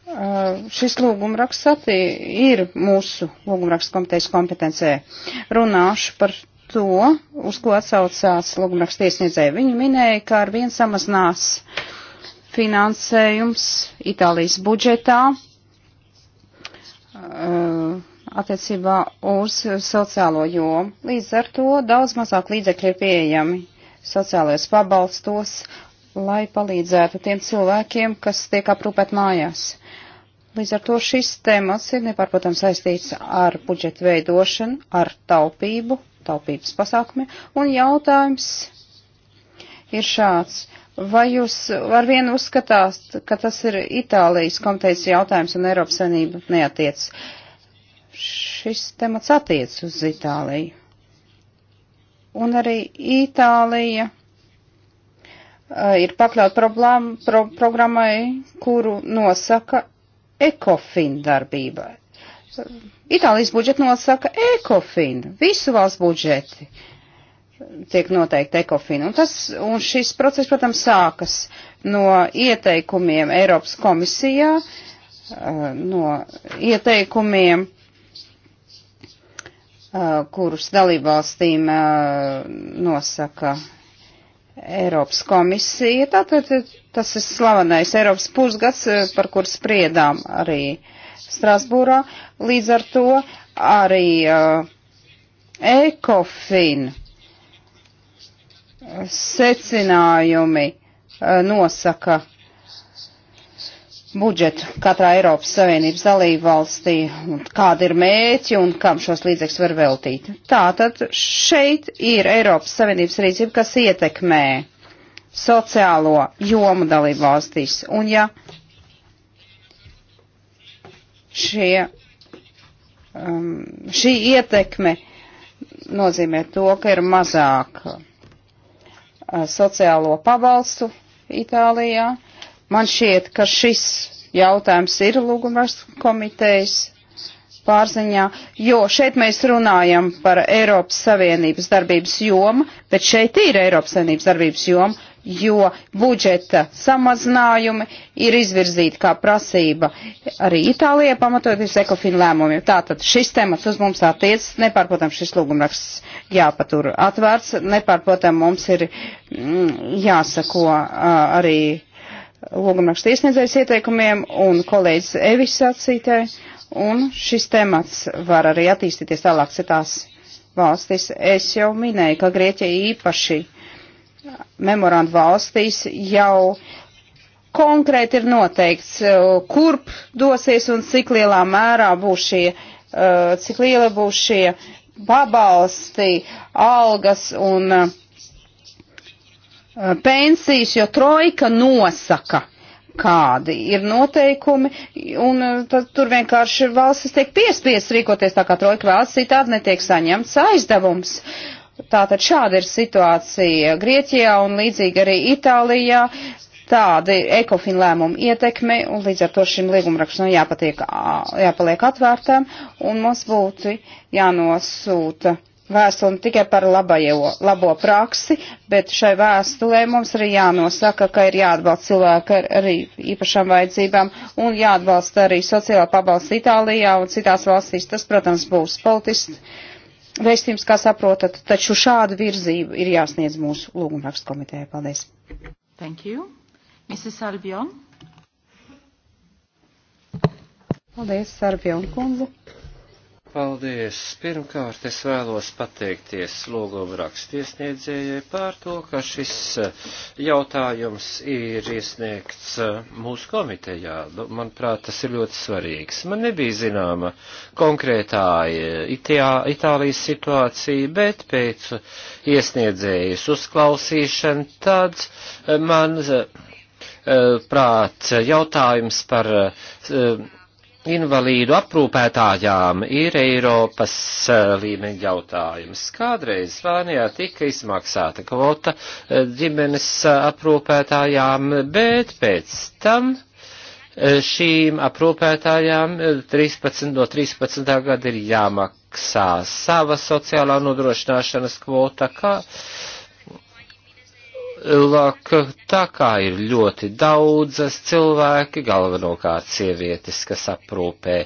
uh, šis lūgumraksts ir mūsu lūgumraksts komitejas kompetencē. Runāšu par to, uz ko atsaucās lūgumraksta tiesniedzēja. Viņa minēja, ka ar vien samazinās finansējums Itālijas budžetā uh, attiecībā uz sociālo jomu. Līdz ar to daudz mazāk līdzekļi ir pieejami sociālajos pabalstos, lai palīdzētu tiem cilvēkiem, kas tiek aprūpēt mājās. Līdz ar to šis temats ir nepārprotams saistīts ar budžetu veidošanu, ar taupību taupības pasākumi. Un jautājums ir šāds. Vai jūs ar vienu uzskatāt, ka tas ir Itālijas komitejas jautājums un Eiropas Savienība neatiec? Šis temats attiec uz Itāliju. Un arī Itālija uh, ir pakļaut problēmu, pro, programmai, kuru nosaka ECOFIN darbībai Itālijas budžetu nosaka ECOFIN, visu valsts budžeti tiek noteikti ECOFIN. Un, tas, un šis process, protams, sākas no ieteikumiem Eiropas komisijā, eh, no ieteikumiem, eh, kurus dalībvalstīm eh, nosaka Eiropas komisija. Tātad tas ir slavenais Eiropas pusgads, par kur spriedām arī uh, Strasbūrā, līdz ar to arī uh, ECOFIN secinājumi uh, nosaka budžetu katrā Eiropas Savienības dalību valstī, kāda ir mēķi un kam šos līdzekļus var veltīt. Tātad šeit ir Eiropas Savienības rīcība, kas ietekmē sociālo jomu dalību valstīs. Un ja šie, um, šī ietekme nozīmē to, ka ir mazāk uh, sociālo pabalstu Itālijā. Man šķiet, ka šis jautājums ir lūgumās komitejas pārziņā, jo šeit mēs runājam par Eiropas Savienības darbības jomu, bet šeit ir Eiropas Savienības darbības joma, jo budžeta samazinājumi ir izvirzīti kā prasība arī Itālijai, pamatoties ekofinu lēmumiem. Tātad šis temats uz mums attiec, nepārprotam šis lūgumraksts jāpatur atvērts, nepārprotam mums ir mm, jāsako arī lūgumraksta iesniedzējas ieteikumiem un kolēģis Evis sacītē, un šis temats var arī attīstīties tālāk citās valstis. Es jau minēju, ka Grieķija īpaši memorandu valstīs jau konkrēti ir noteikts, e, kurp dosies un cik lielā mērā būs šie, e, cik liela būs šie pabalsti, algas un e, pensijas, jo trojka nosaka, kādi ir noteikumi, un tad tur vienkārši valstis tiek piespiestas rīkoties tā, kā trojka vēlas, citādi netiek saņemts aizdevums. Uh, Tātad šāda ir situācija Grieķijā un līdzīgi arī Itālijā. Tāda ir ekofin lēmuma ietekme, un līdz ar to šim līgumrakstam jāpatiek, jāpaliek atvērtām, un mums būtu jānosūta vēstuli ne tikai par labajo, labo praksi, bet šai vēstulē mums arī jānosaka, ka ir jāatbalsta cilvēki ar arī īpašām vajadzībām un jāatbalsta arī sociālā pabalsta Itālijā un citās valstīs. Tas, protams, būs politisks vēstījums, kā saprotat, taču šādu virzību ir jāsniedz mūsu lūgumrakstu komitē. Paldies. Thank you. Mrs. Albion. Paldies, Sarbion kundze. Paldies! Pirmkārt, es vēlos pateikties lūgumu rakstiesniedzējai par to, ka šis eh, jautājums ir iesniegts eh, mūsu komitejā. Nu, manuprāt, tas ir ļoti svarīgs. Man nebija zināma konkrētā eh, Itā, Itālijas situācija, bet pēc iesniedzējas uzklausīšana tad man prāt jautājums par invalīdu aprūpētājām ir Eiropas eh, līmeņa jautājums. Kādreiz Spānijā tika izmaksāta kvota eh, ģimenes eh, aprūpētājām, bet pēc tam šīm aprūpētājām 13, no 13. gada ir jāmaksā sava sociālā nodrošināšanas kvota, kā Lūk, tā kā ir ļoti daudzas cilvēki, galvenokārt sievietes, kas aprūpē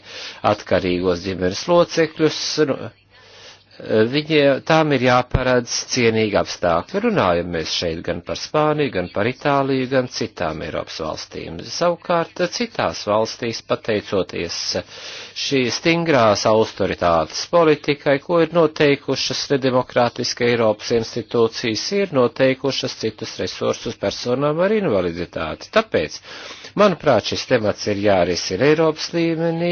atkarīgos ģimenes locekļus, nu, viņiem tām ir jāparādz cienīgi apstākļi. Runājam mēs šeit gan par Spāniju, gan par Itāliju, gan citām Eiropas valstīm. Savukārt citās valstīs, pateicoties šī stingrās austeritātes politikai, ko ir noteikušas nedemokrātiska Eiropas institūcijas, ir noteikušas citus resursus personām ar invaliditāti. Tāpēc Manuprāt, šis temats ir jārisina Eiropas līmenī,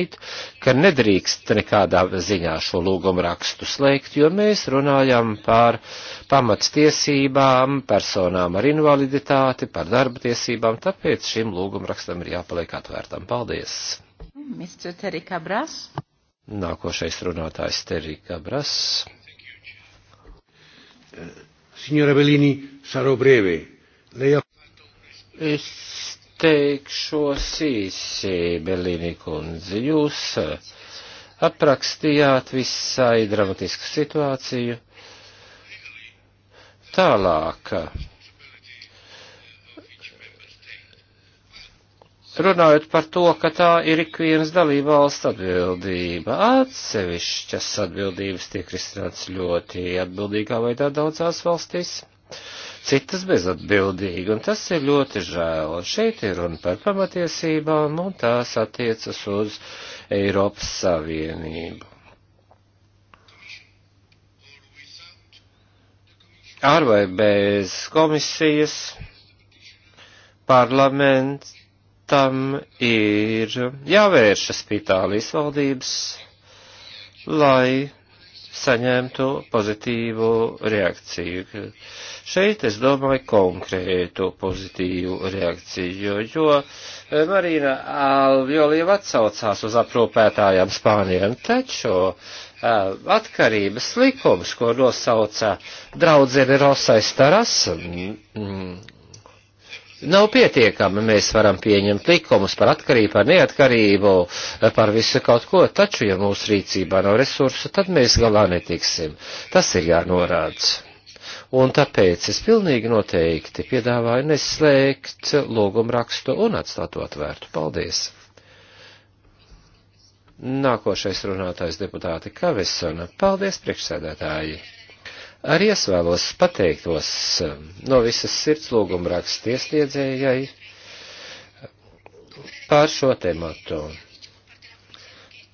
ka nedrīkst nekādā ziņā šo lūgumu rakstu slēgt, jo mēs runājam par pamatstiesībām, personām ar invaliditāti, par darba tiesībām, tāpēc šim lūgumu rakstam ir jāpaliek atvērtam. Paldies! Mr. Terika Bras. Nākošais runātājs Terika Bras. Eh, signora Bellini, sarò breve. Lei ha... Es izteikšos īsi, Berlīnī kundze. Jūs eh, aprakstījāt visai dramatisku situāciju. Tālāk. runājot par to, ka tā ir ikvienas dalībvalsts atbildība. Atsevišķas atbildības tiek risināts ļoti atbildīgā veidā daudzās valstīs citas bezatbildīgi, un tas ir ļoti žēl. Šeit ir runa par pamatiesībām, un tās attiecas uz Eiropas Savienību. Ar vai bez komisijas parlamentam ir jāvēršas pie Itālijas valdības, lai saņemtu pozitīvu reakciju. Šeit es domāju konkrētu pozitīvu reakciju, jo eh, Marīna Alviolieva atsaucās uz aprūpētājām Spānijam, taču eh, atkarības likums, ko nosauca draudzene Rosais Taras, mm, nav pietiekami. Mēs varam pieņemt likumus par atkarību, par neatkarību, eh, par visu kaut ko, taču, ja mūsu rīcībā nav resursu, tad mēs galā netiksim. Tas ir jānorāds. Un tāpēc es pilnīgi noteikti piedāvāju neslēgt logumrakstu un atstāt to atvērtu. Paldies! Nākošais runātājs deputāti Kavesona. Paldies, priekšsēdētāji! Arī es vēlos pateiktos no visas sirds lūguma rakstiesniedzējai par šo tematu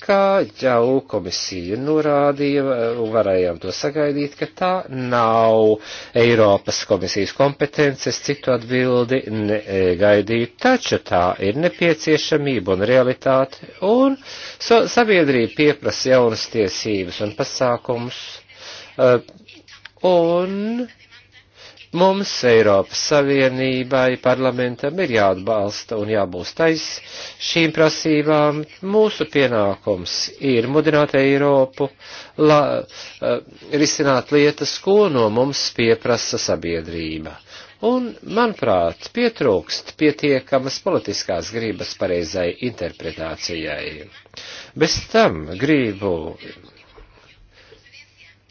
kā jau komisija norādīja, un varējām to sagaidīt, ka tā nav Eiropas komisijas kompetences, citu atbildi negaidīju, taču tā ir nepieciešamība un realitāte, un so, sabiedrība pieprasa jaunas tiesības un pasākumus, eh, un Mums, Eiropas Savienībai, parlamentam ir jāatbalsta un jābūt aiz šīm prasībām. Mūsu pienākums ir mudināt Eiropu, la, uh, risināt lietas, ko no mums pieprasa sabiedrība. Un, manuprāt, pietrūkst pietiekamas politiskās gribas pareizai interpretācijai. Bez tam gribu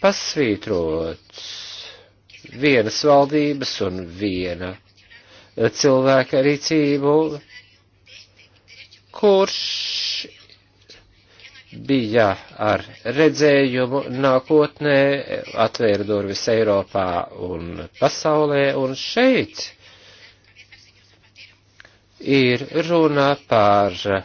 pasvītrot vienas valdības un viena eh, cilvēka rīcību, kurš bija ar redzējumu nākotnē, atvēra durvis Eiropā un pasaulē, un šeit ir runa par uh,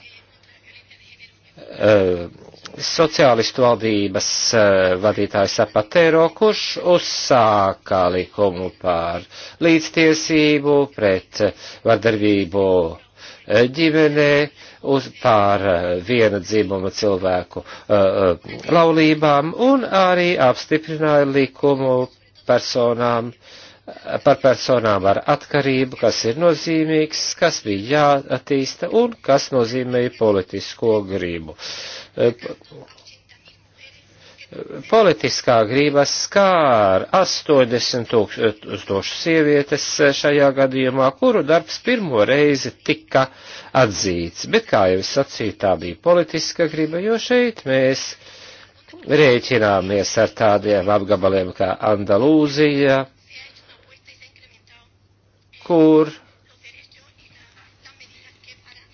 sociālistu valdības eh, vadītājs Apatero, kurš uzsāka likumu par līdztiesību, pret vardarbību eh, ģimenē, uz pār eh, viena dzimuma cilvēku uh, laulībām un arī apstiprināja likumu personām par personām ar atkarību, kas ir nozīmīgs, kas bija jāattīsta un kas nozīmēja politisko gribu. Uh, Politiskā grība skār 80 tūkstošu sievietes šajā gadījumā, kuru darbs pirmo reizi tika atzīts. Bet, kā jau es sacīju, tā bija politiska grība, jo šeit mēs rēķināmies ar tādiem apgabaliem kā Andalūzija, kur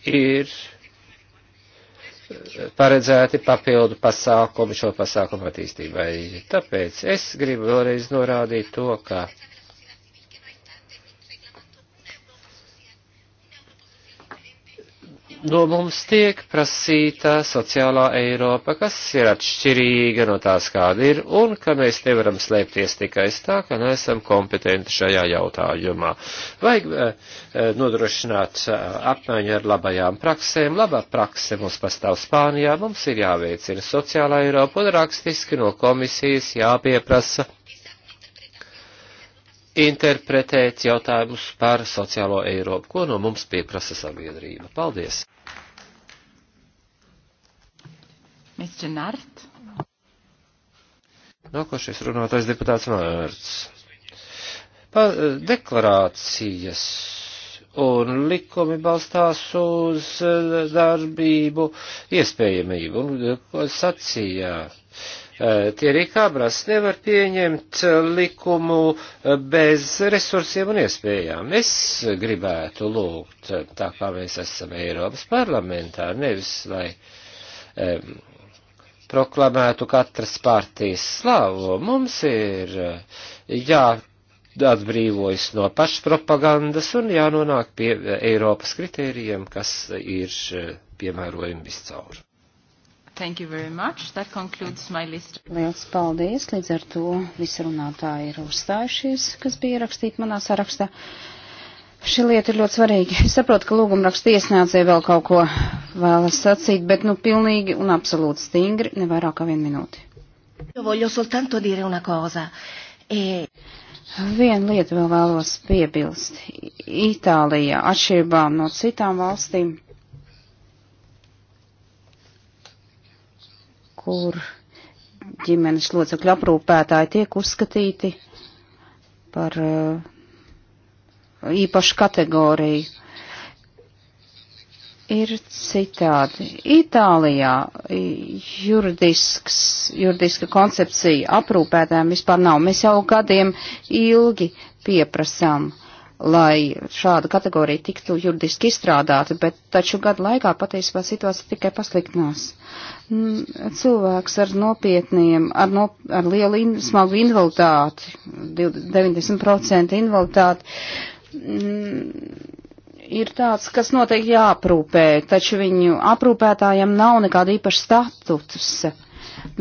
ir paredzēti papildu pasākumi šo pasākumu attīstībai. Tāpēc es gribu vēlreiz norādīt to, ka No mums tiek prasīta sociālā Eiropa, kas ir atšķirīga no tās, kāda ir, un ka mēs nevaram slēpties tikai tā, ka neesam kompetenti šajā jautājumā. Vajag eh, eh nodrošināt eh, apmaiņu ar labajām praksēm. Labā prakse mums pastāv Spānijā, mums ir jāveicina sociālā Eiropa, un rakstiski no komisijas jāpieprasa interpretēt jautājumus par sociālo Eiropu, ko no mums pieprasa sabiedrība. Paldies! Mr. Nart. Nākošais runātais deputāts Nārts. Pa, deklarācijas un likumi balstās uz eh, darbību iespējamību un eh, sacījā. Eh, Tie rīkābras nevar pieņemt likumu bez resursiem un iespējām. Es gribētu lūgt, tā kā mēs esam Eiropas parlamentā, nevis lai um, proklamētu katras partijas slavu. Mums ir eh, jāatbrīvojas no pašpropagandas un jānonāk pie eh, Eiropas kritērijiem, kas ir eh, piemērojami viscaur. Thank you very much. That concludes my list. Liels paldies. Līdz ar to visi runātāji ir uzstājušies, kas bija ierakstīti manā sarakstā. Šī lieta ir ļoti svarīga. Es saprotu, ka lūgumraksta iesnācēja vēl kaut ko vēlas sacīt, bet nu pilnīgi un absolūti stingri, ne vairāk kā vienu minūti. E- vienu lietu vēl vēlos piebilst. Itālijā atšķirībā no citām valstīm, kur ģimenes locekļu aprūpētāji tiek uzskatīti par uh, īpašu kategoriju. Ir citādi. Itālijā juridisks, juridiska koncepcija aprūpētājiem vispār nav. Mēs jau gadiem ilgi pieprasām uh, lai šāda kategorija tiktu juridiski izstrādāta, bet taču gadu laikā patiesībā situācija tikai pasliktinās. Mm, cilvēks ar nopietniem, ar, no, ar lielu in, smagu invaliditāti, 90% invaliditāti, Mm, ir tāds, kas noteikti jāaprūpē, taču viņu aprūpētājiem nav nekāda īpaša statusa.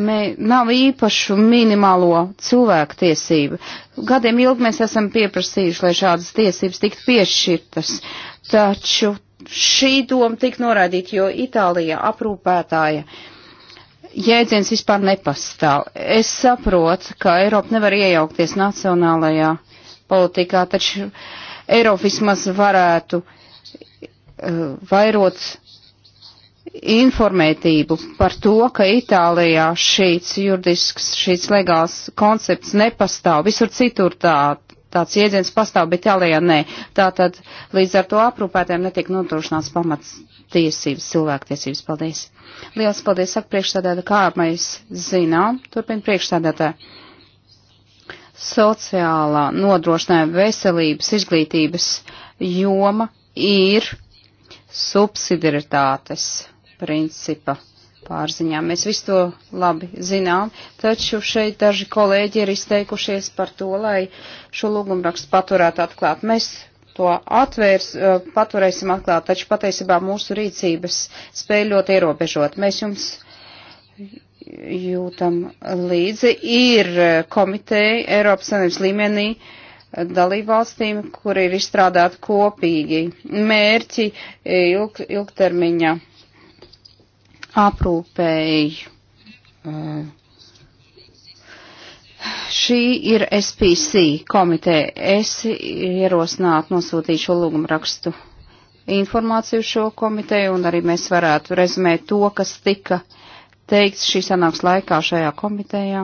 Mē, nav īpašu minimālo cilvēku tiesību. Gadiem ilgi mēs esam pieprasījuši, lai šādas tiesības tiktu piešķirtas, taču šī doma tika noraidīta, jo Itālijā aprūpētāja jēdziens vispār nepastāv. Es saprotu, ka Eiropa nevar iejaukties nacionālajā politikā, taču uh, Eiropa vismaz varētu eh, vairot informētību par to, ka Itālijā šīs juridisks, šīs legāls koncepts nepastāv, visur citur tā, tāds iedziens pastāv, bet Itālijā nē. Tātad līdz ar to aprūpētēm netiek nodrošināts pamats tiesības, cilvēktiesības. Paldies! Lielas paldies, saka priekšstādātā, kā mēs zinām, turpina priekšstādātā sociālā nodrošinājuma veselības izglītības joma ir subsidiaritātes principa pārziņā. Mēs visu to labi zinām, taču šeit daži kolēģi ir izteikušies par to, lai šo lūgumrakstu paturētu atklāt. Mēs to atvērs, eh, paturēsim atklāt, taču patiesībā mūsu rīcības spēja ļoti ierobežot. Mēs jums jūtam līdzi, ir komiteja Eiropas Savienības līmenī dalībvalstīm, kur ir izstrādāti kopīgi mērķi ilg, ilgtermiņa aprūpēji. Šī ir SPC komiteja. Es ierosinātu nosūtīt šo lūgumrakstu informāciju šo komiteju, un arī mēs varētu rezumēt to, kas tika uh, teikts šī sanāks laikā šajā komitejā,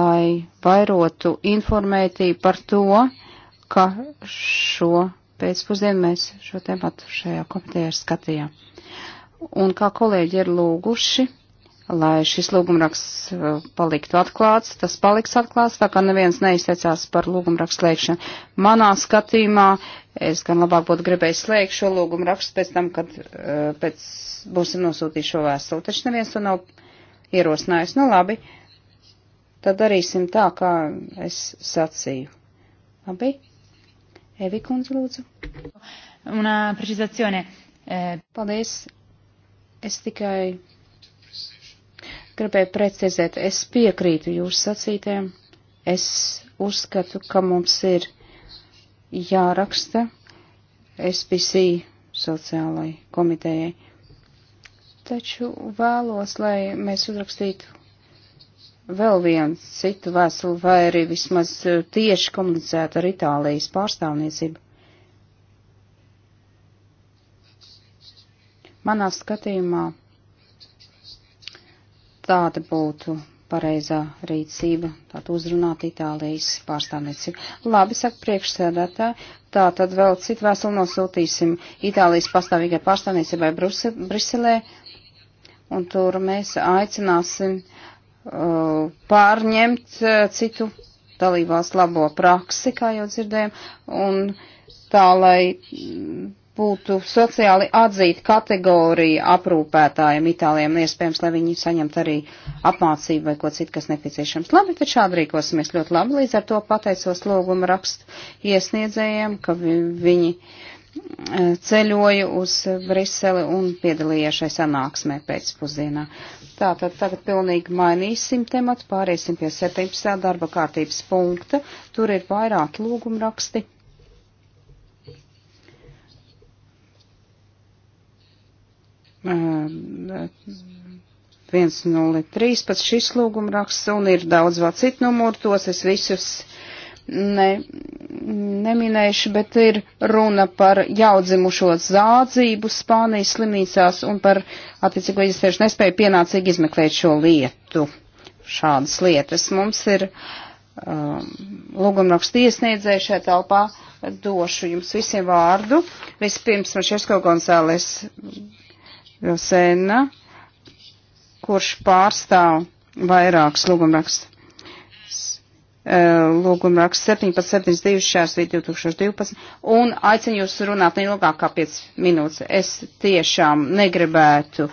lai vairotu informētību par to, ka šo pēcpusdienu mēs šo tematu šajā komitejā skatījām. Un kā kolēģi ir lūguši, lai šis lūgumraksts uh, paliktu atklāts, tas paliks atklāts, tā kā neviens neizteicās par lūgumrakstu slēgšanu. Manā skatījumā es gan labāk būtu gribējis slēgt šo lūgumrakstu pēc tam, kad uh, pēc būsim nosūtījuši šo vēstuli, taču neviens to nav ierosinājis. Nu labi, tad darīsim tā, kā es sacīju. Labi? Evi kundze, lūdzu. Una precizazione. Eh, Paldies. Es tikai gribēju precizēt, es piekrītu jūsu sacītēm. Es uzskatu, ka mums ir jāraksta SPC sociālajai komitejai. Taču vēlos, lai mēs uzrakstītu vēl vienu citu vēstuli vai arī vismaz eh, tieši komunicētu ar Itālijas pārstāvniecību. Manā skatījumā tāda būtu pareizā rīcība, tāda uzrunāt Itālijas pārstāvniecību. Labi, saka priekšsēdētā, tā tad vēl citu vēstuli nosūtīsim Itālijas pastāvīgai pārstāvniecībai Briselē, un tur mēs aicināsim uh, pārņemt uh, citu dalībās labo praksi, kā jau dzirdējām, un tā, lai. Mm, būtu sociāli atzīta kategorija aprūpētājiem Itālijam, nu, iespējams, lai viņi saņemtu arī apmācību vai ko citu, kas nepieciešams. Labi, tad šādi rīkosimies ļoti labi, līdz ar to pateicos lūguma rakstu iesniedzējiem, ka viņi e, ceļoju uz Briseli un piedalījos šai sanāksmē pēcpusdienā. Tātad tagad pilnīgi mainīsim tematu, pāriesim pie 17. darba kārtības punkta. Tur ir vairāk lūgumraksti. raksti. 1013 ehm, šis lūgumraksts un ir daudz vēl citu numuru, tos es visus ne, neminējuši, bet ir runa par jaudzimušo zādzību Spānijas slimnīcās un par attiecīgo iestiešu nespēju pienācīgi izmeklēt šo lietu. Šādas lietas mums ir um, lūgumrakstu iesniedzēju šajā telpā. Došu jums visiem vārdu. Vispirms man Šesko Gonzāles Vilsēna, kurš pārstāv vairākus lūgumrakstus. E, lūgumraksts 1772 šķērsvīt 2012 un aicinu jūs runāt neilgāk kā 5 minūtes. Es tiešām negribētu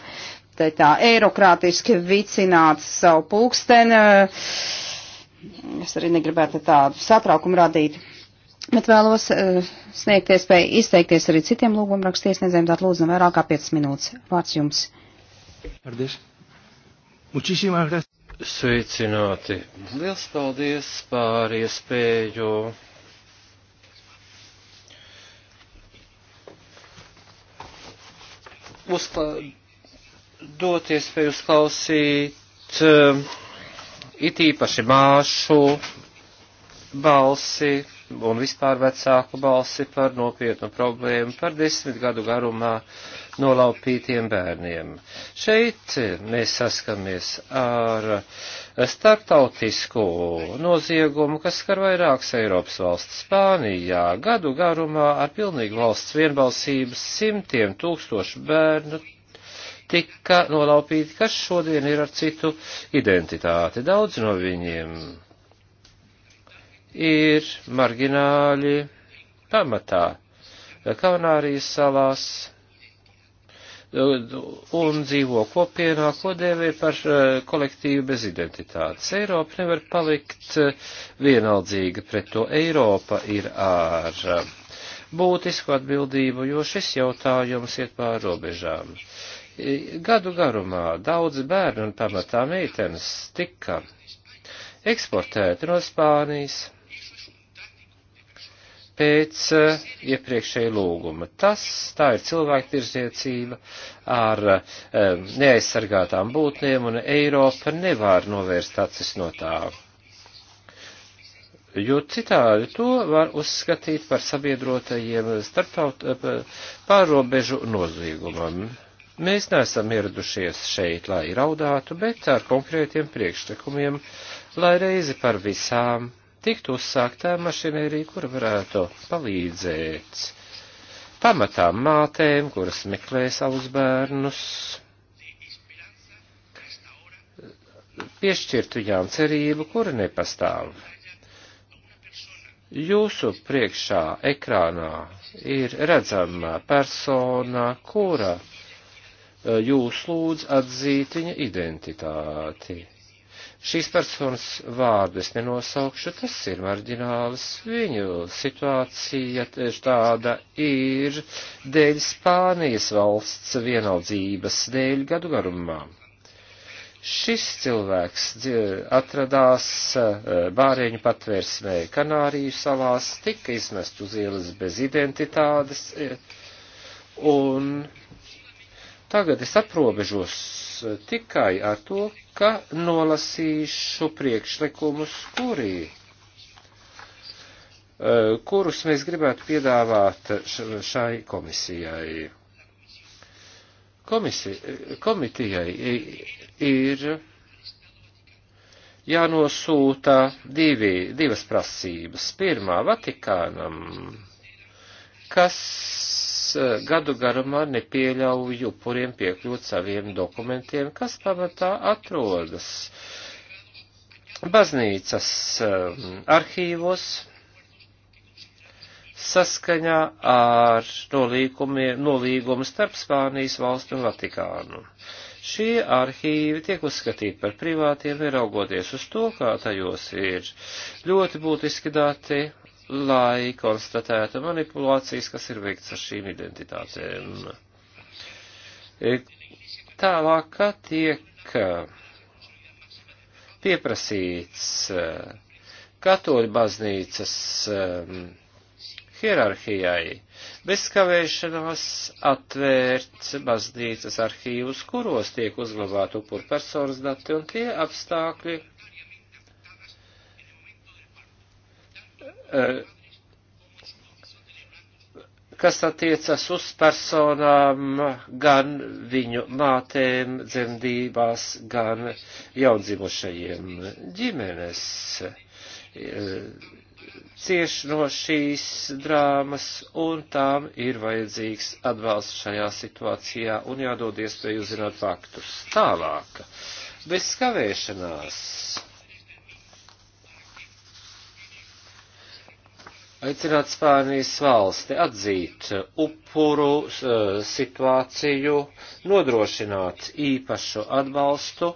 te tā eirokrātiski vicināt savu pulksteni. Es arī negribētu tādu satraukumu radīt. Bet vēlos uh, sniegt iespēju izteikties arī citiem lūgumrakstiesniedzējiem, tad lūdzam vairāk kā 5 minūtes. Vārds jums. Paldies. Muchísimas gracias. Sveicināti. Liels paldies par iespēju uzkla... dot iespēju uzklausīt eh, it īpaši māšu balsi un vispār vecāku balsi par nopietnu problēmu par desmit gadu garumā nolaupītiem bērniem. Šeit mēs saskamies ar starptautisku noziegumu, kas skar vairākas Eiropas valsts Spānijā. Gadu garumā ar pilnīgu valsts vienbalsības simtiem tūkstošu bērnu tika nolaupīti, kas šodien ir ar citu identitāti. Daudz no viņiem ir margināļi pamatā Kanārijas salās un dzīvo kopienā, ko dēvē par eh, kolektīvu bez identitātes. Eiropa nevar palikt eh, vienaldzīga pret to. Eiropa ir ar eh, būtisku atbildību, jo šis jautājums iet pār robežām. Gadu garumā daudz bērnu un pamatā meitenes tika eksportēti no Spānijas, pēc eh, iepriekšēja lūguma. Tas tā ir cilvēktirdzniecība ar eh, neaizsargātām būtnēm, un Eiropa nevar novērst acis no tā jo citādi to var uzskatīt par sabiedrotajiem starptaut eh, pārobežu noziegumam. Mēs neesam ieradušies šeit, lai raudātu, bet ar konkrētiem priekšlikumiem, lai reizi par visām tiktu uzsāktā mašinērija, kura varētu palīdzēt pamatām mātēm, kuras meklē savus bērnus, piešķirt viņām cerību, kura nepastāv. Jūsu priekšā ekrānā ir redzama persona, kura eh, jūs lūdz atzīt viņa identitāti. Šīs personas vārdu es nenosaukšu, tas ir marģināls. Viņu situācija tāda ir dēļ Spānijas valsts vienaldzības dēļ gadu garumā. Šis cilvēks atradās eh, bāreņu patvērsmē Kanāriju salās, tika izmest uz ielas bez identitātes eh, un Tagad es aprobežos eh, tikai ar to, ka nolasīšu priekšlikumus, kuri, eh, kurus mēs gribētu piedāvāt šai komisijai. Komisija, komitijai ir jānosūta divi, divas prasības. Pirmā Vatikānam, kas Eh, gadu garumā nepieļauj upuriem piekļūt saviem dokumentiem, kas pamatā atrodas baznīcas eh, arhīvos saskaņā ar nolīgumu starp Spānijas valstu un Vatikānu. Šie arhīvi tiek uzskatīti par privātiem, neraugoties uz to, kā tajos ir ļoti būtiski dati lai konstatētu manipulācijas, kas ir veikts ar šīm identitātēm. Tālāk, ka tiek eh, pieprasīts eh, katoļu baznīcas eh, hierarhijai bez kavēšanās atvērt baznīcas arhīvus, kuros tiek uzglabāti upur personas dati un tie apstākļi, Eh, kas attiecas uz personām, gan viņu mātēm, dzemdībās, gan jaundzimušajiem ģimenes eh, cieš no šīs drāmas, un tām ir vajadzīgs atbalsts šajā situācijā un jādod iespēju uzzināt faktus. Tālāk, bez skavēšanās aicināt Spānijas valsti atzīt upuru eh, situāciju, nodrošināt īpašu atbalstu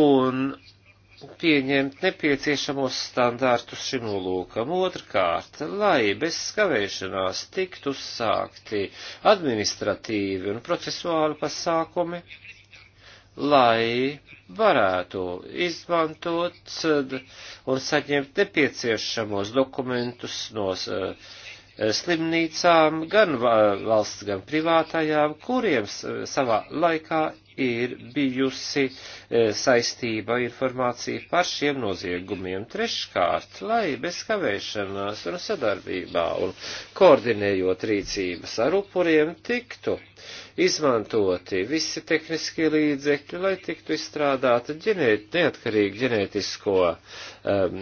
un pieņemt nepieciešamos standārtus šim nolūkam. Otrkārt, lai bez skavēšanās tiktu uzsākti administratīvi un procesuāli pasākumi, lai varētu izmantot eh, un saņemt nepieciešamos dokumentus no eh, slimnīcām, gan valsts, gan privātajām, kuriem savā laikā ir bijusi eh, saistība informācija par šiem noziegumiem. Treškārt, lai bez kavēšanās un sadarbībā un koordinējot rīcības ar upuriem tiktu izmantoti visi tehniskie līdzekļi, lai tiktu izstrādāta ģenēt, neatkarīga ģenētisko um,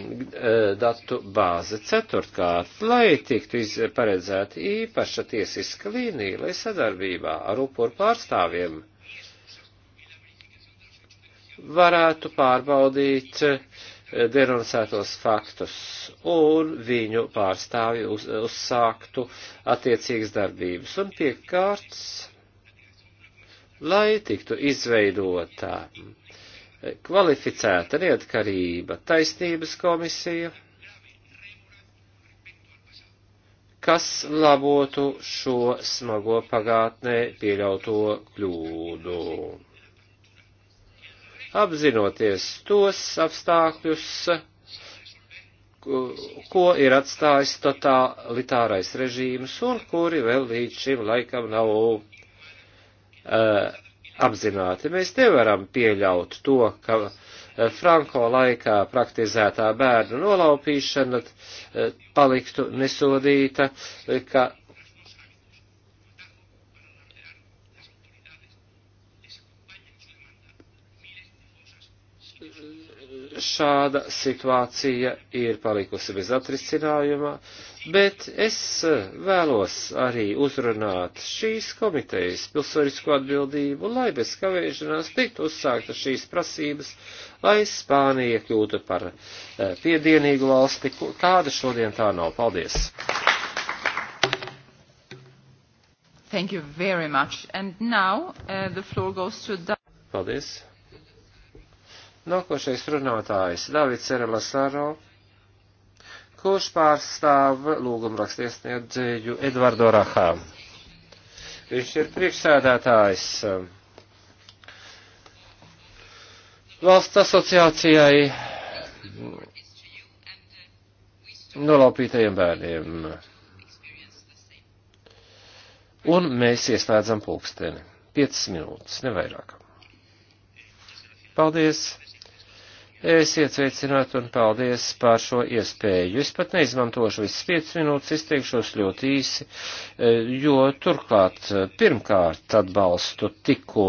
datu bāze. Ceturtkārt, lai tiktu iz, paredzēta īpaša tiesiska līnija, lai sadarbībā ar upuru pārstāvjiem varētu pārbaudīt eh, denonsētos faktus un viņu pārstāvi uz, uzsāktu attiecīgas darbības. Un piekārts, lai tiktu izveidotā kvalificēta neatkarība taisnības komisija, kas labotu šo smago pagātnē pieļauto kļūdu apzinoties tos apstākļus, ko ir atstājis totalitārais režīms un kuri vēl līdz šim laikam nav uh, apzināti. Mēs nevaram pieļaut to, ka eh, Franko laikā praktizētā bērnu nolaupīšana eh, paliktu nesodīta, ka šāda situācija ir palikusi bez atrisinājuma, bet es eh, vēlos arī uzrunāt šīs komitejas pilsonisko atbildību, lai bez kavēšanās tiktu uzsākta šīs prasības, lai Spānija kļūtu par eh, piedienīgu valsti, kāda šodien tā nav. Paldies! Thank you very much. And now uh, the floor goes to the... Paldies. Nākošais runātājs Davids Erelasaro, kurš pārstāv lūgumrakstiesniedzēju Edvardo Rahā. Viņš ir priekšsēdētājs um, valsts asociācijai nolaupītajiem bērniem. Un mēs ieslēdzam pulksteni. 5 minūtes, nevairāk. Paldies! Esiet sveicināti un paldies par šo iespēju. Es pat neizmantošu visas 5 minūtes, izteikšos ļoti īsi, e, jo turklāt e, pirmkārt atbalstu tikko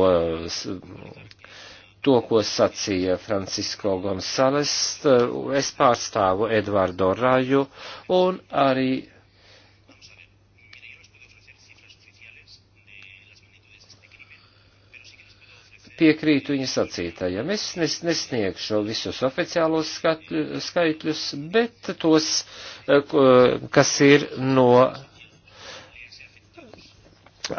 to, ko sacīja Francisko Gonzales. E, es pārstāvu Edvardo Raju un arī piekrītu viņa sacītajam. Es nes, nesniegšu visus oficiālos skatļu, skaitļus, bet tos, eh, kas ir no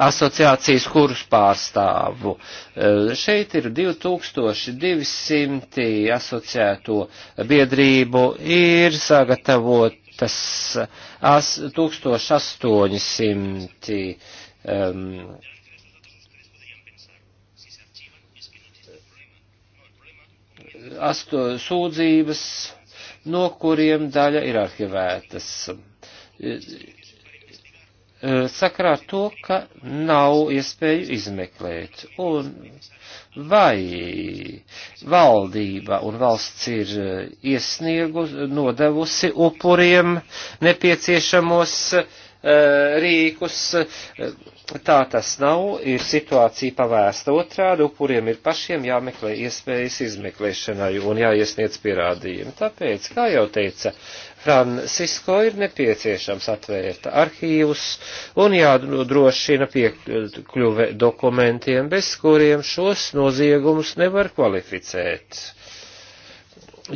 asociācijas, kurus pārstāvu. Eh, šeit ir 2200 asociēto biedrību, ir sagatavotas 1800. Um, asto, sūdzības, no kuriem daļa ir arhivētas. Sakrā to, ka nav iespēju izmeklēt, un vai valdība un valsts ir e, iesniegus, nodevusi upuriem nepieciešamos e, rīkus, Tā tas nav, ir situācija pavērsta otrādi, upuriem ir pašiem jāmeklē iespējas izmeklēšanai un jāiesniedz pierādījumi. Tāpēc, kā jau teica Francisko, ir nepieciešams atvērt arhīvus un jādrošina piekļuve dokumentiem, bez kuriem šos noziegumus nevar kvalificēt.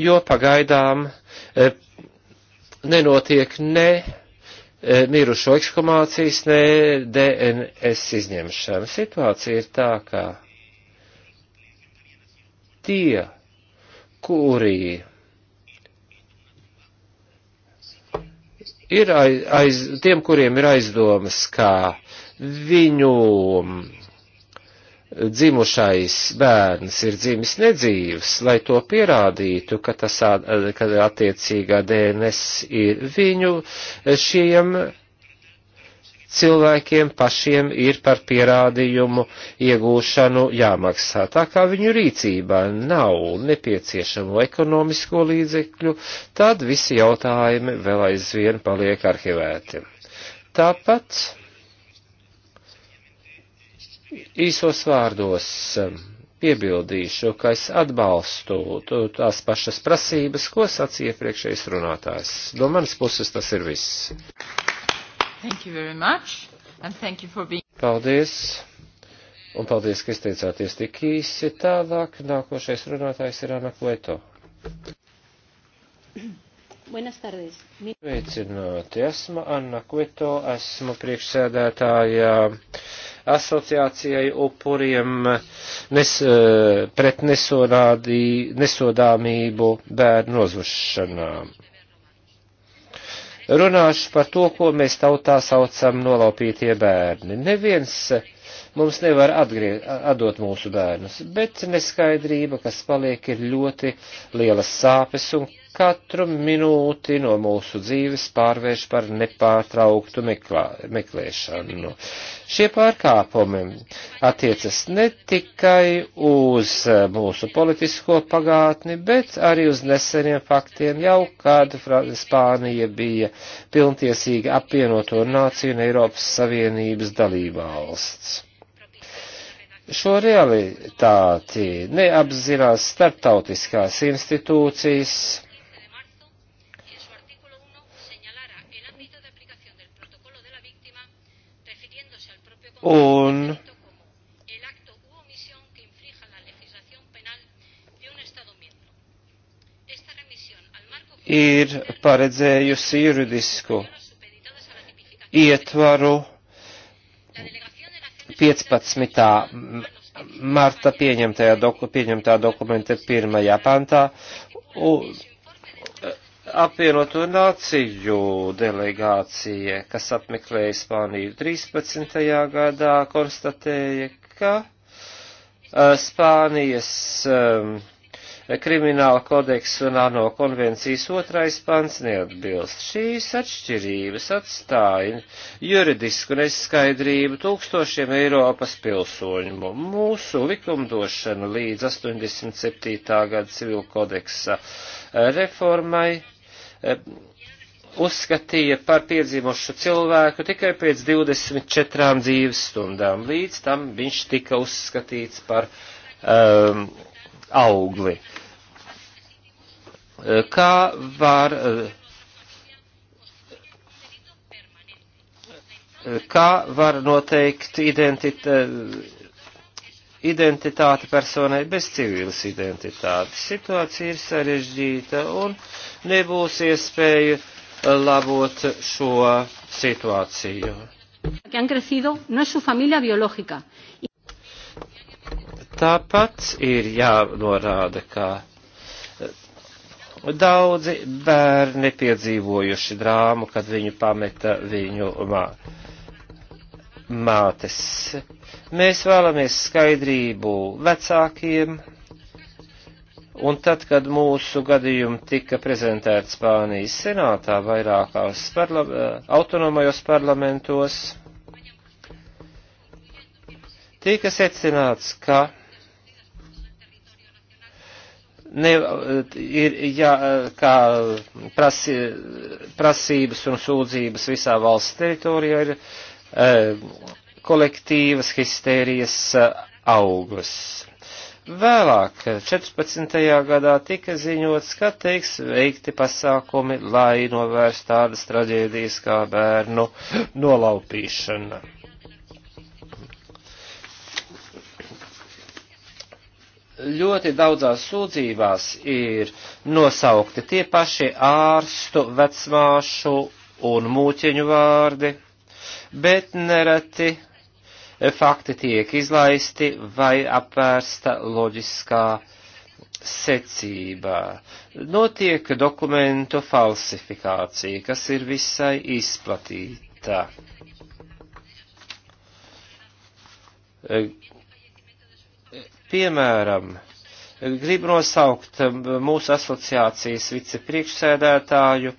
Jo pagaidām eh, nenotiek ne Eh, mirušo ekshumācijas, ne DNS izņemšana. Situācija ir tā, ka tie, kuri ir aiz, aiz, tiem, kuriem ir aizdomas, kā viņu dzimušais bērns ir dzimis nedzīvs, lai to pierādītu, ka tas ka attiecīgā DNS ir viņu, šiem cilvēkiem pašiem ir par pierādījumu iegūšanu jāmaksā. Tā kā viņu rīcībā nav nepieciešamo ekonomisko līdzekļu, tad visi jautājumi vēl aizvien paliek arhivēti. Tāpat īsos vārdos um, piebildīšu, ka es atbalstu tās pašas prasības, ko sacīja iepriekšējais runātājs. No manas puses tas ir viss. Being... Paldies! Un paldies, ka izteicāties tik īsi. Tālāk nākošais runātājs ir Ana Kleto. Buenas tardes. Sveicināti, esmu Anna Kveto, esmu priekšsēdētāja asociācijai upuriem nes, eh, pret nesodāmību bērnu nozvušanām. Runāšu par to, ko mēs tautā saucam nolaupītie bērni. Neviens mums nevar atgrie, atdot mūsu bērnus, bet neskaidrība, kas paliek, ir ļoti lielas sāpes un katru minūti no mūsu dzīves pārvērš par nepārtrauktu meklā, meklēšanu. Šie pārkāpumi attiecas ne tikai uz mūsu politisko pagātni, bet arī uz neseniem faktiem jau, kad Spānija bija pilntiesīga apvienoto nāciju un Eiropas Savienības dalībvalsts. Šo realitāti neapzinās starptautiskās institūcijas, un ir paredzējusi juridisku ietvaru 15. marta pieņemtajā, doku, pieņemtā dokumenta pirmajā pantā, un, apvienoto nāciju delegācija, kas apmeklēja Spāniju 13. gadā, konstatēja, ka Spānijas um, krimināla kodeksa un ANO konvencijas otrais pants neatbilst. Šīs atšķirības atstāja juridisku neskaidrību tūkstošiem Eiropas pilsoņu. Mūsu likumdošana līdz 87. gada civil kodeksa reformai Eh, uzskatīja par piedzīvošu cilvēku tikai pēc 24 dzīves stundām. Līdz tam viņš tika uzskatīts par um, augli. Eh, kā var. Eh, kā var noteikt identitāti? identitāti personai bez civilas identitātes. Situācija ir sarežģīta un nebūs iespēju eh, labot šo situāciju. Tāpat ir jānorāda, ka eh, daudzi bērni piedzīvojuši drāmu, kad viņu pameta viņu māte mātes. Mēs vēlamies skaidrību vecākiem, un tad, kad mūsu gadījumi tika prezentēti Spānijas senātā vairākās parla autonomajos parlamentos, tika secināts, ka ne, ir jā, kā prasi, prasības un sūdzības visā valsts teritorijā ir Eh, kolektīvas histērijas eh, augus. Vēlāk, 14. Eh, gadā tika ziņots, ka teiks veikti pasākumi, lai novērst tādas traģēdijas kā bērnu nolaupīšana. Ļoti daudzās sūdzībās ir nosaukti tie paši ārstu, vecmāšu un mūķiņu vārdi bet nereti fakti tiek izlaisti vai apvērsta loģiskā secībā. Notiek dokumentu falsifikācija, kas ir visai izplatīta. E, piemēram, gribu nosaukt mūsu asociācijas vicepriekšsēdētāju,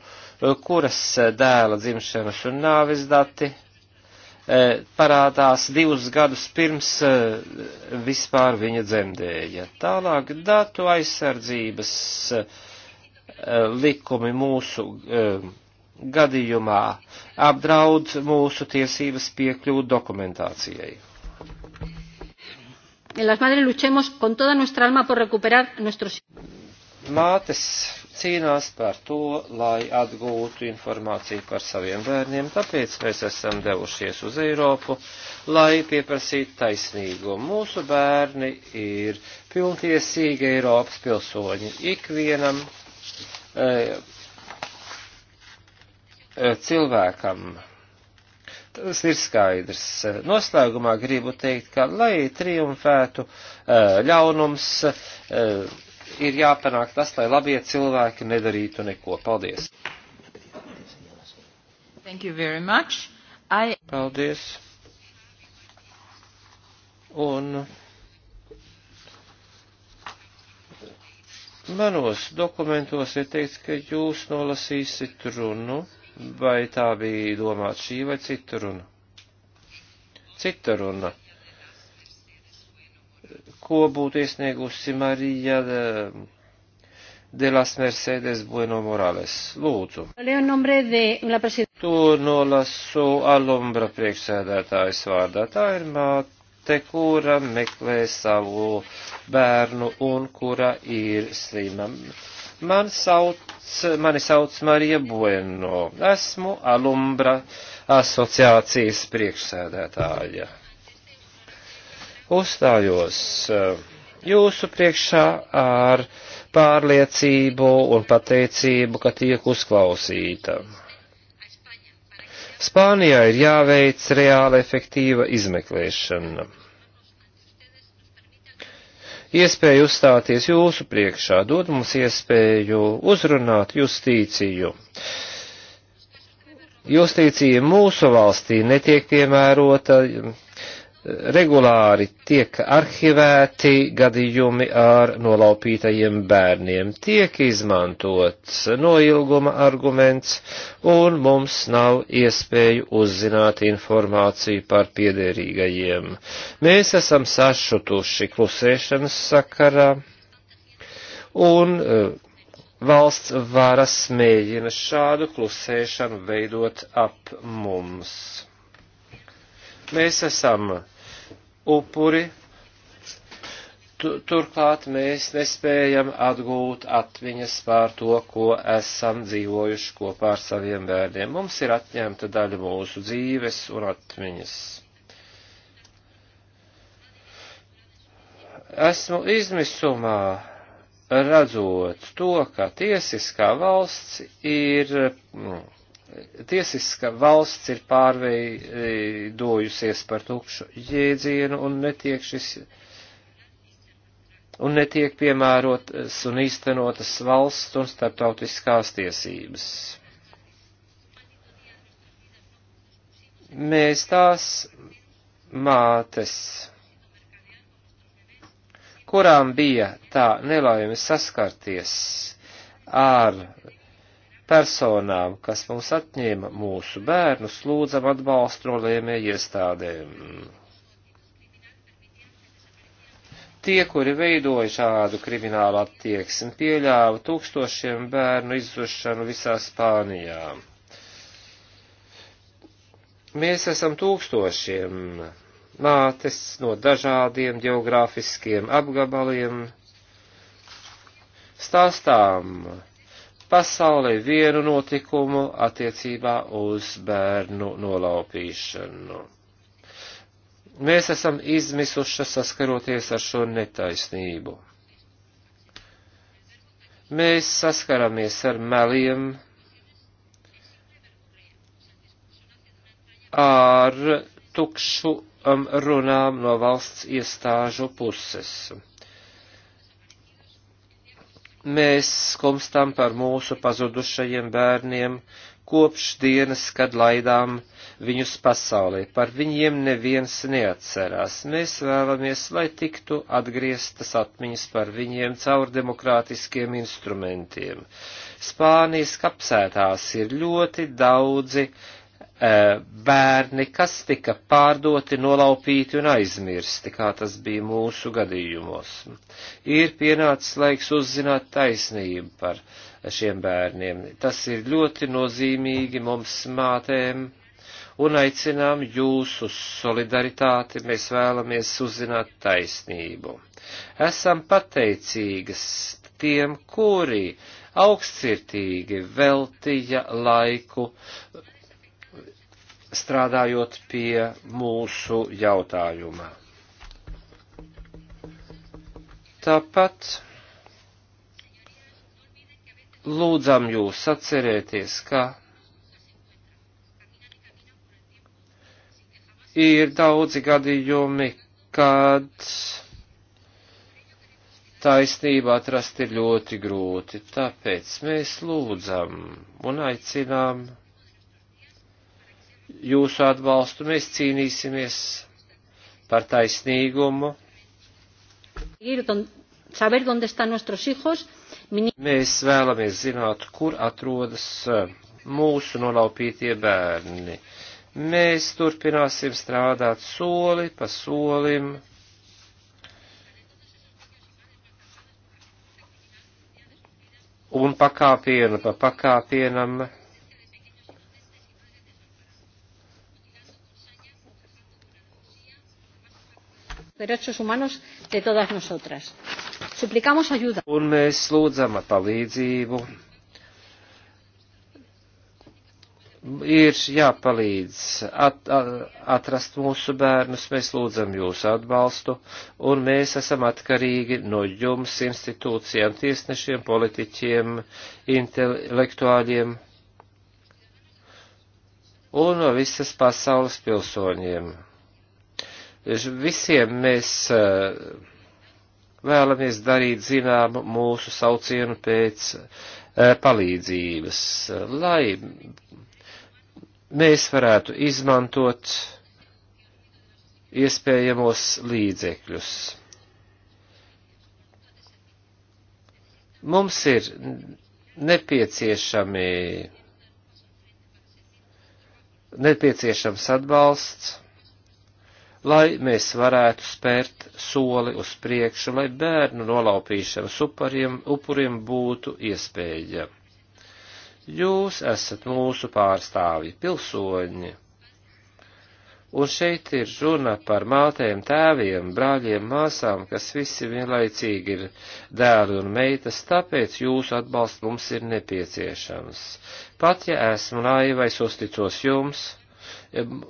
kuras dēla dzimšanas un nāves dati Eh, parādās divus gadus pirms eh, vispār viņa dzemdēja. Tālāk datu aizsardzības eh, likumi mūsu gadījumā apdraud mūsu tiesības piekļūt dokumentācijai. En las madres luchemos con toda nuestra alma por recuperar nuestros. Mātes cīnās par to, lai atgūtu informāciju par saviem bērniem, tāpēc mēs esam devušies uz Eiropu, lai pieprasītu taisnīgumu. Mūsu bērni ir pilntiesīgi Eiropas pilsoņi. Ikvienam e, e, cilvēkam tas ir skaidrs. Noslēgumā gribu teikt, ka lai triumfētu e, ļaunums, e, ir jāpanāk tas, lai labie cilvēki nedarītu neko. Paldies! Thank you very much. I... Paldies! Un manos dokumentos ir teikts, ka jūs nolasīsiet runu, vai tā bija domāta šī vai cita runa? Cita runa ko būtu iesniegusi Marija eh, de las Mercedes Bueno Morales. Lūdzu. To nolasu Alumbra priekšsēdētājas vārdā. Tā ir māte, kura meklē savu bērnu un kura ir slima. Man sauc, mani sauc Marija Bueno. Esmu Alumbra asociācijas priekšsēdētāja uzstājos eh, jūsu priekšā ar pārliecību un pateicību, ka tiek uzklausīta. Spānijā ir jāveic reāla efektīva izmeklēšana. Iespēja uzstāties jūsu priekšā dod mums iespēju uzrunāt justīciju. Justīcija mūsu valstī netiek piemērota, regulāri tiek arhivēti gadījumi ar nolaupītajiem bērniem, tiek izmantots noilguma arguments, un mums nav iespēju uzzināt informāciju par piederīgajiem. Mēs esam sašutuši klusēšanas sakarā, un eh, valsts varas mēģina šādu klusēšanu veidot ap mums. Mēs esam upuri. Turklāt mēs nespējam atgūt atmiņas pār to, ko esam dzīvojuši kopā ar saviem bērniem. Mums ir atņemta daļa mūsu dzīves un atmiņas. Esmu izmisumā redzot to, ka tiesiskā valsts ir. Mm, tiesiska valsts ir pārveidojusies par tukšu jēdzienu un netiek šis un netiek piemērotas un īstenotas valsts un starptautiskās tiesības. Mēs tās mātes, kurām bija tā nelaime saskarties ar personām, kas mums atņēma mūsu bērnus, lūdzam atbalstu no lēmē iestādēm. Tie, kuri veidoja šādu kriminālu attieksmi, pieļāva tūkstošiem bērnu izzušanu visā Spānijā. Mēs esam tūkstošiem mātes no dažādiem geogrāfiskiem apgabaliem, stāstām pasaulē vienu notikumu attiecībā uz bērnu nolaupīšanu. Mēs esam izmisuši saskaroties ar šo netaisnību. Mēs saskaramies ar meliem, ar tukšu um, runām no valsts iestāžu puses. Mēs skumstam par mūsu pazudušajiem bērniem kopš dienas, kad laidām viņus pasaulē. Par viņiem neviens neatcerās. Mēs vēlamies, lai tiktu atgrieztas atmiņas par viņiem caur demokrātiskiem instrumentiem. Spānijas kapsētās ir ļoti daudzi uh, Eh, bērni, kas tika pārdoti, nolaupīti un aizmirsti, kā tas bija mūsu gadījumos. Ir pienācis laiks uzzināt taisnību par šiem bērniem. Tas ir ļoti nozīmīgi mums mātēm un aicinām jūsu solidaritāti, mēs vēlamies uzzināt taisnību. Esam pateicīgas tiem, kuri augstcirtīgi veltīja laiku strādājot pie mūsu jautājuma. Tāpat lūdzam jūs atcerēties, ka ir daudzi gadījumi, kad taisnība atrast ir ļoti grūti, tāpēc mēs lūdzam un aicinām jūsu atbalstu. Mēs cīnīsimies par taisnīgumu. Mēs vēlamies zināt, kur atrodas eh, mūsu nolaupītie bērni. Mēs turpināsim strādāt soli pa solim. Un pakāpienu pa pakāpienam derechos humanos de todas nosotras. Suplicamos ayuda. Un mēs lūdzam palīdzību. Ir jāpalīdz at, atrast mūsu bērnus, mēs lūdzam jūsu atbalstu, un mēs esam atkarīgi no jums, institūcijām, tiesnešiem, politiķiem, intelektuāļiem un no visas pasaules pilsoņiem Visiem mēs eh, vēlamies darīt zinām mūsu saucienu pēc eh, palīdzības, lai mēs varētu izmantot iespējamos līdzekļus. Mums ir nepieciešami, nepieciešams atbalsts, lai mēs varētu spērt soli uz priekšu, lai bērnu nolaupīšanas upariem, upuriem būtu iespēja. Jūs esat mūsu pārstāvji, pilsoņi. Un šeit ir runa par mātēm, tēviem, brāļiem, māsām, kas visi vienlaicīgi ir dēli un meitas, tāpēc jūsu atbalsts mums ir nepieciešams. Pat ja esmu naivais uzticos jums,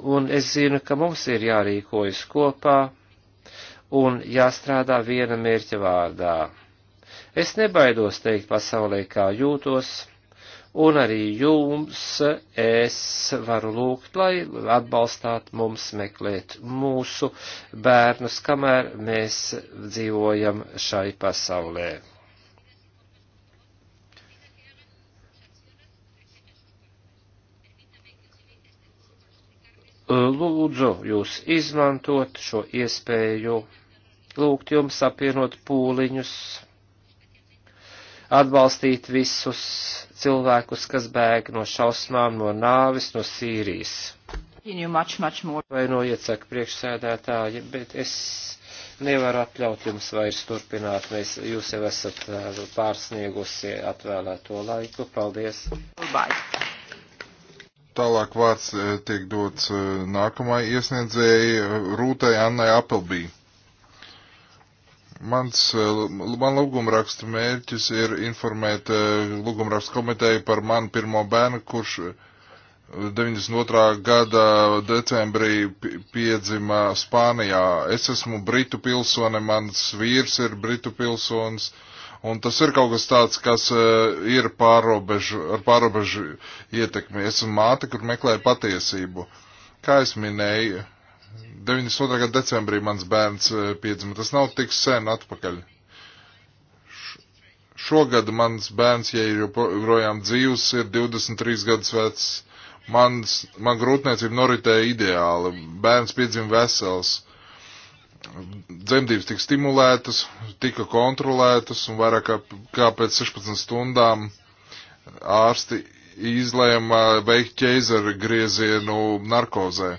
un es zinu, ka mums ir jārīkojas kopā un jāstrādā viena mērķa vārdā. Es nebaidos teikt pasaulē, kā jūtos, un arī jums es varu lūgt, lai atbalstāt mums meklēt mūsu bērnus, kamēr mēs dzīvojam šai pasaulē. Uh, lūdzu jūs izmantot šo iespēju, lūgt jums apvienot pūliņus, atbalstīt visus cilvēkus, kas bēg no šausmām, no nāvis, no Sīrijas. Much, much Vai no iecaka priekšsēdētāji, bet es nevaru atļaut jums vairs turpināt, mēs jūs jau esat uh, pārsniegusi atvēlēto laiku. Paldies! Bye. Tālāk vārds eh, tiek dots eh, nākamai iesniedzēji eh, Rūtai Annai Appelbī. Mans, man lūgumraksta mērķis ir informēt lūgumraksta komiteju par manu pirmo bērnu, kurš 92. gada decembrī piedzima Spānijā. Es esmu Britu pilsone, mans vīrs ir Britu pilsonis. Uh, Un tas ir kaut kas tāds, kas eh, ir pārobežu, ar pārobežu ietekmi. Esmu māte, kur meklēju patiesību. Kā es minēju, 92. gada decembrī mans bērns eh, piedzima. Tas nav tik sen atpakaļ. Šogad mans bērns, ja ir joprojām dzīvs, ir 23 gadus vecs. Mans, man grūtniecība noritēja ideāli. Bērns piedzima vesels dzemdības tika stimulētas, tika kontrolētas un vairāk kā, kā pēc 16 stundām ārsti izlēma veikt ķeizaru griezienu narkozē.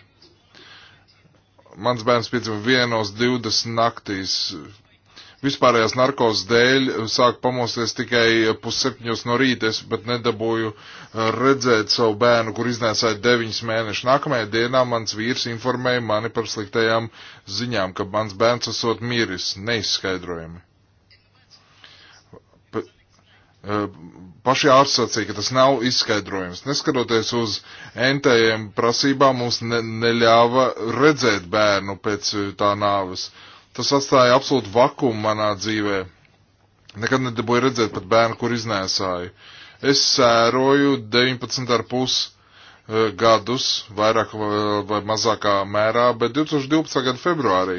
Mans bērns piedzima vienos 20 naktīs, vispārējās narkos dēļ sāku pamosties tikai pusseptiņos no rīta, es pat nedabūju eh, redzēt savu bērnu, kur iznēsāja deviņas mēnešus. Nākamajā dienā mans vīrs informēja mani par sliktajām ziņām, ka mans bērns esot miris, neizskaidrojami. Pa, eh, paši ārsts sacīja, ka tas nav izskaidrojums. Neskatoties uz entējiem prasībām, mums ne, neļāva redzēt bērnu pēc eh, tā nāves. Uh, Tas atstāja absolūtu vakumu manā dzīvē. Nekad nedabūju redzēt pat bērnu, kur iznēsāju. Es sēroju 19,5 eh, gadus, vairāk vai mazākā mērā, bet 2012. gada februārī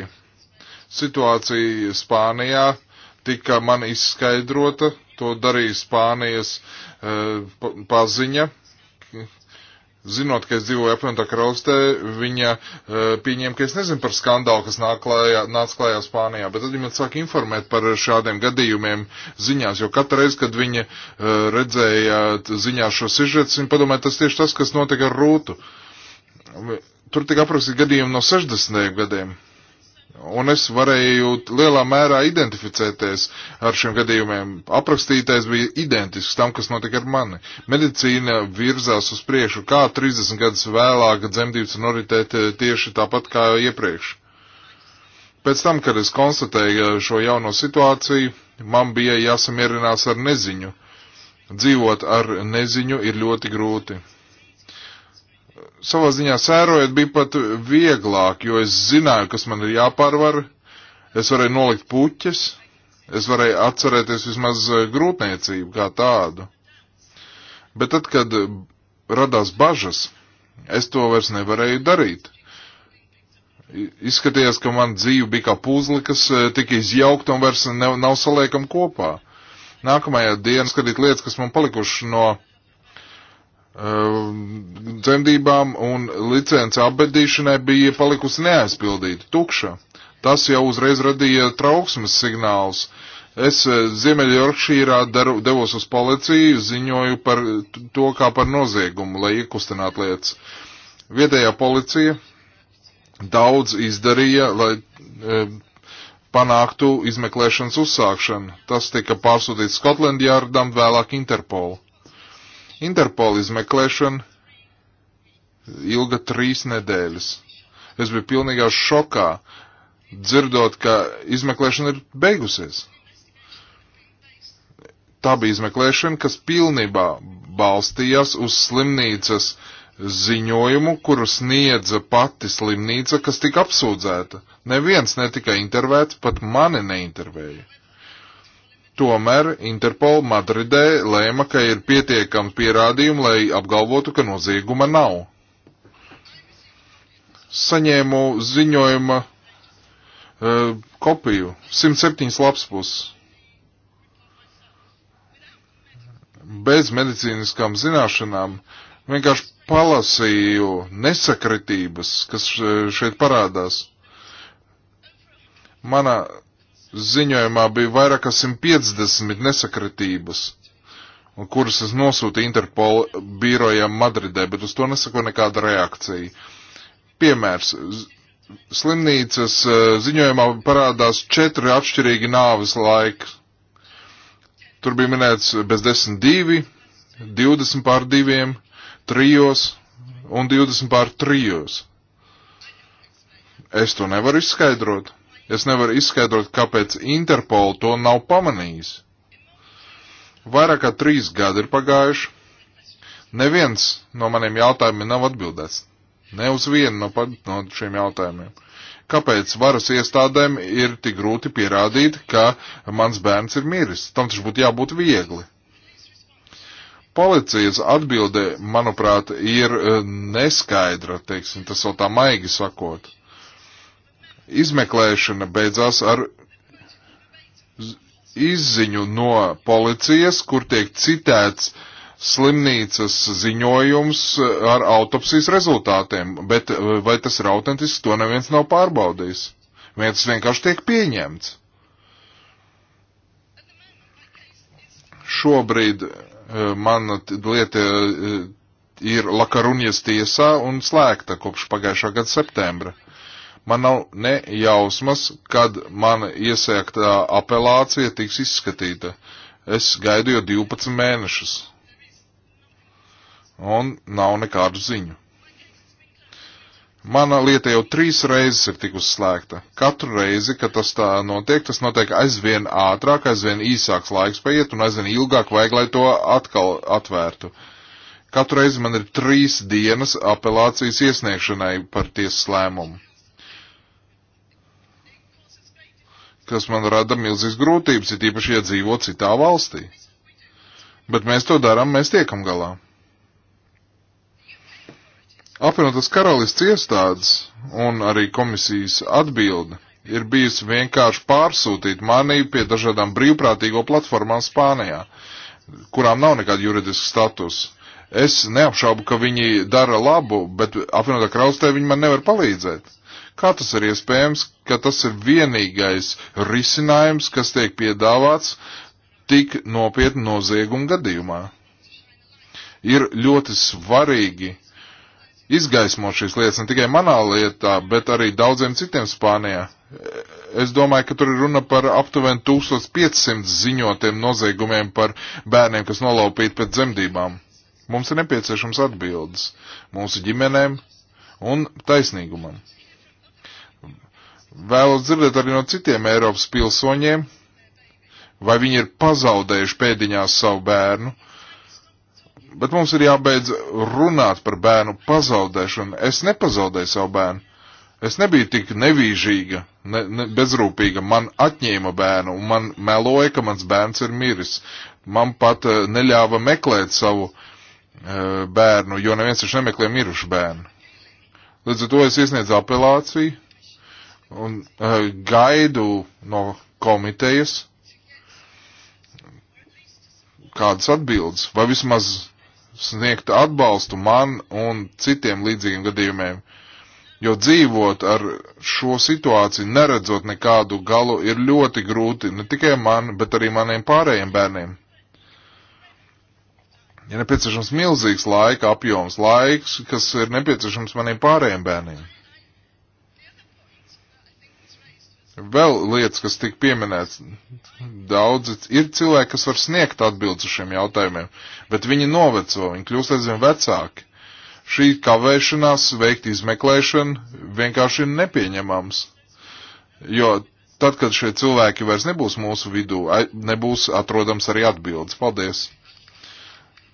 situācija Spānijā tika man izskaidrota, to darīja Spānijas eh, paziņa, zinot, ka es dzīvoju apvienotā karalistē, viņa uh, pieņēma, ka es nezinu par skandālu, kas nāk klājā, nāca klājā Spānijā, bet tad viņa sāk informēt par šādiem gadījumiem ziņās, jo katru reizi, kad viņa uh, redzēja ziņā šo sižetu, viņa padomāja, tas tieši tas, kas notika ar rūtu. Tur tika aprakstīti gadījumi no 60. gadiem. Un es varēju lielā mērā identificēties ar šiem gadījumiem. Aprakstītais bija identisks tam, kas notika ar mani. Medicīna virzās uz priekšu, kā 30 gadus vēlāk dzemdības noritēt eh, tieši tāpat kā iepriekš. Pēc tam, kad es konstatēju eh, šo jauno situāciju, man bija jāsamierinās ar neziņu. Dzīvot ar neziņu ir ļoti grūti savā ziņā sērojot bija pat vieglāk, jo es zināju, kas man ir jāpārvar. Es varēju nolikt puķes, es varēju atcerēties vismaz eh, grūtniecību kā tādu. Bet tad, kad radās bažas, es to vairs nevarēju darīt. Izskatījās, ka man dzīve bija kā puzli, kas eh, tika izjaukta un vairs nav, nav saliekam kopā. Nākamajā dienā skatīt lietas, kas man palikušas no Ehm, dzemdībām un licence apbedīšanai bija palikusi neaizpildīta, tukša. Tas jau uzreiz radīja trauksmes signālus. Es eh, Ziemeļjorkšīrā devos uz policiju, ziņoju par to kā par noziegumu, lai iekustinātu lietas. Vietējā policija daudz izdarīja, lai e, panāktu izmeklēšanas uzsākšanu. Tas tika pārsūtīts Skotlandjārdam, vēlāk Interpolu Interpol izmeklēšana ilga trīs nedēļas. Es biju pilnīgā šokā dzirdot, ka izmeklēšana ir beigusies. Tā bija izmeklēšana, kas pilnībā balstījās uz slimnīcas ziņojumu, kuru sniedza pati slimnīca, kas tika apsūdzēta. Neviens netika intervēts, pat mani neintervēja. Tomēr Interpol Madridē lēma, ka ir pietiekami pierādījumi, lai apgalvotu, ka nozieguma nav. Saņēmu ziņojuma uh, kopiju, 107 lapspuses. Bez medicīniskām zināšanām vienkārši palasīju nesakritības, kas e, šeit parādās. Mana ziņojumā bija vairāk kā 150 nesakritības, kuras es nosūtu Interpol birojam Madridē, bet uz to nesako nekāda reakcija. Piemērs. Slimnīcas e, ziņojumā parādās četri atšķirīgi nāves laiki. Tur bija minēts bez 10 divi, 20 pār diviem, trijos un 20 pār trijos. Es to nevaru izskaidrot. Es nevaru izskaidrot, kāpēc Interpol to nav pamanījis. Vairāk kā trīs gadi ir pagājuši. Neviens no maniem jautājumiem nav atbildēts. Ne uz vienu no, no šiem jautājumiem. Kāpēc varas iestādēm ir tik grūti pierādīt, ka mans bērns ir miris? Tam taču būtu jābūt viegli. Policijas atbilde, manuprāt, ir eh, neskaidra, teiksim, tas vēl tā maigi sakot. Izmeklēšana beidzās ar izziņu no policijas, kur tiek citēts slimnīcas ziņojums ar autopsijas rezultātiem, bet eh, vai tas ir autentisks, to neviens nav pārbaudījis. Viens vienkārši tiek pieņemts. Šobrīd eh, mana lieta eh, ir Lakarunjas tiesā un slēgta kopš pagājušā gada septembra. Man nav ne jausmas, kad mana iesēktā apelācija tiks izskatīta. Es gaidu jau 12 mēnešus. Un nav nekādu ziņu. Mana lieta jau trīs reizes ir tikusi slēgta. Katru reizi, kad tas tā notiek, tas notiek aizvien ātrāk, aizvien īsāks laiks paiet un aizvien ilgāk vajag, lai to atkal atvērtu. Katru reizi man ir trīs dienas apelācijas iesniegšanai par tiesas lēmumu. kas man rada milzīgas grūtības, ir īpaši, ja dzīvo citā valstī. Bet mēs to darām, mēs tiekam galā. Apvienotās karalists iestādes un arī komisijas atbilde ir bijusi vienkārši pārsūtīt mani pie dažādām brīvprātīgo platformām Spānijā, kurām nav nekāda juridiska status. Es neapšaubu, ka viņi dara labu, bet apvienotā kraustē viņi man nevar palīdzēt. Kā tas ir iespējams, ka tas ir vienīgais risinājums, kas tiek piedāvāts tik nopietnu noziegumu gadījumā? Ir ļoti svarīgi izgaismot šīs lietas ne tikai manā lietā, bet arī daudziem citiem Spānijā. Es domāju, ka tur ir runa par aptuveni 1500 ziņotiem noziegumiem par bērniem, kas nolaupīti pēc dzemdībām. Mums ir nepieciešams atbildes mūsu ģimenēm un taisnīgumam vēlos dzirdēt arī no citiem Eiropas pilsoņiem, vai viņi ir pazaudējuši pēdiņās savu bērnu. Bet mums ir jābeidz runāt par bērnu pazaudēšanu. Es nepazaudēju savu bērnu. Es nebiju tik nevīžīga, ne, ne, bezrūpīga. Man atņēma bērnu un man meloja, ka mans bērns ir miris. Man pat uh, neļāva meklēt savu uh, bērnu, jo neviens taču nemeklē mirušu bērnu. Līdz ar to es iesniedzu apelāciju un uh, gaidu no komitejas kādas atbildes, vai vismaz sniegt atbalstu man un citiem līdzīgiem gadījumiem. Jo dzīvot ar šo situāciju, neredzot nekādu galu, ir ļoti grūti ne tikai man, bet arī maniem pārējiem bērniem. Ir ja nepieciešams milzīgs laika apjoms, laiks, kas ir nepieciešams maniem pārējiem bērniem. Vēl lietas, kas tika pieminēts, daudz ir cilvēki, kas var sniegt atbildes uz šiem jautājumiem, bet viņi noveco, viņi kļūst aizvien vecāki. Šī kavēšanās veikt izmeklēšanu vienkārši ir nepieņemams, jo tad, kad šie cilvēki vairs nebūs mūsu vidū, nebūs atrodams arī atbildes. Paldies!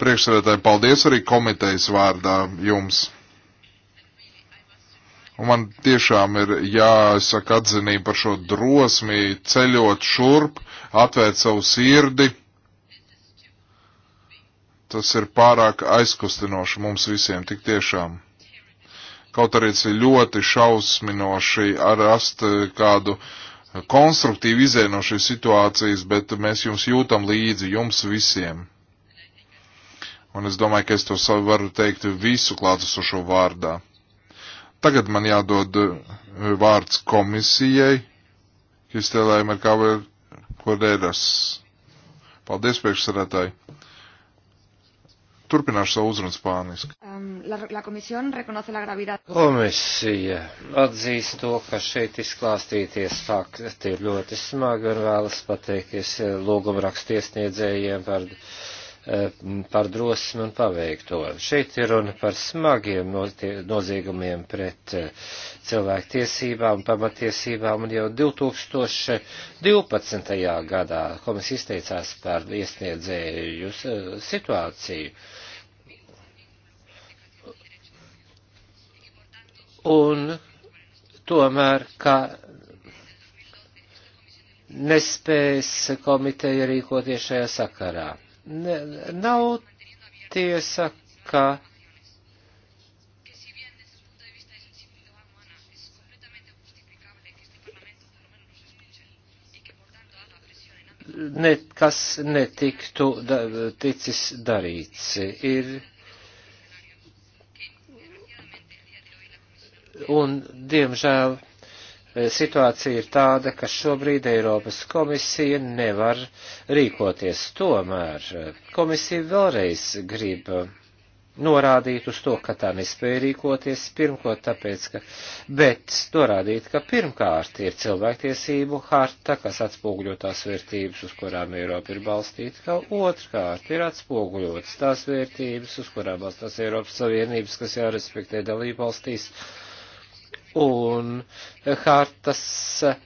Priekšsēdētāji, paldies arī komitejas vārdā jums! Un man tiešām ir jāsaka atzinība par šo drosmi ceļot šurp, atvērt savu sirdi. Tas ir pārāk aizkustinoši mums visiem, tik tiešām. Kaut arī tas ir ļoti šausminoši rast kādu konstruktīvu izēju no šīs situācijas, bet mēs jums jūtam līdzi, jums visiem. Un es domāju, ka es to varu teikt visu klātesošo vārdā. Tagad man jādod eh, vārds komisijai, Kristēlē Merkāver Korderas. Paldies, priekšsarētāji. Turpināšu savu uzrunu spāniski. Um, la, la Komisija atzīst to, ka šeit izklāstīties fakti ir ļoti smagi un vēlas pateikties eh, lūgumrakstiesniedzējiem par. Uh, Eh, par drosmi un paveikto. Šeit ir runa par smagiem noziegumiem pret eh, cilvēku tiesībām un pamatiesībām, un jau 2012. gadā komisija izteicās par iesniedzēju eh, situāciju. Un tomēr, ka nespēs komiteja rīkoties šajā sakarā ne, nav tiesa, ka ne, kas netiktu da, ticis darīts. Ir un, diemžēl, Eh, situācija ir tāda, ka šobrīd Eiropas komisija nevar rīkoties. Tomēr eh, komisija vēlreiz grib eh, norādīt uz to, ka tā nespēja rīkoties, pirmkārt tāpēc, ka, bet norādīt, ka pirmkārt ir cilvēktiesību harta, kas atspoguļo tās vērtības, uz kurām Eiropa ir balstīta, ka otrkārt ir atspoguļotas tās vērtības, uz kurām balstās Eiropas Savienības, kas jārespektē dalībvalstīs. valstīs un hartas eh,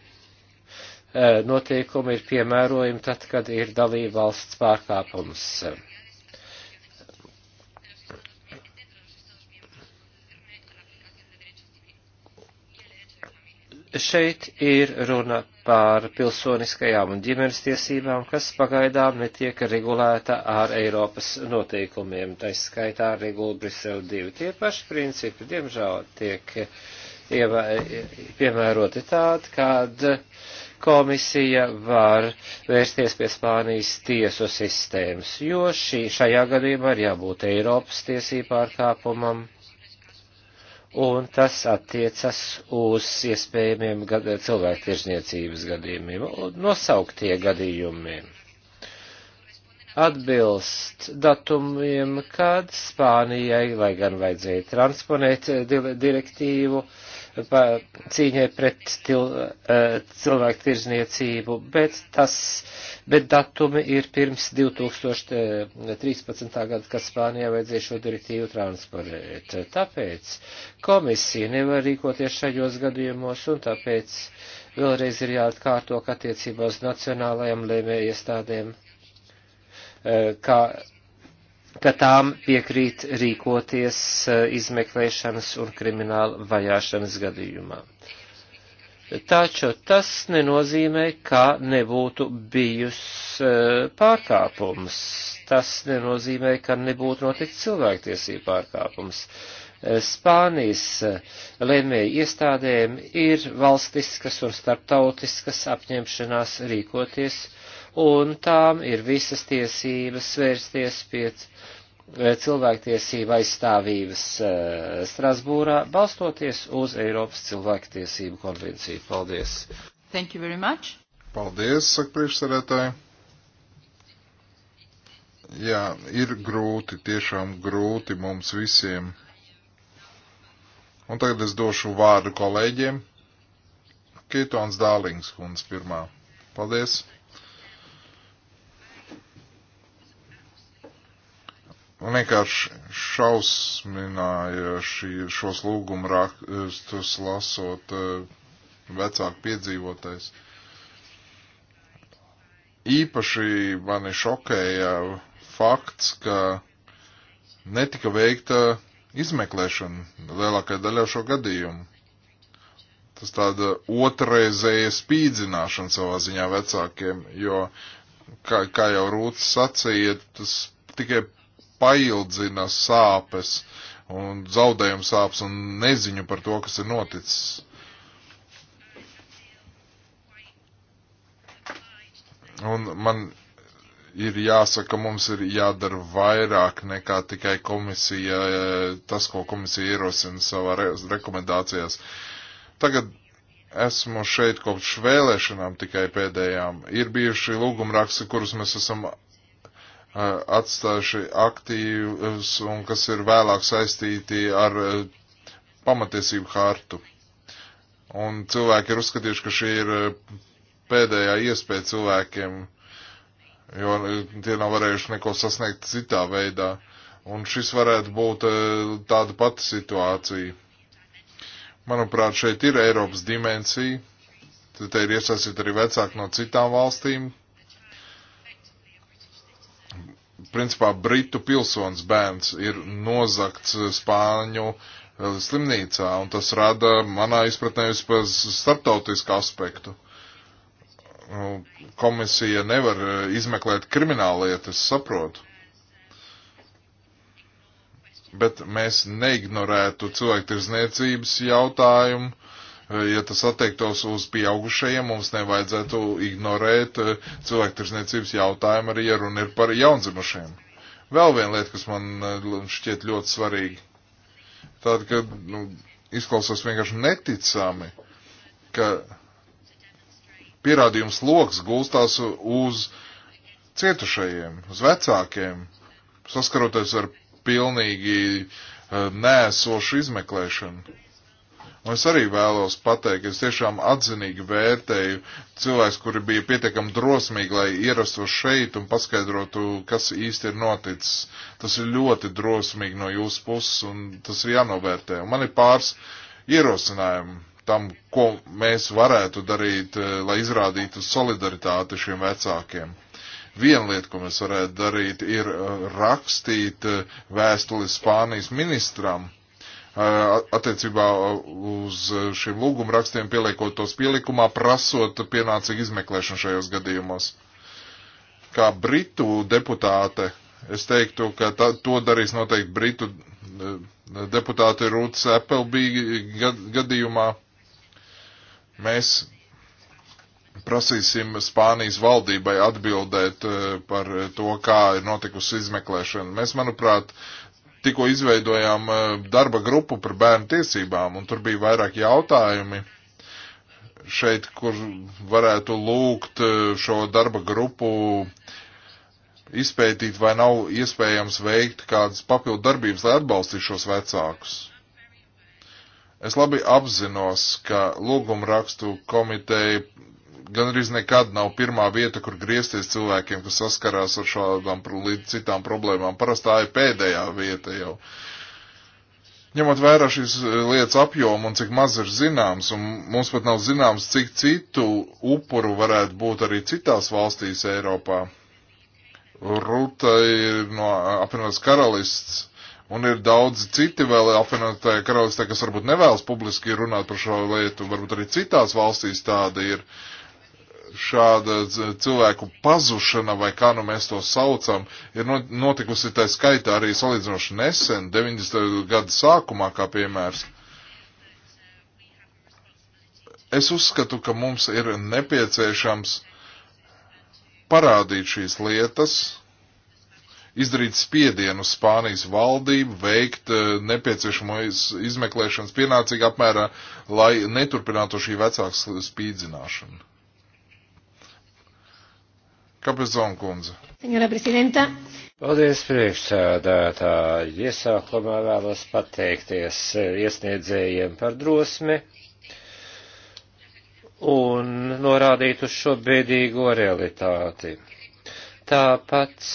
noteikumi ir piemērojami tad, kad ir dalība valsts pārkāpums. Šeit ir runa par pilsoniskajām un ģimenes tiesībām, kas pagaidām netiek regulēta ar Eiropas noteikumiem, taisa skaitā regula Brisele 2. Tie paši principi, diemžēl, tiek uh, piemēroti tādi, kad komisija var vērsties pie Spānijas tiesu sistēmas, jo šī, šajā gadījumā ir jābūt Eiropas tiesību pārkāpumam, un tas attiecas uz iespējamiem gad, cilvēktiešniecības gadījumiem, nosauktie gadījumiem atbilst datumiem, kad Spānijai vai gan vajadzēja transponēt direktīvu cīņai pret til, eh, cilvēku tirzniecību, bet, tas, bet datumi ir pirms 2013. Eh, gada, kad Spānijā vajadzēja šo direktīvu transponēt. Tāpēc komisija nevar rīkoties šajos gadījumos un tāpēc vēlreiz ir jāatkārto, ka attiecībā uz nacionālajiem lēmējiestādēm, eh, kā ka tām piekrīt rīkoties eh, izmeklēšanas un krimināla vajāšanas gadījumā. Taču tas nenozīmē, ka nebūtu bijus eh, pārkāpums. Tas nenozīmē, ka nebūtu noticis cilvēktiesību pārkāpums. Eh, Spānijas lēmēju iestādēm ir valstiskas un starptautiskas apņemšanās rīkoties uh, un tām ir visas tiesības svērsties pie eh, cilvēktiesība aizstāvības eh, Strasbūrā, balstoties uz Eiropas cilvēktiesību konvenciju. Paldies! Thank you very much! Paldies, saka priekšsarētāji! Jā, ir grūti, tiešām grūti mums visiem. Un tagad es došu vārdu kolēģiem. Keitons Dālings, kundze, pirmā. Paldies! vienkārši šausmināja šī, šos lūgumu rakstus lasot eh, vecāku piedzīvotais. Īpaši mani šokēja fakts, ka netika veikta izmeklēšana lielākajā daļā šo gadījumu. Tas tāda otrreizēja spīdzināšana savā ziņā vecākiem, jo, kā, kā jau Rūts sacīja, tas tikai paildzina sāpes un zaudējumu sāpes un neziņu par to, kas ir noticis. Un man ir jāsaka, mums ir jādara vairāk nekā tikai komisija, tas, ko komisija ierosina savā re rekomendācijās. Tagad esmu šeit kopš vēlēšanām tikai pēdējām. Ir bijuši lūgumraksti, kurus mēs esam atstājuši aktīvus un kas ir vēlāk saistīti ar e, pamatiesību hārtu. Un cilvēki ir uzskatījuši, ka šī ir e, pēdējā iespēja cilvēkiem, jo e, tie nav varējuši neko sasniegt citā veidā. Un šis varētu būt tāda pati situācija. Manuprāt, šeit ir Eiropas dimensija. Te ir iesaistīta arī vecāki no citām valstīm, principā britu pilsonis bērns ir nozakts Spāņu eh, slimnīcā, un tas rada manā izpratnē vispār starptautisku aspektu. Nu, komisija nevar eh, izmeklēt krimināllietas, saprotu. Bet mēs neignorētu cilvēktirzniecības jautājumu Eh, ja tas attiektos uz pieaugušajiem, mums nevajadzētu ignorēt eh, cilvēktirzniecības jautājumu arī, ja runa ir par jaundzimušiem. Vēl viena lieta, kas man eh, šķiet ļoti svarīga. Tāda, ka nu, izklausās vienkārši neticami, ka pierādījums loks gulstās uz cietušajiem, uz vecākiem, saskaroties ar pilnīgi uh, nēsošu izmeklēšanu Es arī vēlos pateikt, es tiešām atzinīgi vērtēju cilvēks, kuri bija pietiekami drosmīgi, lai ierastos šeit un paskaidrotu, kas īsti ir noticis. Tas ir ļoti drosmīgi no jūsu puses un tas ir jānovērtē. Un man ir pāris ierosinājumu tam, ko mēs varētu darīt, eh, lai izrādītu solidaritāti šiem vecākiem. Viena lieta, ko mēs varētu darīt, ir eh, rakstīt eh, vēstuli Spānijas ministram attiecībā uz šiem lūgumrakstiem, pieliekot tos pielikumā, prasot pienācīgu izmeklēšanu šajos gadījumos. Kā Britu deputāte, es teiktu, ka tā, to darīs noteikti Britu deputāte Rūts Applebee gadījumā. Mēs prasīsim Spānijas valdībai atbildēt par to, kā ir notikusi izmeklēšana. Mēs, manuprāt, tikko izveidojām eh, darba grupu par bērnu tiesībām, un tur bija vairāk jautājumi šeit, kur varētu lūgt eh, šo darba grupu izpētīt, vai nav iespējams veikt kādas papildu darbības, lai atbalstītu šos vecākus. Es labi apzinos, ka lūguma rakstu komiteja gan arī nekad nav pirmā vieta, kur griezties cilvēkiem, kas saskarās ar šādām citām problēmām. Parasti tā ir pēdējā vieta jau. Ņemot vērā šīs eh, lietas apjomu un cik maz ir zināms, un mums pat nav zināms, cik citu upuru varētu būt arī citās valstīs Eiropā. Ruta ir no apvienotās karalists, un ir daudzi citi vēl apvienotāji karalistē, kas varbūt nevēlas publiski runāt par šo lietu, varbūt arī citās valstīs tāda ir. Uh, šāda cilvēku pazušana, vai kā nu mēs to saucam, ir notikusi tā skaitā arī salīdzinoši nesen, 90. gada sākumā, kā piemērs. Es uzskatu, ka mums ir nepieciešams parādīt šīs lietas, izdarīt spiedienu Spānijas valdību, veikt eh, nepieciešamo izmeklēšanas pienācīgi apmērā, lai neturpinātu šī vecāks spīdzināšana. Kapezon kundze. Senjora prezidenta. Paldies priekšsēdētāji. Iesākumā vēlos pateikties iesniedzējiem par drosmi un norādīt uz šo bēdīgo realitāti. Tāpat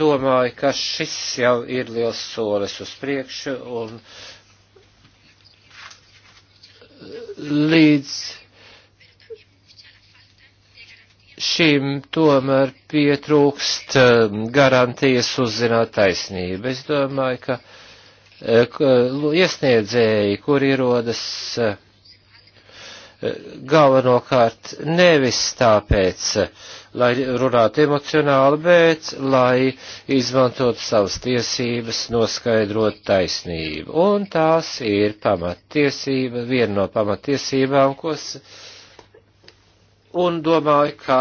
domāju, ka šis jau ir liels solis uz priekšu un uh, līdz šim tomēr pietrūkst um, garantijas uzzināt taisnību. Es domāju, ka eh, iesniedzēji, kur ierodas eh, galvenokārt nevis tāpēc, lai runātu emocionāli, bet lai izmantotu savas tiesības, noskaidrot taisnību. Un tās ir pamattiesība, viena no pamattiesībām, ko es un domāju, ka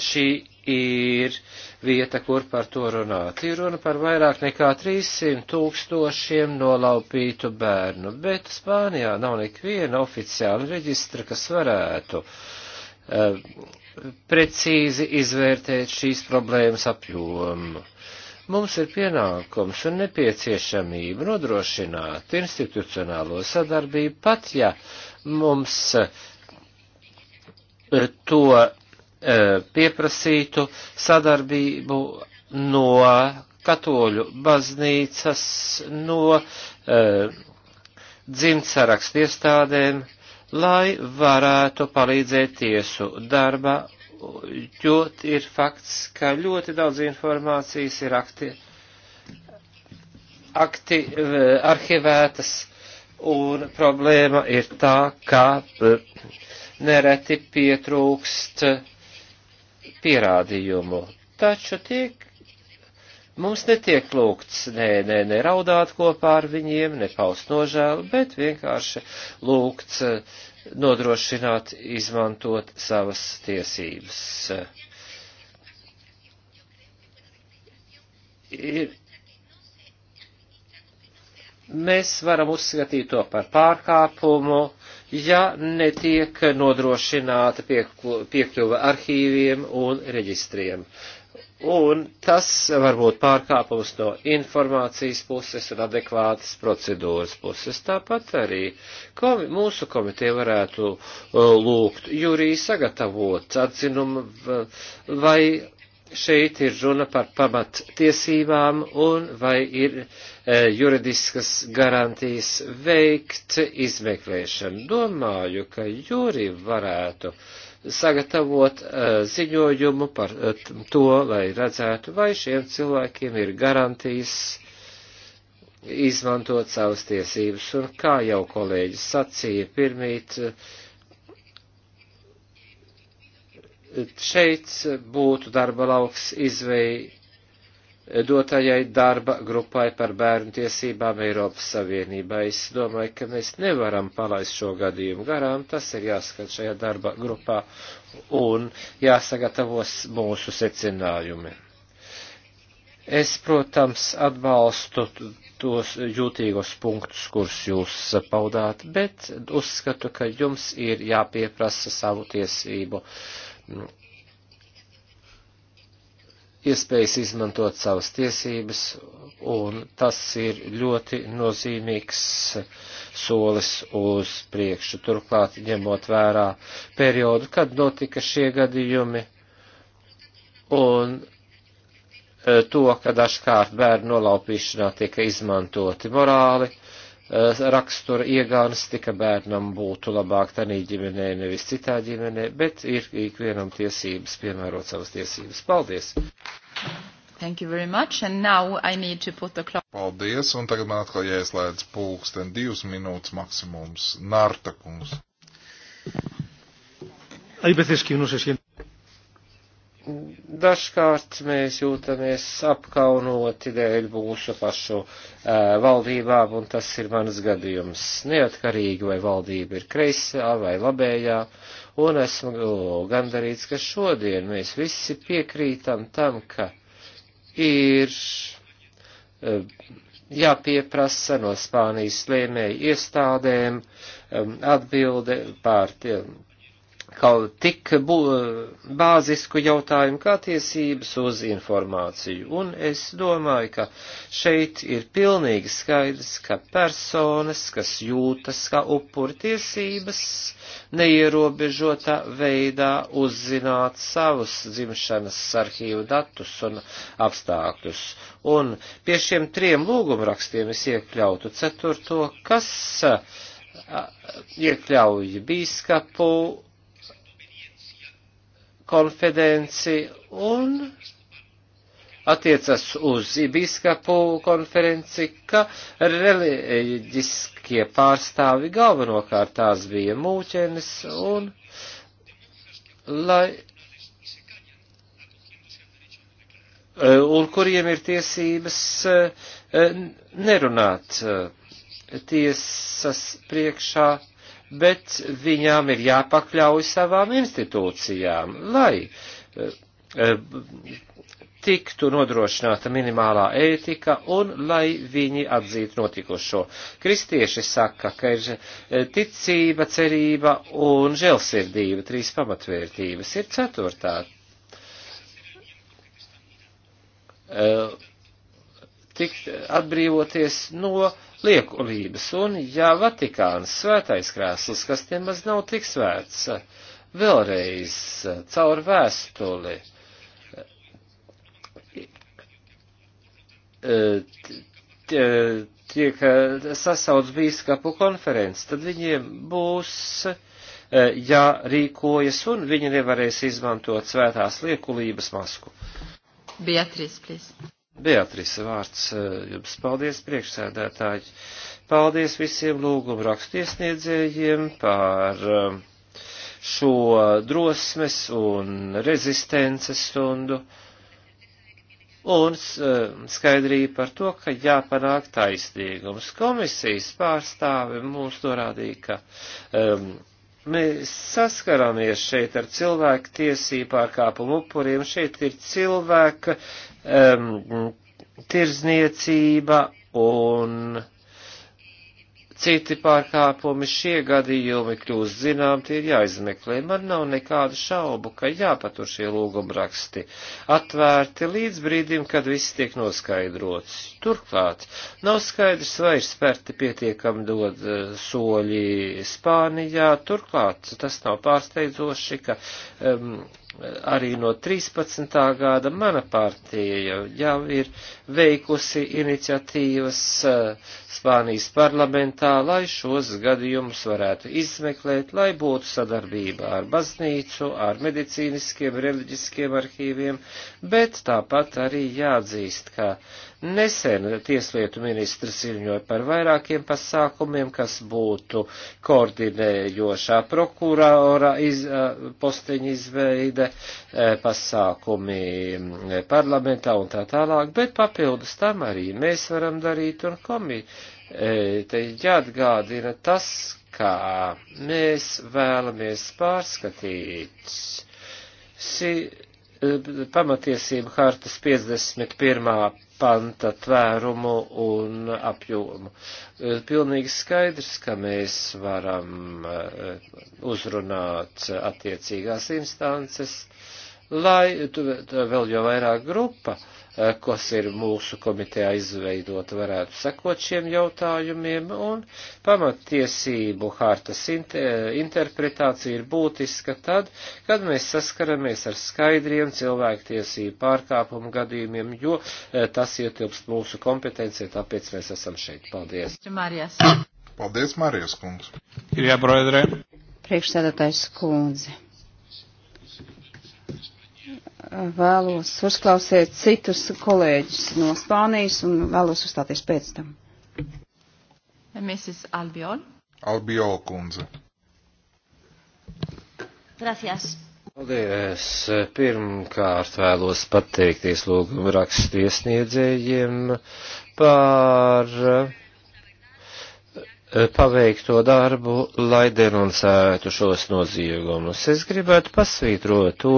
šī ir vieta, kur par to runāt. Ir runa par vairāk nekā 300 tūkstošiem nolaupītu bērnu, bet Spānijā nav nekviena oficiāla reģistra, kas varētu uh, precīzi izvērtēt šīs problēmas apjomu. Mums ir pienākums un nepieciešamība nodrošināt institucionālo sadarbību, pat ja mums eh, to eh, pieprasītu sadarbību no katoļu baznīcas, no eh, dzimtsarakstu iestādēm, lai varētu palīdzēt tiesu darbā, jo ir fakts, ka ļoti daudz informācijas ir akti, akti, eh, arhivētas, un problēma ir tā, ka eh, nereti pietrūkst pierādījumu. Taču tiek Mums netiek lūgts nē, nē, neraudāt kopā ar viņiem, nepaust nožēlu, bet vienkārši lūgts eh, nodrošināt, izmantot savas tiesības. Ir, mēs varam uzskatīt to par pārkāpumu, ja netiek nodrošināta piekļuva arhīviem un reģistriem. Uh, Un tas var būt pārkāpums no informācijas puses un adekvātas procedūras puses. Tāpat arī komi mūsu komiteja varētu uh, lūgt jūrī sagatavot atzinumu, vai šeit ir runa par pamat tiesībām un vai ir uh, juridiskas garantijas veikt izmeklēšanu. Domāju, ka jūrī varētu uh, sagatavot e, ziņojumu par e, to, lai redzētu, vai šiem cilvēkiem ir garantijas izmantot savas tiesības. Un kā jau kolēģis sacīja pirmīt, šeit būtu darba lauks izvei dotajai darba grupai par bērnu tiesībām Eiropas Savienībā. Es domāju, ka mēs nevaram palaist šo gadījumu garām. Tas ir jāskat šajā darba grupā un jāsagatavos mūsu secinājumi. Es, protams, atbalstu tos jūtīgos punktus, kurus jūs paudāt, bet uzskatu, ka jums ir jāpieprasa savu tiesību iespējas izmantot savas tiesības, un tas ir ļoti nozīmīgs solis uz priekšu. Turklāt, ņemot vērā periodu, kad notika šie gadījumi, un eh, to, ka dažkārt bērnu nolaupīšanā tika izmantoti morāli Eh, rakstura iegānas tika bērnam būtu labāk tanī ģimenē, nevis citā ģimenē, bet ir ikvienam tiesības piemērot savas tiesības. Paldies! Thank you very much, and now I need to put the clock. Paldies, un tagad man atkal jāieslēdz pulksten divas minūtes maksimums. Nārta kungs. Hay veces que uno se siente dažkārt mēs jūtamies apkaunoti dēļ mūsu pašu e, valdībām, un tas ir mans gadījums. Neatkarīgi, vai valdība ir kreisā vai labējā, un esmu gandarīts, ka šodien mēs visi piekrītam tam, ka ir e, jāpieprasa no Spānijas lēmēju iestādēm e, atbilde pār tiem kaut tik bū, bāzisku jautājumu kā tiesības uz informāciju. Un es domāju, ka šeit ir pilnīgi skaidrs, ka personas, kas jūtas kā upuri tiesības, neierobežotā veidā uzzināt savus dzimšanas arhīvu datus un apstākļus. Un pie šiem trim lūgumrakstiem es iekļautu ceturto, kas iekļauj bīskapu konferenci un attiecas uz biskapu konferenci, ka reliģiskie pārstāvi galvenokārt tās bija mūķenes un lai un kuriem ir tiesības eh, nerunāt eh, tiesas priekšā bet viņām ir jāpakļauj savām institūcijām, lai eh, eh, tiktu nodrošināta minimālā ētika un lai viņi atzītu notikušo. Kristieši saka, ka ir eh, ticība, cerība un žēlsirdība, trīs pamatvērtības, ir ceturtā. Tikt atbrīvoties no uh, liekulības. Un, ja Vatikāns svētais krēsls, kas nemaz nav tik svēts, vēlreiz caur vēstuli e, e, tiek e, sasauc bīskapu konferences, tad viņiem būs jārīkojas un viņi nevarēs izmantot svētās liekulības masku. Beatrice, please. Beatrisa vārds eh, jums paldies priekšsēdētāji. Paldies visiem lūgumu rakstu iesniedzējiem par eh, šo drosmes un rezistences stundu un eh, skaidrību par to, ka jāpanāk taisnīgums. Komisijas pārstāve mums norādīja, ka um, Mēs saskarāmies šeit ar cilvēku tiesību pārkāpumu upuriem, šeit ir cilvēka um, tirzniecība un uh, Citi pārkāpumi šie gadījumi kļūst zinām, tie ir jāizmeklē. Man nav nekādu šaubu, ka jāpatur šie lūgumraksti atvērti līdz brīdim, kad viss tiek noskaidrots. Turklāt nav skaidrs, vai ir spērti pietiekami dod eh, soļi Spānijā. Turklāt tas nav pārsteidzoši, ka um, arī no 13. gada mana partija jau ir veikusi iniciatīvas eh, Spānijas parlamentā, lai šos gadījumus varētu izmeklēt, lai būtu sadarbība ar baznīcu, ar medicīniskiem, reliģiskiem arhīviem, bet tāpat arī jāatzīst, ka uh, Nesen tieslietu ministrs ziņoja par vairākiem pasākumiem, kas būtu koordinējošā prokurora iz, posteņa izveide, e, pasākumi e, parlamentā un tā tālāk, bet papildus tam arī mēs varam darīt un komi. E, te jāatgādina tas, kā mēs vēlamies pārskatīt. Si, pamatiesību hartas 51. panta tvērumu un apjomu. E, pilnīgi skaidrs, ka mēs varam e, uzrunāt attiecīgās instances, lai vēl jau vairāk grupa, eh, kas ir mūsu komitejā izveidota, varētu sekot šiem jautājumiem, un pamatiesību hartas interpretācija ir būtiska tad, kad mēs saskaramies ar skaidriem cilvēktiesību pārkāpumu gadījumiem, jo eh, tas ietilpst mūsu kompetencija, tāpēc mēs esam šeit. Paldies! Paldies, Marijas kungs! Priekšsēdētājs kundze! vēlos uzklausīt citus kolēģus no Spānijas un vēlos uzstāties pēc tam. Mrs. Albiol. Albiol kundze. Gracias. Paldies! Pirmkārt vēlos pateikties lūgumu rakstu iesniedzējiem par Eh, paveikto darbu, lai denoncētu šos noziegumus. Es gribētu pasvītrot to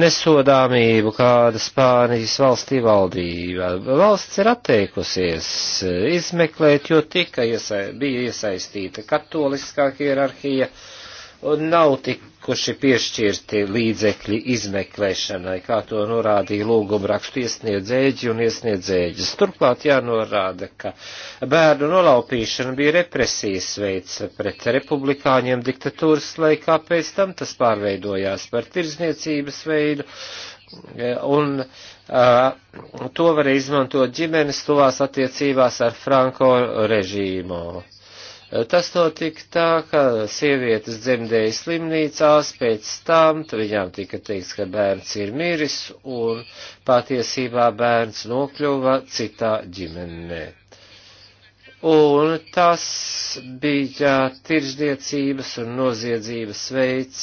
nesodāmību, kāda Spānijas valstī valdība. Valsts ir atteikusies eh, izmeklēt, jo tika iesa bija iesaistīta katoliskā hierarhija. Uh, un nav tikuši piešķirti līdzekļi izmeklēšanai, kā to norādīja lūguma rakstu iesniedzēģi un iesniedzēģis. Turklāt jānorāda, ka bērnu nolaupīšana bija represijas veids pret republikāņiem diktatūras laikā, pēc tam tas pārveidojās par tirzniecības veidu, un uh, to varēja izmantot ģimenes tuvās attiecībās ar Franko režīmu. Tas notika tā, ka sievietes dzemdēja slimnīcās, pēc tam viņām tika teikts, ka bērns ir miris, un patiesībā bērns nokļuva citā ģimenē. Un tas bija tirzniecības un noziedzības veids.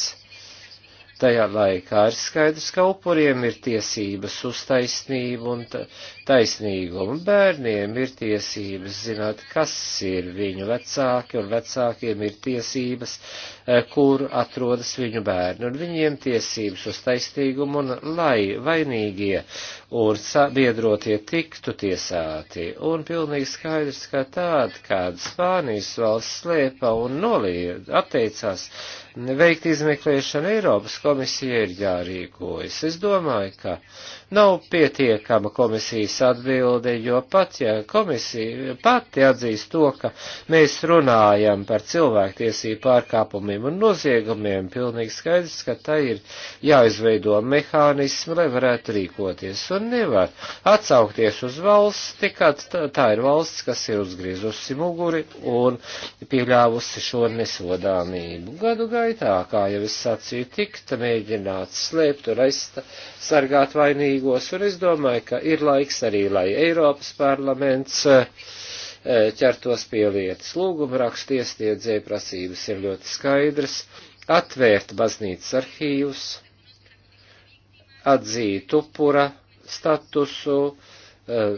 Tajā laikā ir skaidrs, ka upuriem ir tiesības uz taisnību, un taisnīgumu. Bērniem ir tiesības zināt, kas ir viņu vecāki, un vecākiem ir tiesības, e, kur atrodas viņu bērni, un viņiem tiesības uz taisnīgumu, un lai vainīgie un sabiedrotie tiktu tiesāti. Un pilnīgi skaidrs, ka tāda, kāda Spānijas valsts slēpa un noliedz, atteicās veikt izmeklēšanu Eiropas komisija ir jārīkojas. Es domāju, ka nav pietiekama komisijas komisijas atbildi, jo pat ja komisija pati atzīst to, ka mēs runājam par cilvēktiesību pārkāpumiem un noziegumiem, pilnīgi skaidrs, ka tā ir jāizveido mehānismi, lai varētu rīkoties un nevar atsaukties uz valsti, kad tā ir valsts, kas ir uzgriezusi muguri un pieļāvusi šo nesodāmību. Gadu gaitā, kā jau es sacīju, tikta mēģināts slēpt un aizsargāt vainīgos, un es domāju, ka ir laiks arī, lai Eiropas parlaments eh, eh, ķertos pie lietas. Lūguma rakstu iesniedzēja prasības ir ļoti skaidras - atvērt baznīcas arhīvus, atzīt upura statusu, eh,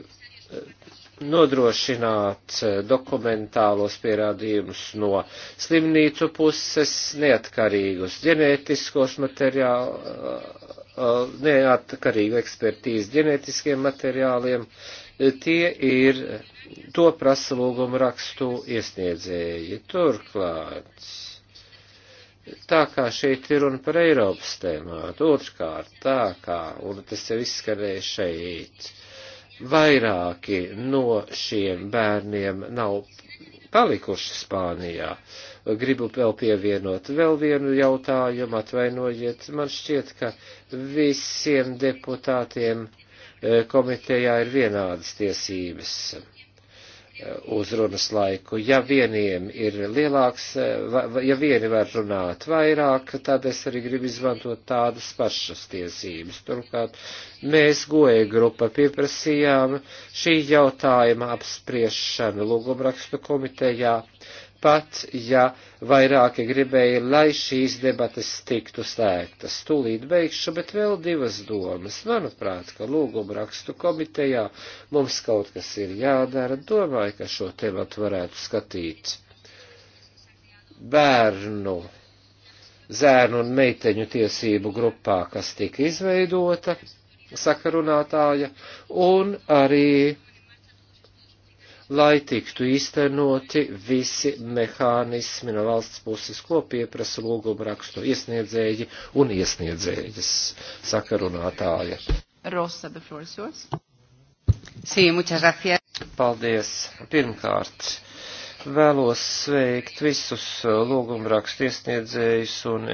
nodrošināt dokumentālos pierādījumus no slimnīcu puses, neatkarīgus ģenētiskos materiālus Uh, neatkarīgu ekspertīzi ģenētiskiem materiāliem, tie ir to prasa lūguma rakstu iesniedzēji. Turklāt, tā kā šeit ir runa par Eiropas tēmātu, otrkārt, tā kā, un tas jau izskanēja šeit, vairāki no šiem bērniem nav palikuši Spānijā, gribu vēl pievienot vēl vienu jautājumu, atvainojiet, man šķiet, ka visiem deputātiem e, komitejā ir vienādas tiesības e, uzrunas laiku. Ja vieniem ir lielāks, e, ja vieni var runāt vairāk, tad es arī gribu izmantot tādas pašas tiesības. Turklāt mēs goja grupa pieprasījām šī jautājuma apspriešanu lūgumrakstu komitejā pat ja vairāki gribēja, lai šīs debates tiktu slēgtas. Tūlīt beigšu, bet vēl divas domas. Manuprāt, ka lūguma rakstu komitejā mums kaut kas ir jādara. Domāju, ka šo tematu varētu skatīt bērnu, zēnu un meiteņu tiesību grupā, kas tika izveidota, sakarunātāja, un arī lai tiktu īstenoti visi mehānismi no valsts puses, ko pieprasa lūguma rakstu iesniedzēji un iesniedzējas sakarunātāja. Rosa, the floor is yours. Sí, muchas gracias. Paldies. Pirmkārt, vēlos sveikt visus lūgumrakstu iesniedzējus un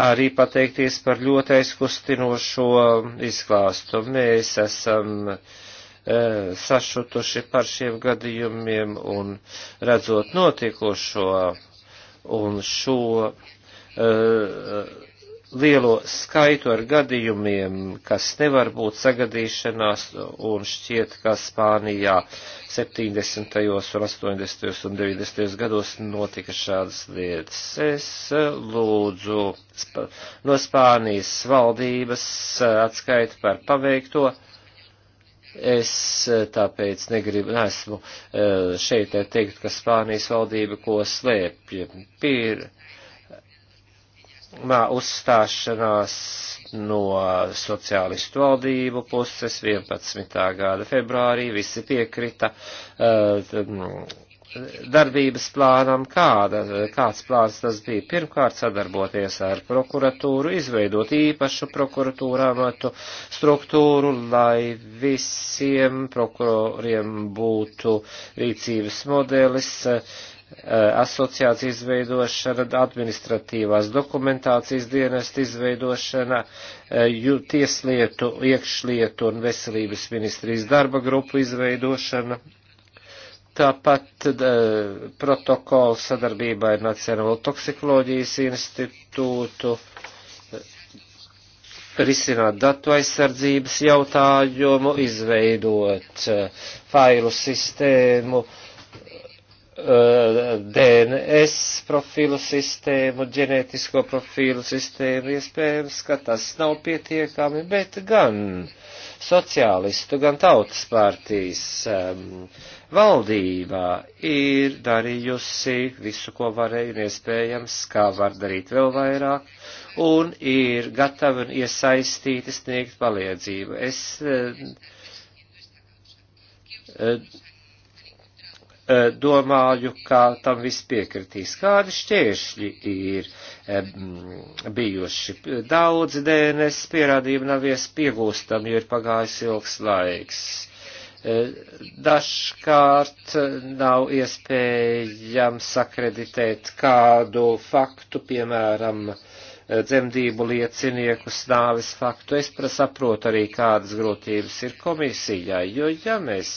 arī pateikties par ļoti aizkustinošo izklāstu. Mēs esam e, sašutuši par šiem gadījumiem un redzot notiekošo un šo uh, lielo skaitu ar gadījumiem, kas nevar būt sagadīšanās, un šķiet, ka Spānijā 70. un 80. un 90. gados notika šādas lietas. Es eh, lūdzu no Spānijas valdības eh, atskaitu par paveikto. Es eh, tāpēc negribu, neesmu šeit teikt, ka Spānijas valdība ko slēpj. Pīr, mā uzstāšanās no sociālistu valdību puses 11. gada februārī visi piekrita uh, darbības plānam, kāda, kāds plāns tas bija. Pirmkārt, sadarboties ar prokuratūru, izveidot īpašu prokuratūrā matu struktūru, lai visiem prokuroriem būtu rīcības modelis, uh, Eh, asociācija izveidošana, administratīvās dokumentācijas dienesta izveidošana, eh, tieslietu, iekšlietu un veselības ministrijas darba grupu izveidošana. Tāpat eh, protokola sadarbībā ar Nacionālo toksikoloģijas institūtu risināt datu aizsardzības jautājumu, izveidot failu sistēmu, uh, Eh, DNS profilu sistēmu, ģenētisko profilu sistēmu, iespējams, ka tas nav pietiekami, bet gan sociālistu, gan tautas partijas um, valdībā ir darījusi visu, ko varēja un iespējams, kā var darīt vēl vairāk, un ir gatavi un iesaistīti sniegt palīdzību. Es, uh, uh, Eh, domāju, ka tam viss piekritīs. Kādi šķēršļi ir eh, bijuši? Daudz DNS pierādījumu nav iespiegūstami, jo ir pagājis ilgs laiks. Eh, dažkārt nav iespējams akreditēt kādu faktu, piemēram, uh, dzemdību liecinieku nāves faktu. Es saprotu arī, kādas grūtības ir komisijai, jo ja mēs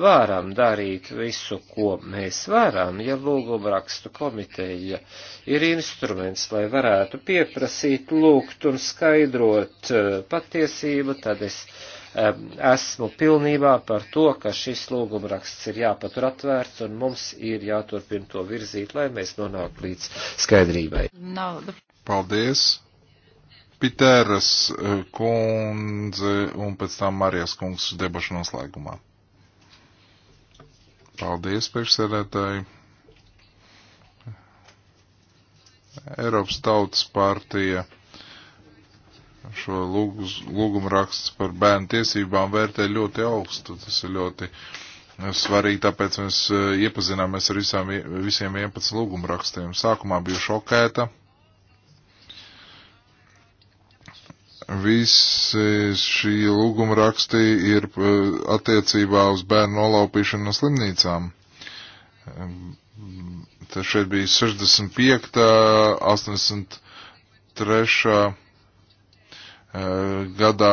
varam darīt visu, ko mēs varam, ja lūguma rakstu komiteja ir instruments, lai varētu pieprasīt, lūgt un skaidrot eh, patiesību, tad es eh, esmu pilnībā par to, ka šis lūgumraksts ir jāpatur atvērts un mums ir jāturpina to virzīt, lai mēs nonāktu līdz skaidrībai. No. Paldies! Pitēras eh, kundze un pēc tam Marijas kungs debašu noslēgumā. Paldies, priekšsēdētāji! Eiropas Tautas partija šo lūgus, lūgumu raksts par bērnu tiesībām vērtē ļoti augstu. Tas ir ļoti svarīgi, tāpēc mēs eh, iepazināmies ar visām, visiem 11 lūgumu rakstiem. Sākumā biju šokēta Visi šī lūguma rakstī ir eh, attiecībā uz bērnu nolaupīšanu no slimnīcām. Tad šeit bija 65, 83 eh, gadā.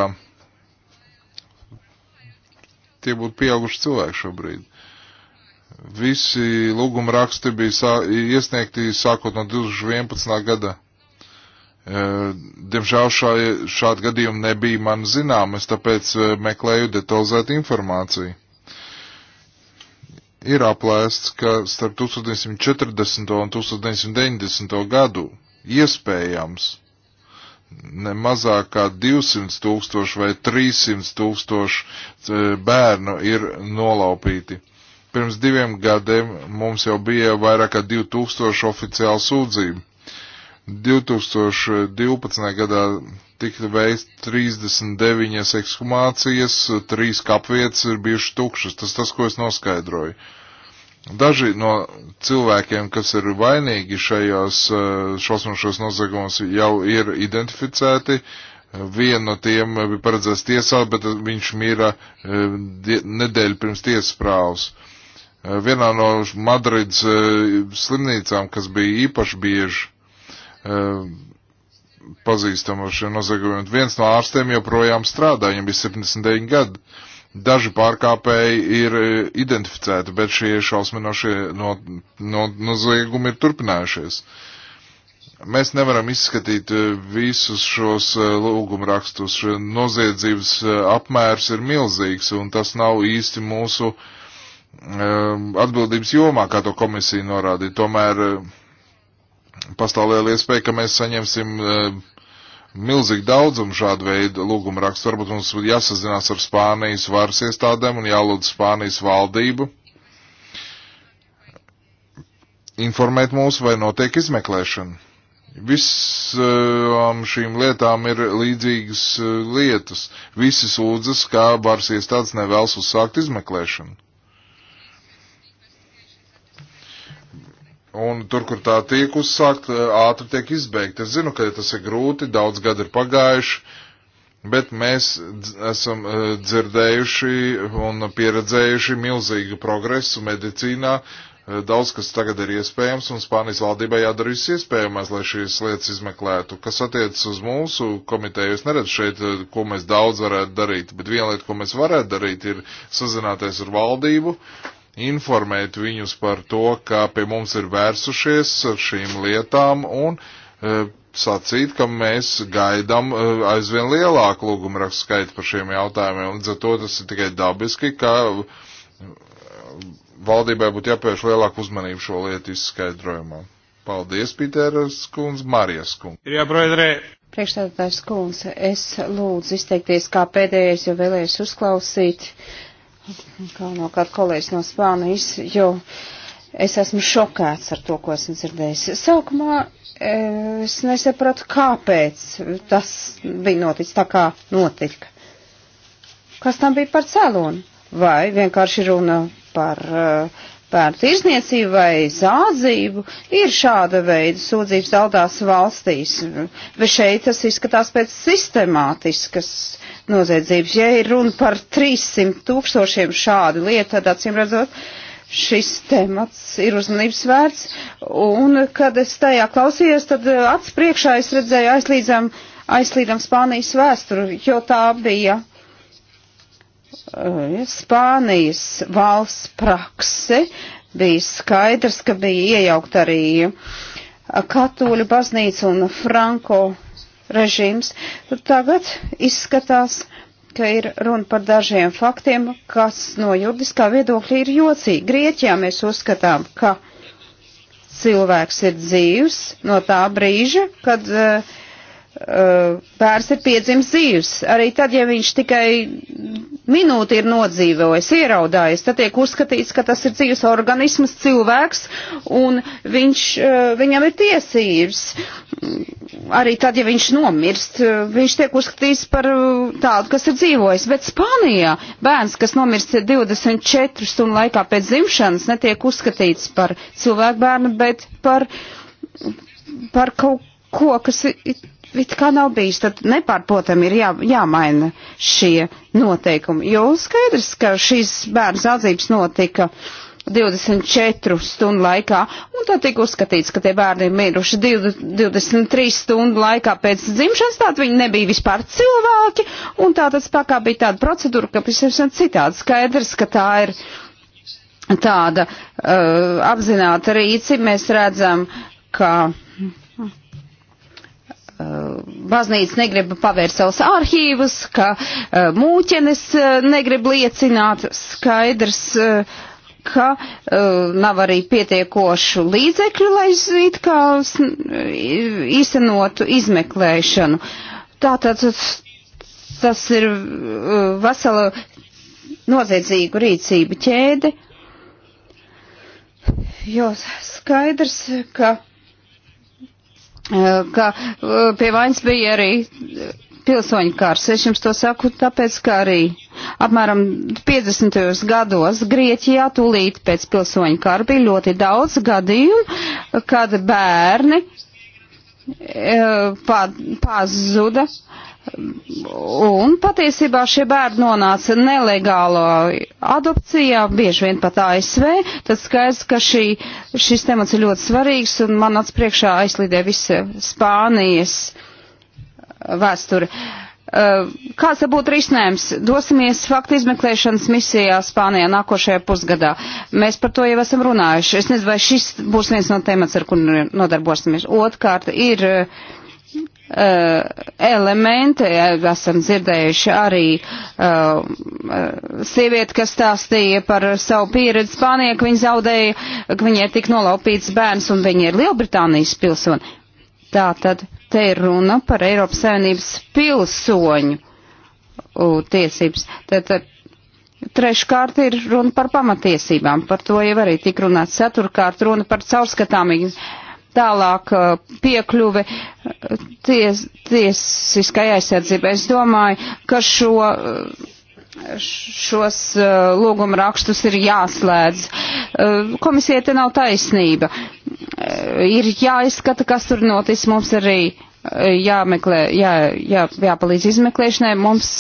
Tie būtu pieauguši cilvēki šobrīd. Visi lūguma raksti bija sā, iesniegti sākot no 2011. gada. Diemžēl šā, šādi gadījumi nebija man zinām, es tāpēc meklēju detalizētu informāciju. Ir aplēsts, ka starp 1940. un 1990. gadu iespējams ne mazāk kā 200 tūkstoši vai 300 tūkstoši bērnu ir nolaupīti. Pirms diviem gadiem mums jau bija vairāk kā 2000 oficiālu sūdzību. 2012. gadā tika veist 39 ekshumācijas, 3 kapvietas ir bijušas tukšas. Tas tas, ko es noskaidroju. Daži no cilvēkiem, kas ir vainīgi šajos eh, šausmošos noziegumos, jau ir identificēti. Vienu no tiem eh, bija paredzēts tiesā, bet viņš mīra eh, nedēļu pirms tiesas prāvas vienā no Madrids slimnīcām, kas bija īpaši bieži. Ehm, pazīstama ar šiem noziegumiem. Viens no ārstiem joprojām strādā, viņam bija 79 gadi. Daži pārkāpēji ir e, identificēti, bet šie šausminošie no, no, noziegumi ir turpinājušies. Mēs nevaram izskatīt e, visus šos e, lūgumrakstus. Noziedzības apmērs ir milzīgs, un tas nav īsti mūsu atbildības jomā, kā to komisija norādīja. Tomēr pastāv liela iespēja, ka mēs saņemsim e, milzīgi daudzumu šādu veidu lūgumu rakstu. Varbūt mums jāsazinās ar Spānijas varas iestādēm un jālūdz Spānijas valdību informēt mūs, vai notiek izmeklēšana. Visām šīm lietām ir līdzīgas e, lietas. Visi sūdzas, kā varas iestādes nevēlas uzsākt izmeklēšanu. Un tur, kur tā tiek uzsākt, ātri tiek izbeigta. Es zinu, ka tas ir grūti, daudz gadu ir pagājuši, bet mēs esam dzirdējuši un pieredzējuši milzīgu progresu medicīnā. Daudz, kas tagad ir iespējams, un Spānijas valdībai jādara viss iespējamais, lai šīs lietas izmeklētu. Kas attiecas uz mūsu komiteju, es neredzu šeit, ko mēs daudz varētu darīt, bet viena lieta, ko mēs varētu darīt, ir sazināties ar valdību, uh, informēt viņus par to, kā pie mums ir vērsušies ar šīm lietām un e, sacīt, ka mēs gaidām e, aizvien lielāku lūgumu rakstu skaitu par šiem jautājumiem. Līdz ar to tas ir tikai dabiski, ka e, valdībai būtu jāpievērš lielāku uzmanību šo lietu izskaidrojumā. Paldies, Pītēras kundze, Marijas kundze. Jā, broidrē. Priekšstādātājs kundze, es lūdzu izteikties kā pēdējais, jo vēlējos uzklausīt uh, galvenokārt kolēģis no Spānijas, jo es esmu šokēts ar to, ko esmu dzirdējis. Sākumā e, es nesapratu, kāpēc tas bija noticis tā, kā notika. Kas tam bija par cēloni? Vai vienkārši runa par uh, par tirzniecību vai zādzību, ir šāda veida sūdzības daudzās valstīs, bet šeit tas izskatās pēc sistemātiskas noziedzības. Ja ir runa par 300 tūkstošiem šādu lietu, tad acīm redzot, šis temats ir uzmanības vērts, un kad es tajā klausījos, tad uh, acs priekšā es redzēju aizlīdzam, aizlīdam Spānijas vēsturi, jo tā bija Eh, Spānijas valsts prakse bija skaidrs, ka bija iejaukt arī eh, katoļu baznīca un Franko režīms. Tagad izskatās, ka ir runa par dažiem faktiem, kas no juridiskā viedokļa ir jocīgi. Grieķijā mēs uzskatām, ka cilvēks ir dzīvs no tā brīža, kad uh, bērns eh, ir piedzimis dzīves. Arī tad, ja viņš tikai minūti ir nodzīvojis, ieraudājis, tad tiek uzskatīts, ka tas ir dzīves organisms, cilvēks, un viņš, eh, viņam ir tiesības. Arī tad, ja viņš nomirst, eh, viņš tiek uzskatīts par tādu, kas ir dzīvojis. Bet Spānijā bērns, kas nomirst 24 stundu laikā pēc dzimšanas, netiek uzskatīts par cilvēku bērnu, bet par, par kaut ko, kas ir it kā nav bijis, tad nepārprotam ir jā, jāmaina šie noteikumi. Jo skaidrs, ka šīs bērnu zādzības notika 24 stundu laikā, un tad tika uzskatīts, ka tie bērni ir miruši 23 stundu laikā pēc dzimšanas, tātad viņi nebija vispār cilvēki, un tātad spēkā bija tāda procedūra, ka pavisam citādi skaidrs, ka tā ir tāda uh, apzināta rīci, mēs redzam, ka. Uh, baznīca negrib pavērt savus arhīvus, ka eh, mūķenes eh, negrib liecināt skaidrs, eh, ka nav arī pietiekošu līdzekļu, lai it kā īstenotu izmeklēšanu. Tātad tas ir vesela noziedzīgu rīcību ķēde, jo skaidrs, ka Eh, ka eh, pie vainas bija arī eh, pilsoņu kārs. Es jums to saku tāpēc, ka arī apmēram 50. gados Grieķijā tūlīt pēc pilsoņu kāra bija ļoti daudz gadījumu, kad bērni pazuda. Pā, Un patiesībā šie bērni nonāca nelegālā adopcijā, bieži vien pat ASV. Tad skaidrs, ka šī, šis temats ir ļoti svarīgs un man acis priekšā aizlidē visa Spānijas vēsture. Uh, kāds tad būtu risinājums? Dosimies faktu izmeklēšanas misijā Spānijā nākošajā pusgadā. Mēs par to jau esam runājuši. Es nezinu, vai šis būs viens no temats, ar kur nodarbosimies. Otkārt ir. Uh, Eh, elementi. Eh, esam dzirdējuši arī uh, eh, sievieti, kas stāstīja par savu pieredzi Spānijā, ka viņa zaudēja, ka viņai tik nolaupīts bērns un viņa ir Lielbritānijas pilsoni. Tātad te ir runa par Eiropas Savienības pilsoņu uh, tiesības. Tātad, Treškārt ir runa par pamatiesībām, par to jau arī tik runāts. Ceturkārt runa par caurskatāmību Tālāk uh, piekļuve uh, ties, tiesiskai aizsardzībai. Es domāju, ka šo, uh, šos lūguma rakstus ir jāslēdz. Komisija te nav taisnība. Ir jāizskata, kas tur noticis. Mums arī jāmeklē, jā, jā, jāpalīdz izmeklēšanai. Mums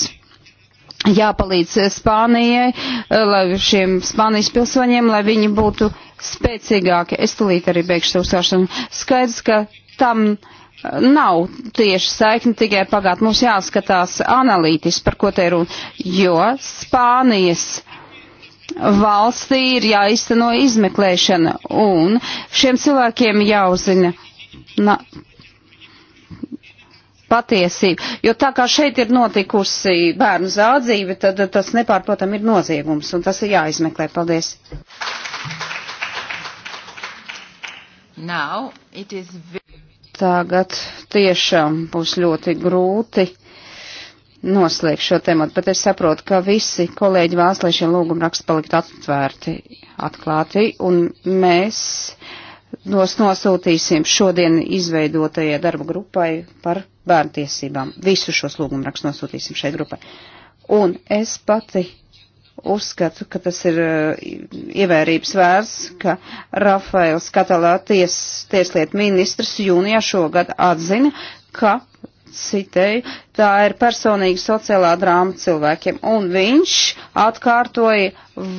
jāpalīdz Spānijai, eh, lai šiem Spānijas pilsoņiem, lai viņi būtu spēcīgāki. Es tulīt arī beigšu savu sāšanu. Skaidrs, ka tam eh, nav tieši saikni tikai pagāt. Mums jāskatās analītiski, par ko te ir runa, jo Spānijas valstī ir jāizteno izmeklēšana un šiem cilvēkiem jāuzina na, patiesību. Jo tā kā šeit ir notikusi bērnu zādzība, tad tas nepārprotam ir noziegums, un tas ir jāizmeklē. Paldies! Now, is... Tagad tiešām būs ļoti grūti noslēgt šo tematu, bet es saprotu, ka visi kolēģi vēlas, lai šie lūguma raksti palikt atvērti, atklāti, un mēs Nos nosūtīsim šodien izveidotajai darba grupai par bērntiesībām. Visus šos lūgumraks nosūtīsim šai grupai. Un es pati uzskatu, ka tas ir eh, ievērības vērts, ka Rafaels Katalā ties, tieslietu ministrs jūnijā šogad atzina, ka citēju, tā ir personīga sociālā drāma cilvēkiem. Un viņš atkārtoja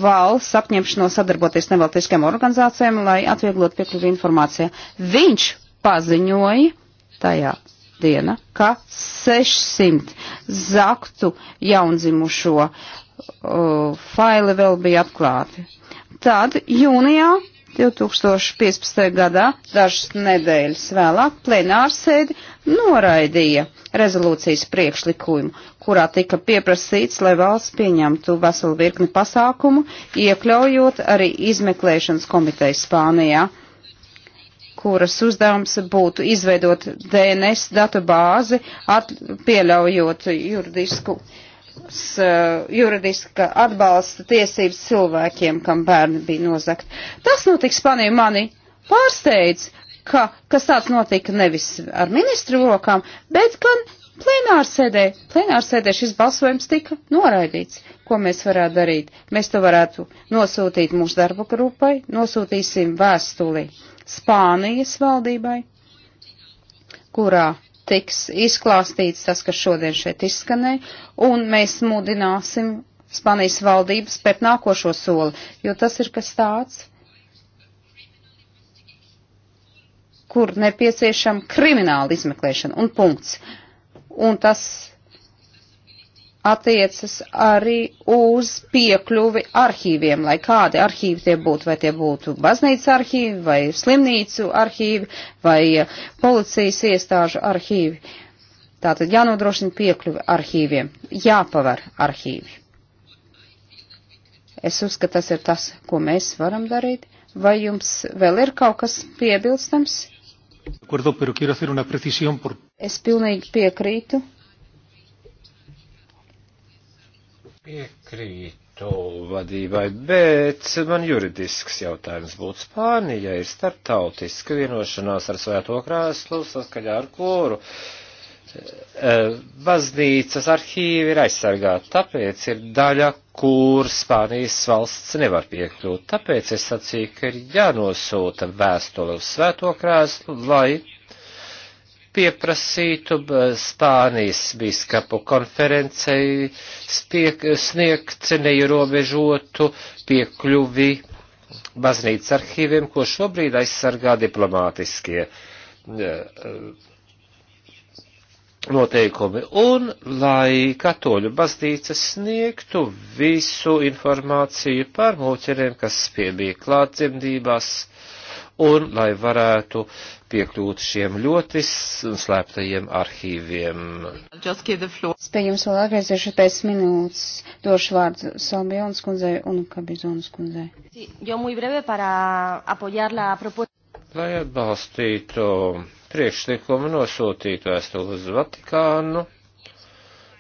valsts apņemšanos sadarboties nevalstiskajām organizācijām, lai atvieglot piekļuvi informācijai. Viņš paziņoja tajā diena, ka 600 zaktu jaundzimušo uh, faili vēl bija atklāti. Tad jūnijā 2015. gadā, dažas nedēļas vēlāk, plenārsēdi noraidīja rezolūcijas priekšlikumu, kurā tika pieprasīts, lai valsts pieņemtu veselu virkni pasākumu, iekļaujot arī izmeklēšanas komiteju Spānijā, kuras uzdevums būtu izveidot DNS datu bāzi, pieļaujot juridisku uh, Uh, juridiska atbalsta tiesības cilvēkiem, kam bērni bija nozakt. Tas notiks panī mani pārsteidz, ka kas tāds notika nevis ar ministru rokām, bet gan plenārsēdē. Plenārsēdē šis balsojums tika noraidīts. Ko mēs varētu darīt? Mēs to varētu nosūtīt mūsu darba grupai, nosūtīsim vēstuli Spānijas valdībai, kurā tiks izklāstīts tas, kas šodien šeit izskanē, un mēs mudināsim Spānijas valdības spērt nākošo soli, jo tas ir kas tāds, kur nepieciešama krimināla izmeklēšana un punkts. Un tas attiecas arī uz piekļuvi arhīviem, lai kādi arhīvi tie būtu, vai tie būtu baznīca arhīvi, vai slimnīcu arhīvi, vai eh, policijas iestāžu arhīvi. Tātad jānodrošina piekļuvi arhīviem, jāpaver arhīvi. Es uzskatu, tas ir tas, ko mēs varam darīt. Vai jums vēl ir kaut kas piebilstams? Es pilnīgi piekrītu Piekrītu vadībai, bet man juridisks jautājums būtu Spānija ir startautiska vienošanās ar Svēto krēslu, saskaļā ar kuru eh, baznīcas arhīvi ir aizsargāti, tāpēc ir daļa, kur Spānijas valsts nevar piekļūt. Tāpēc es sacīju, ka ir jānosūta vēstule uz Svēto krēslu, lai pieprasītu Spānijas biskapu konferencei sniegt neierobežotu piekļuvi baznīcas arhīviem, ko šobrīd aizsargā diplomātiskie e, e, noteikumi, un lai katoļu baznīca sniegtu visu informāciju par mūķeriem, kas pie bija klātdzemdībās, un lai varētu piekļūt šiem ļoti slēptajiem arhīviem. Spējams vēl atgriezīšu pēc minūtes, došu vārdu Salbionas kundzei un Kabizonas kundzei. Lai atbalstītu priekšlikumu nosūtītu vēstuli uz Vatikānu,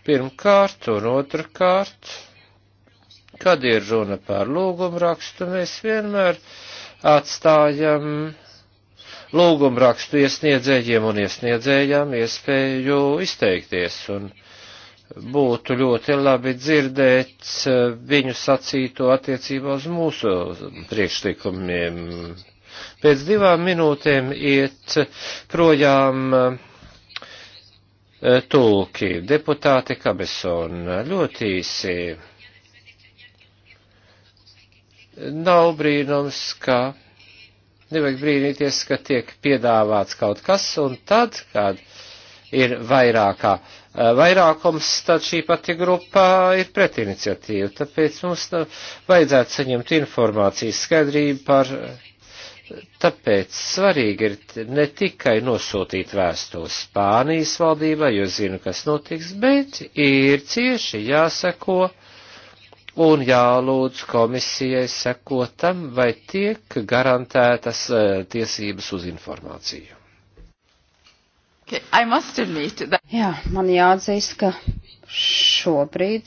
pirmkārt un otrkārt, kad ir runa par lūgumu rakstu, mēs vienmēr atstājam lūgumrakstu iesniedzējiem un iesniedzējām iespēju izteikties. Un būtu ļoti labi dzirdēt eh, viņu sacīto attiecībā uz mūsu priekšlikumiem. Pēc divām minūtēm iet projām eh, tulki, deputāte Kabesona, ļoti īsi. Nav brīnums, ka nevajag brīnīties, ka tiek piedāvāts kaut kas, un tad, kad ir vairākā, eh, vairākums, tad šī pati grupa ir pretiniciatīva. Tāpēc mums vajadzētu saņemt informācijas skaidrību par. Tāpēc svarīgi ir ne tikai nosūtīt vēstuli Spānijas valdībai, jo zinu, kas notiks, bet ir cieši jāsako un jālūdz komisijai sekotam, vai tiek garantētas eh, tiesības uz informāciju. Okay, Jā, man jāatzīst, ka šobrīd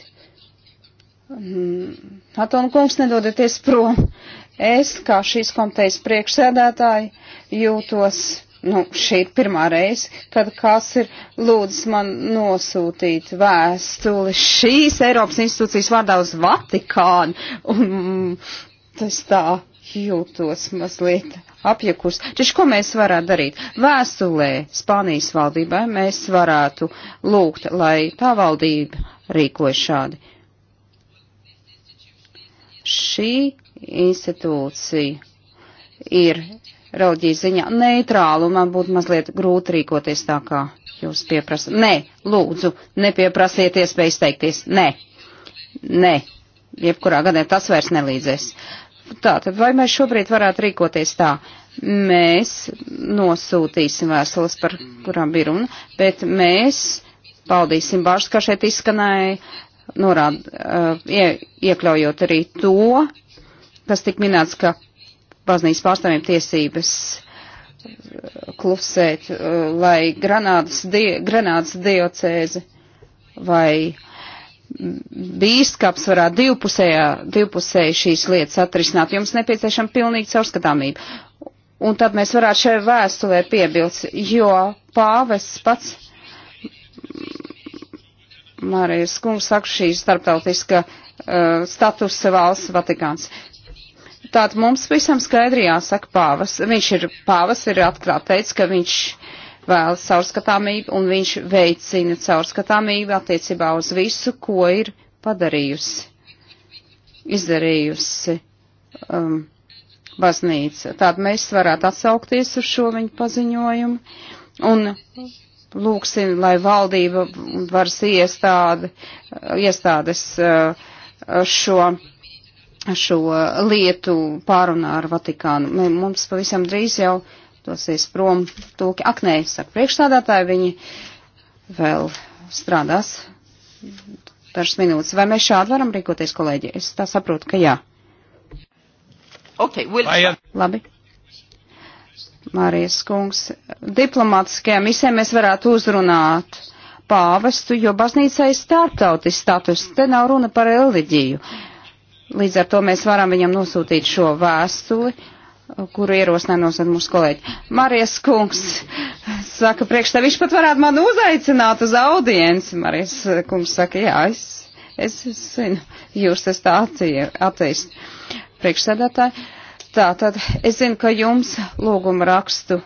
mm, Atona kungs nedodaties prom. Es, kā šīs komitejas priekšsēdētāji, jūtos Nu, šī ir pirmā reize, kad kāds ir lūdzis man nosūtīt vēstuli šīs Eiropas institūcijas vārdā uz Vatikānu. Un mm, tas tā jūtos mazliet apjekurs. Taču ko mēs varētu darīt? Vēstulē Spānijas valdībai mēs varētu lūgt, lai tā valdība rīkoja šādi. Šī institūcija ir reliģijas ziņā neitrālu, un man būtu mazliet grūti rīkoties tā, kā jūs pieprasat. Nē, lūdzu, nepieprasiet iespēju izteikties. Nē, nē, jebkurā gadē tas vairs nelīdzēs. Tātad, vai mēs šobrīd varētu rīkoties tā? Mēs nosūtīsim vēstules, par kurām bija runa, bet mēs paldīsim bāžas, kā šeit izskanēja, norād, uh, ie, iekļaujot arī to, kas tik minēts, ka baznīcas pārstāvjiem tiesības uh, klusēt, uh, lai Granādas, die, Granādas diocēze vai bīskaps varētu divpusējā, divpusēji šīs lietas atrisināt. Jums nepieciešama pilnīga caurskatāmība. Un tad mēs varētu šai vēstulē piebilst, jo pāvests pats Mārijas kungs saka šī starptautiska uh, statusa valsts Vatikāns. Tātad mums visam skaidri jāsaka pāvas. Viņš ir pāvas, ir atklāt teicis, ka viņš vēlas caurskatāmību un viņš veicina caurskatāmību attiecībā uz visu, ko ir padarījusi, izdarījusi um, baznīca. Tātad mēs varētu atsaukties uz šo viņu paziņojumu un lūksim, lai valdība varas iestāde, iestādes uh, šo šo lietu pārunā ar Vatikānu. Mums pavisam drīz jau dosies prom tūki aknē, saka priekšstādātāji, viņi vēl strādās dažas minūtes. Vai mēs šādi varam rīkoties, kolēģi? Es tā saprotu, ka jā. Okay, we'll... Labi. Mārijas kungs, diplomātiskajām misēm mēs varētu uzrunāt pāvestu, jo baznīcai ir starptautis status. Te nav runa par reliģiju. Uh, Līdz ar to mēs varam viņam nosūtīt šo vēstuli, kuru ierosinā nosūtīt mūsu kolēģi. Marijas kungs saka, priekš tev viņš pat varētu mani uzaicināt uz audienci. Marijas kungs saka, jā, es, es zinu, jūs tas tā atteist. Priekšsēdētāji, tā tad es zinu, ka jums lūguma rakstu e,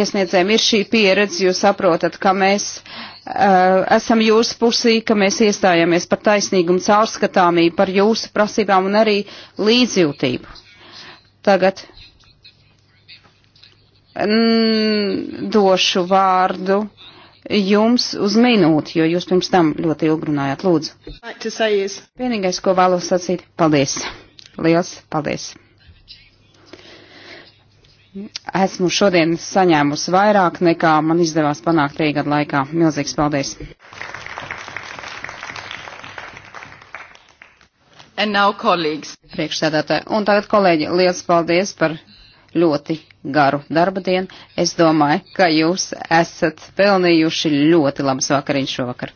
iesniedzējiem ir šī pieredze, jūs saprotat, ka mēs uh, Eh, esam jūsu pusī, ka mēs iestājāmies par taisnīgumu, caurskatāmību, par jūsu prasībām un arī līdzjūtību. Tagad mm, došu vārdu jums uz minūti, jo jūs pirms tam ļoti ilgi runājāt. Lūdzu. Vienīgais, ko vēlos sacīt, paldies. Liels paldies. Esmu šodien saņēmusi vairāk nekā man izdevās panākt trīs gadu laikā. Milzīgs paldies! Now, Priekšsēdētāji, un tagad kolēģi, liels paldies par ļoti garu darba dienu. Es domāju, ka jūs esat pelnījuši ļoti labas vakariņas šovakar.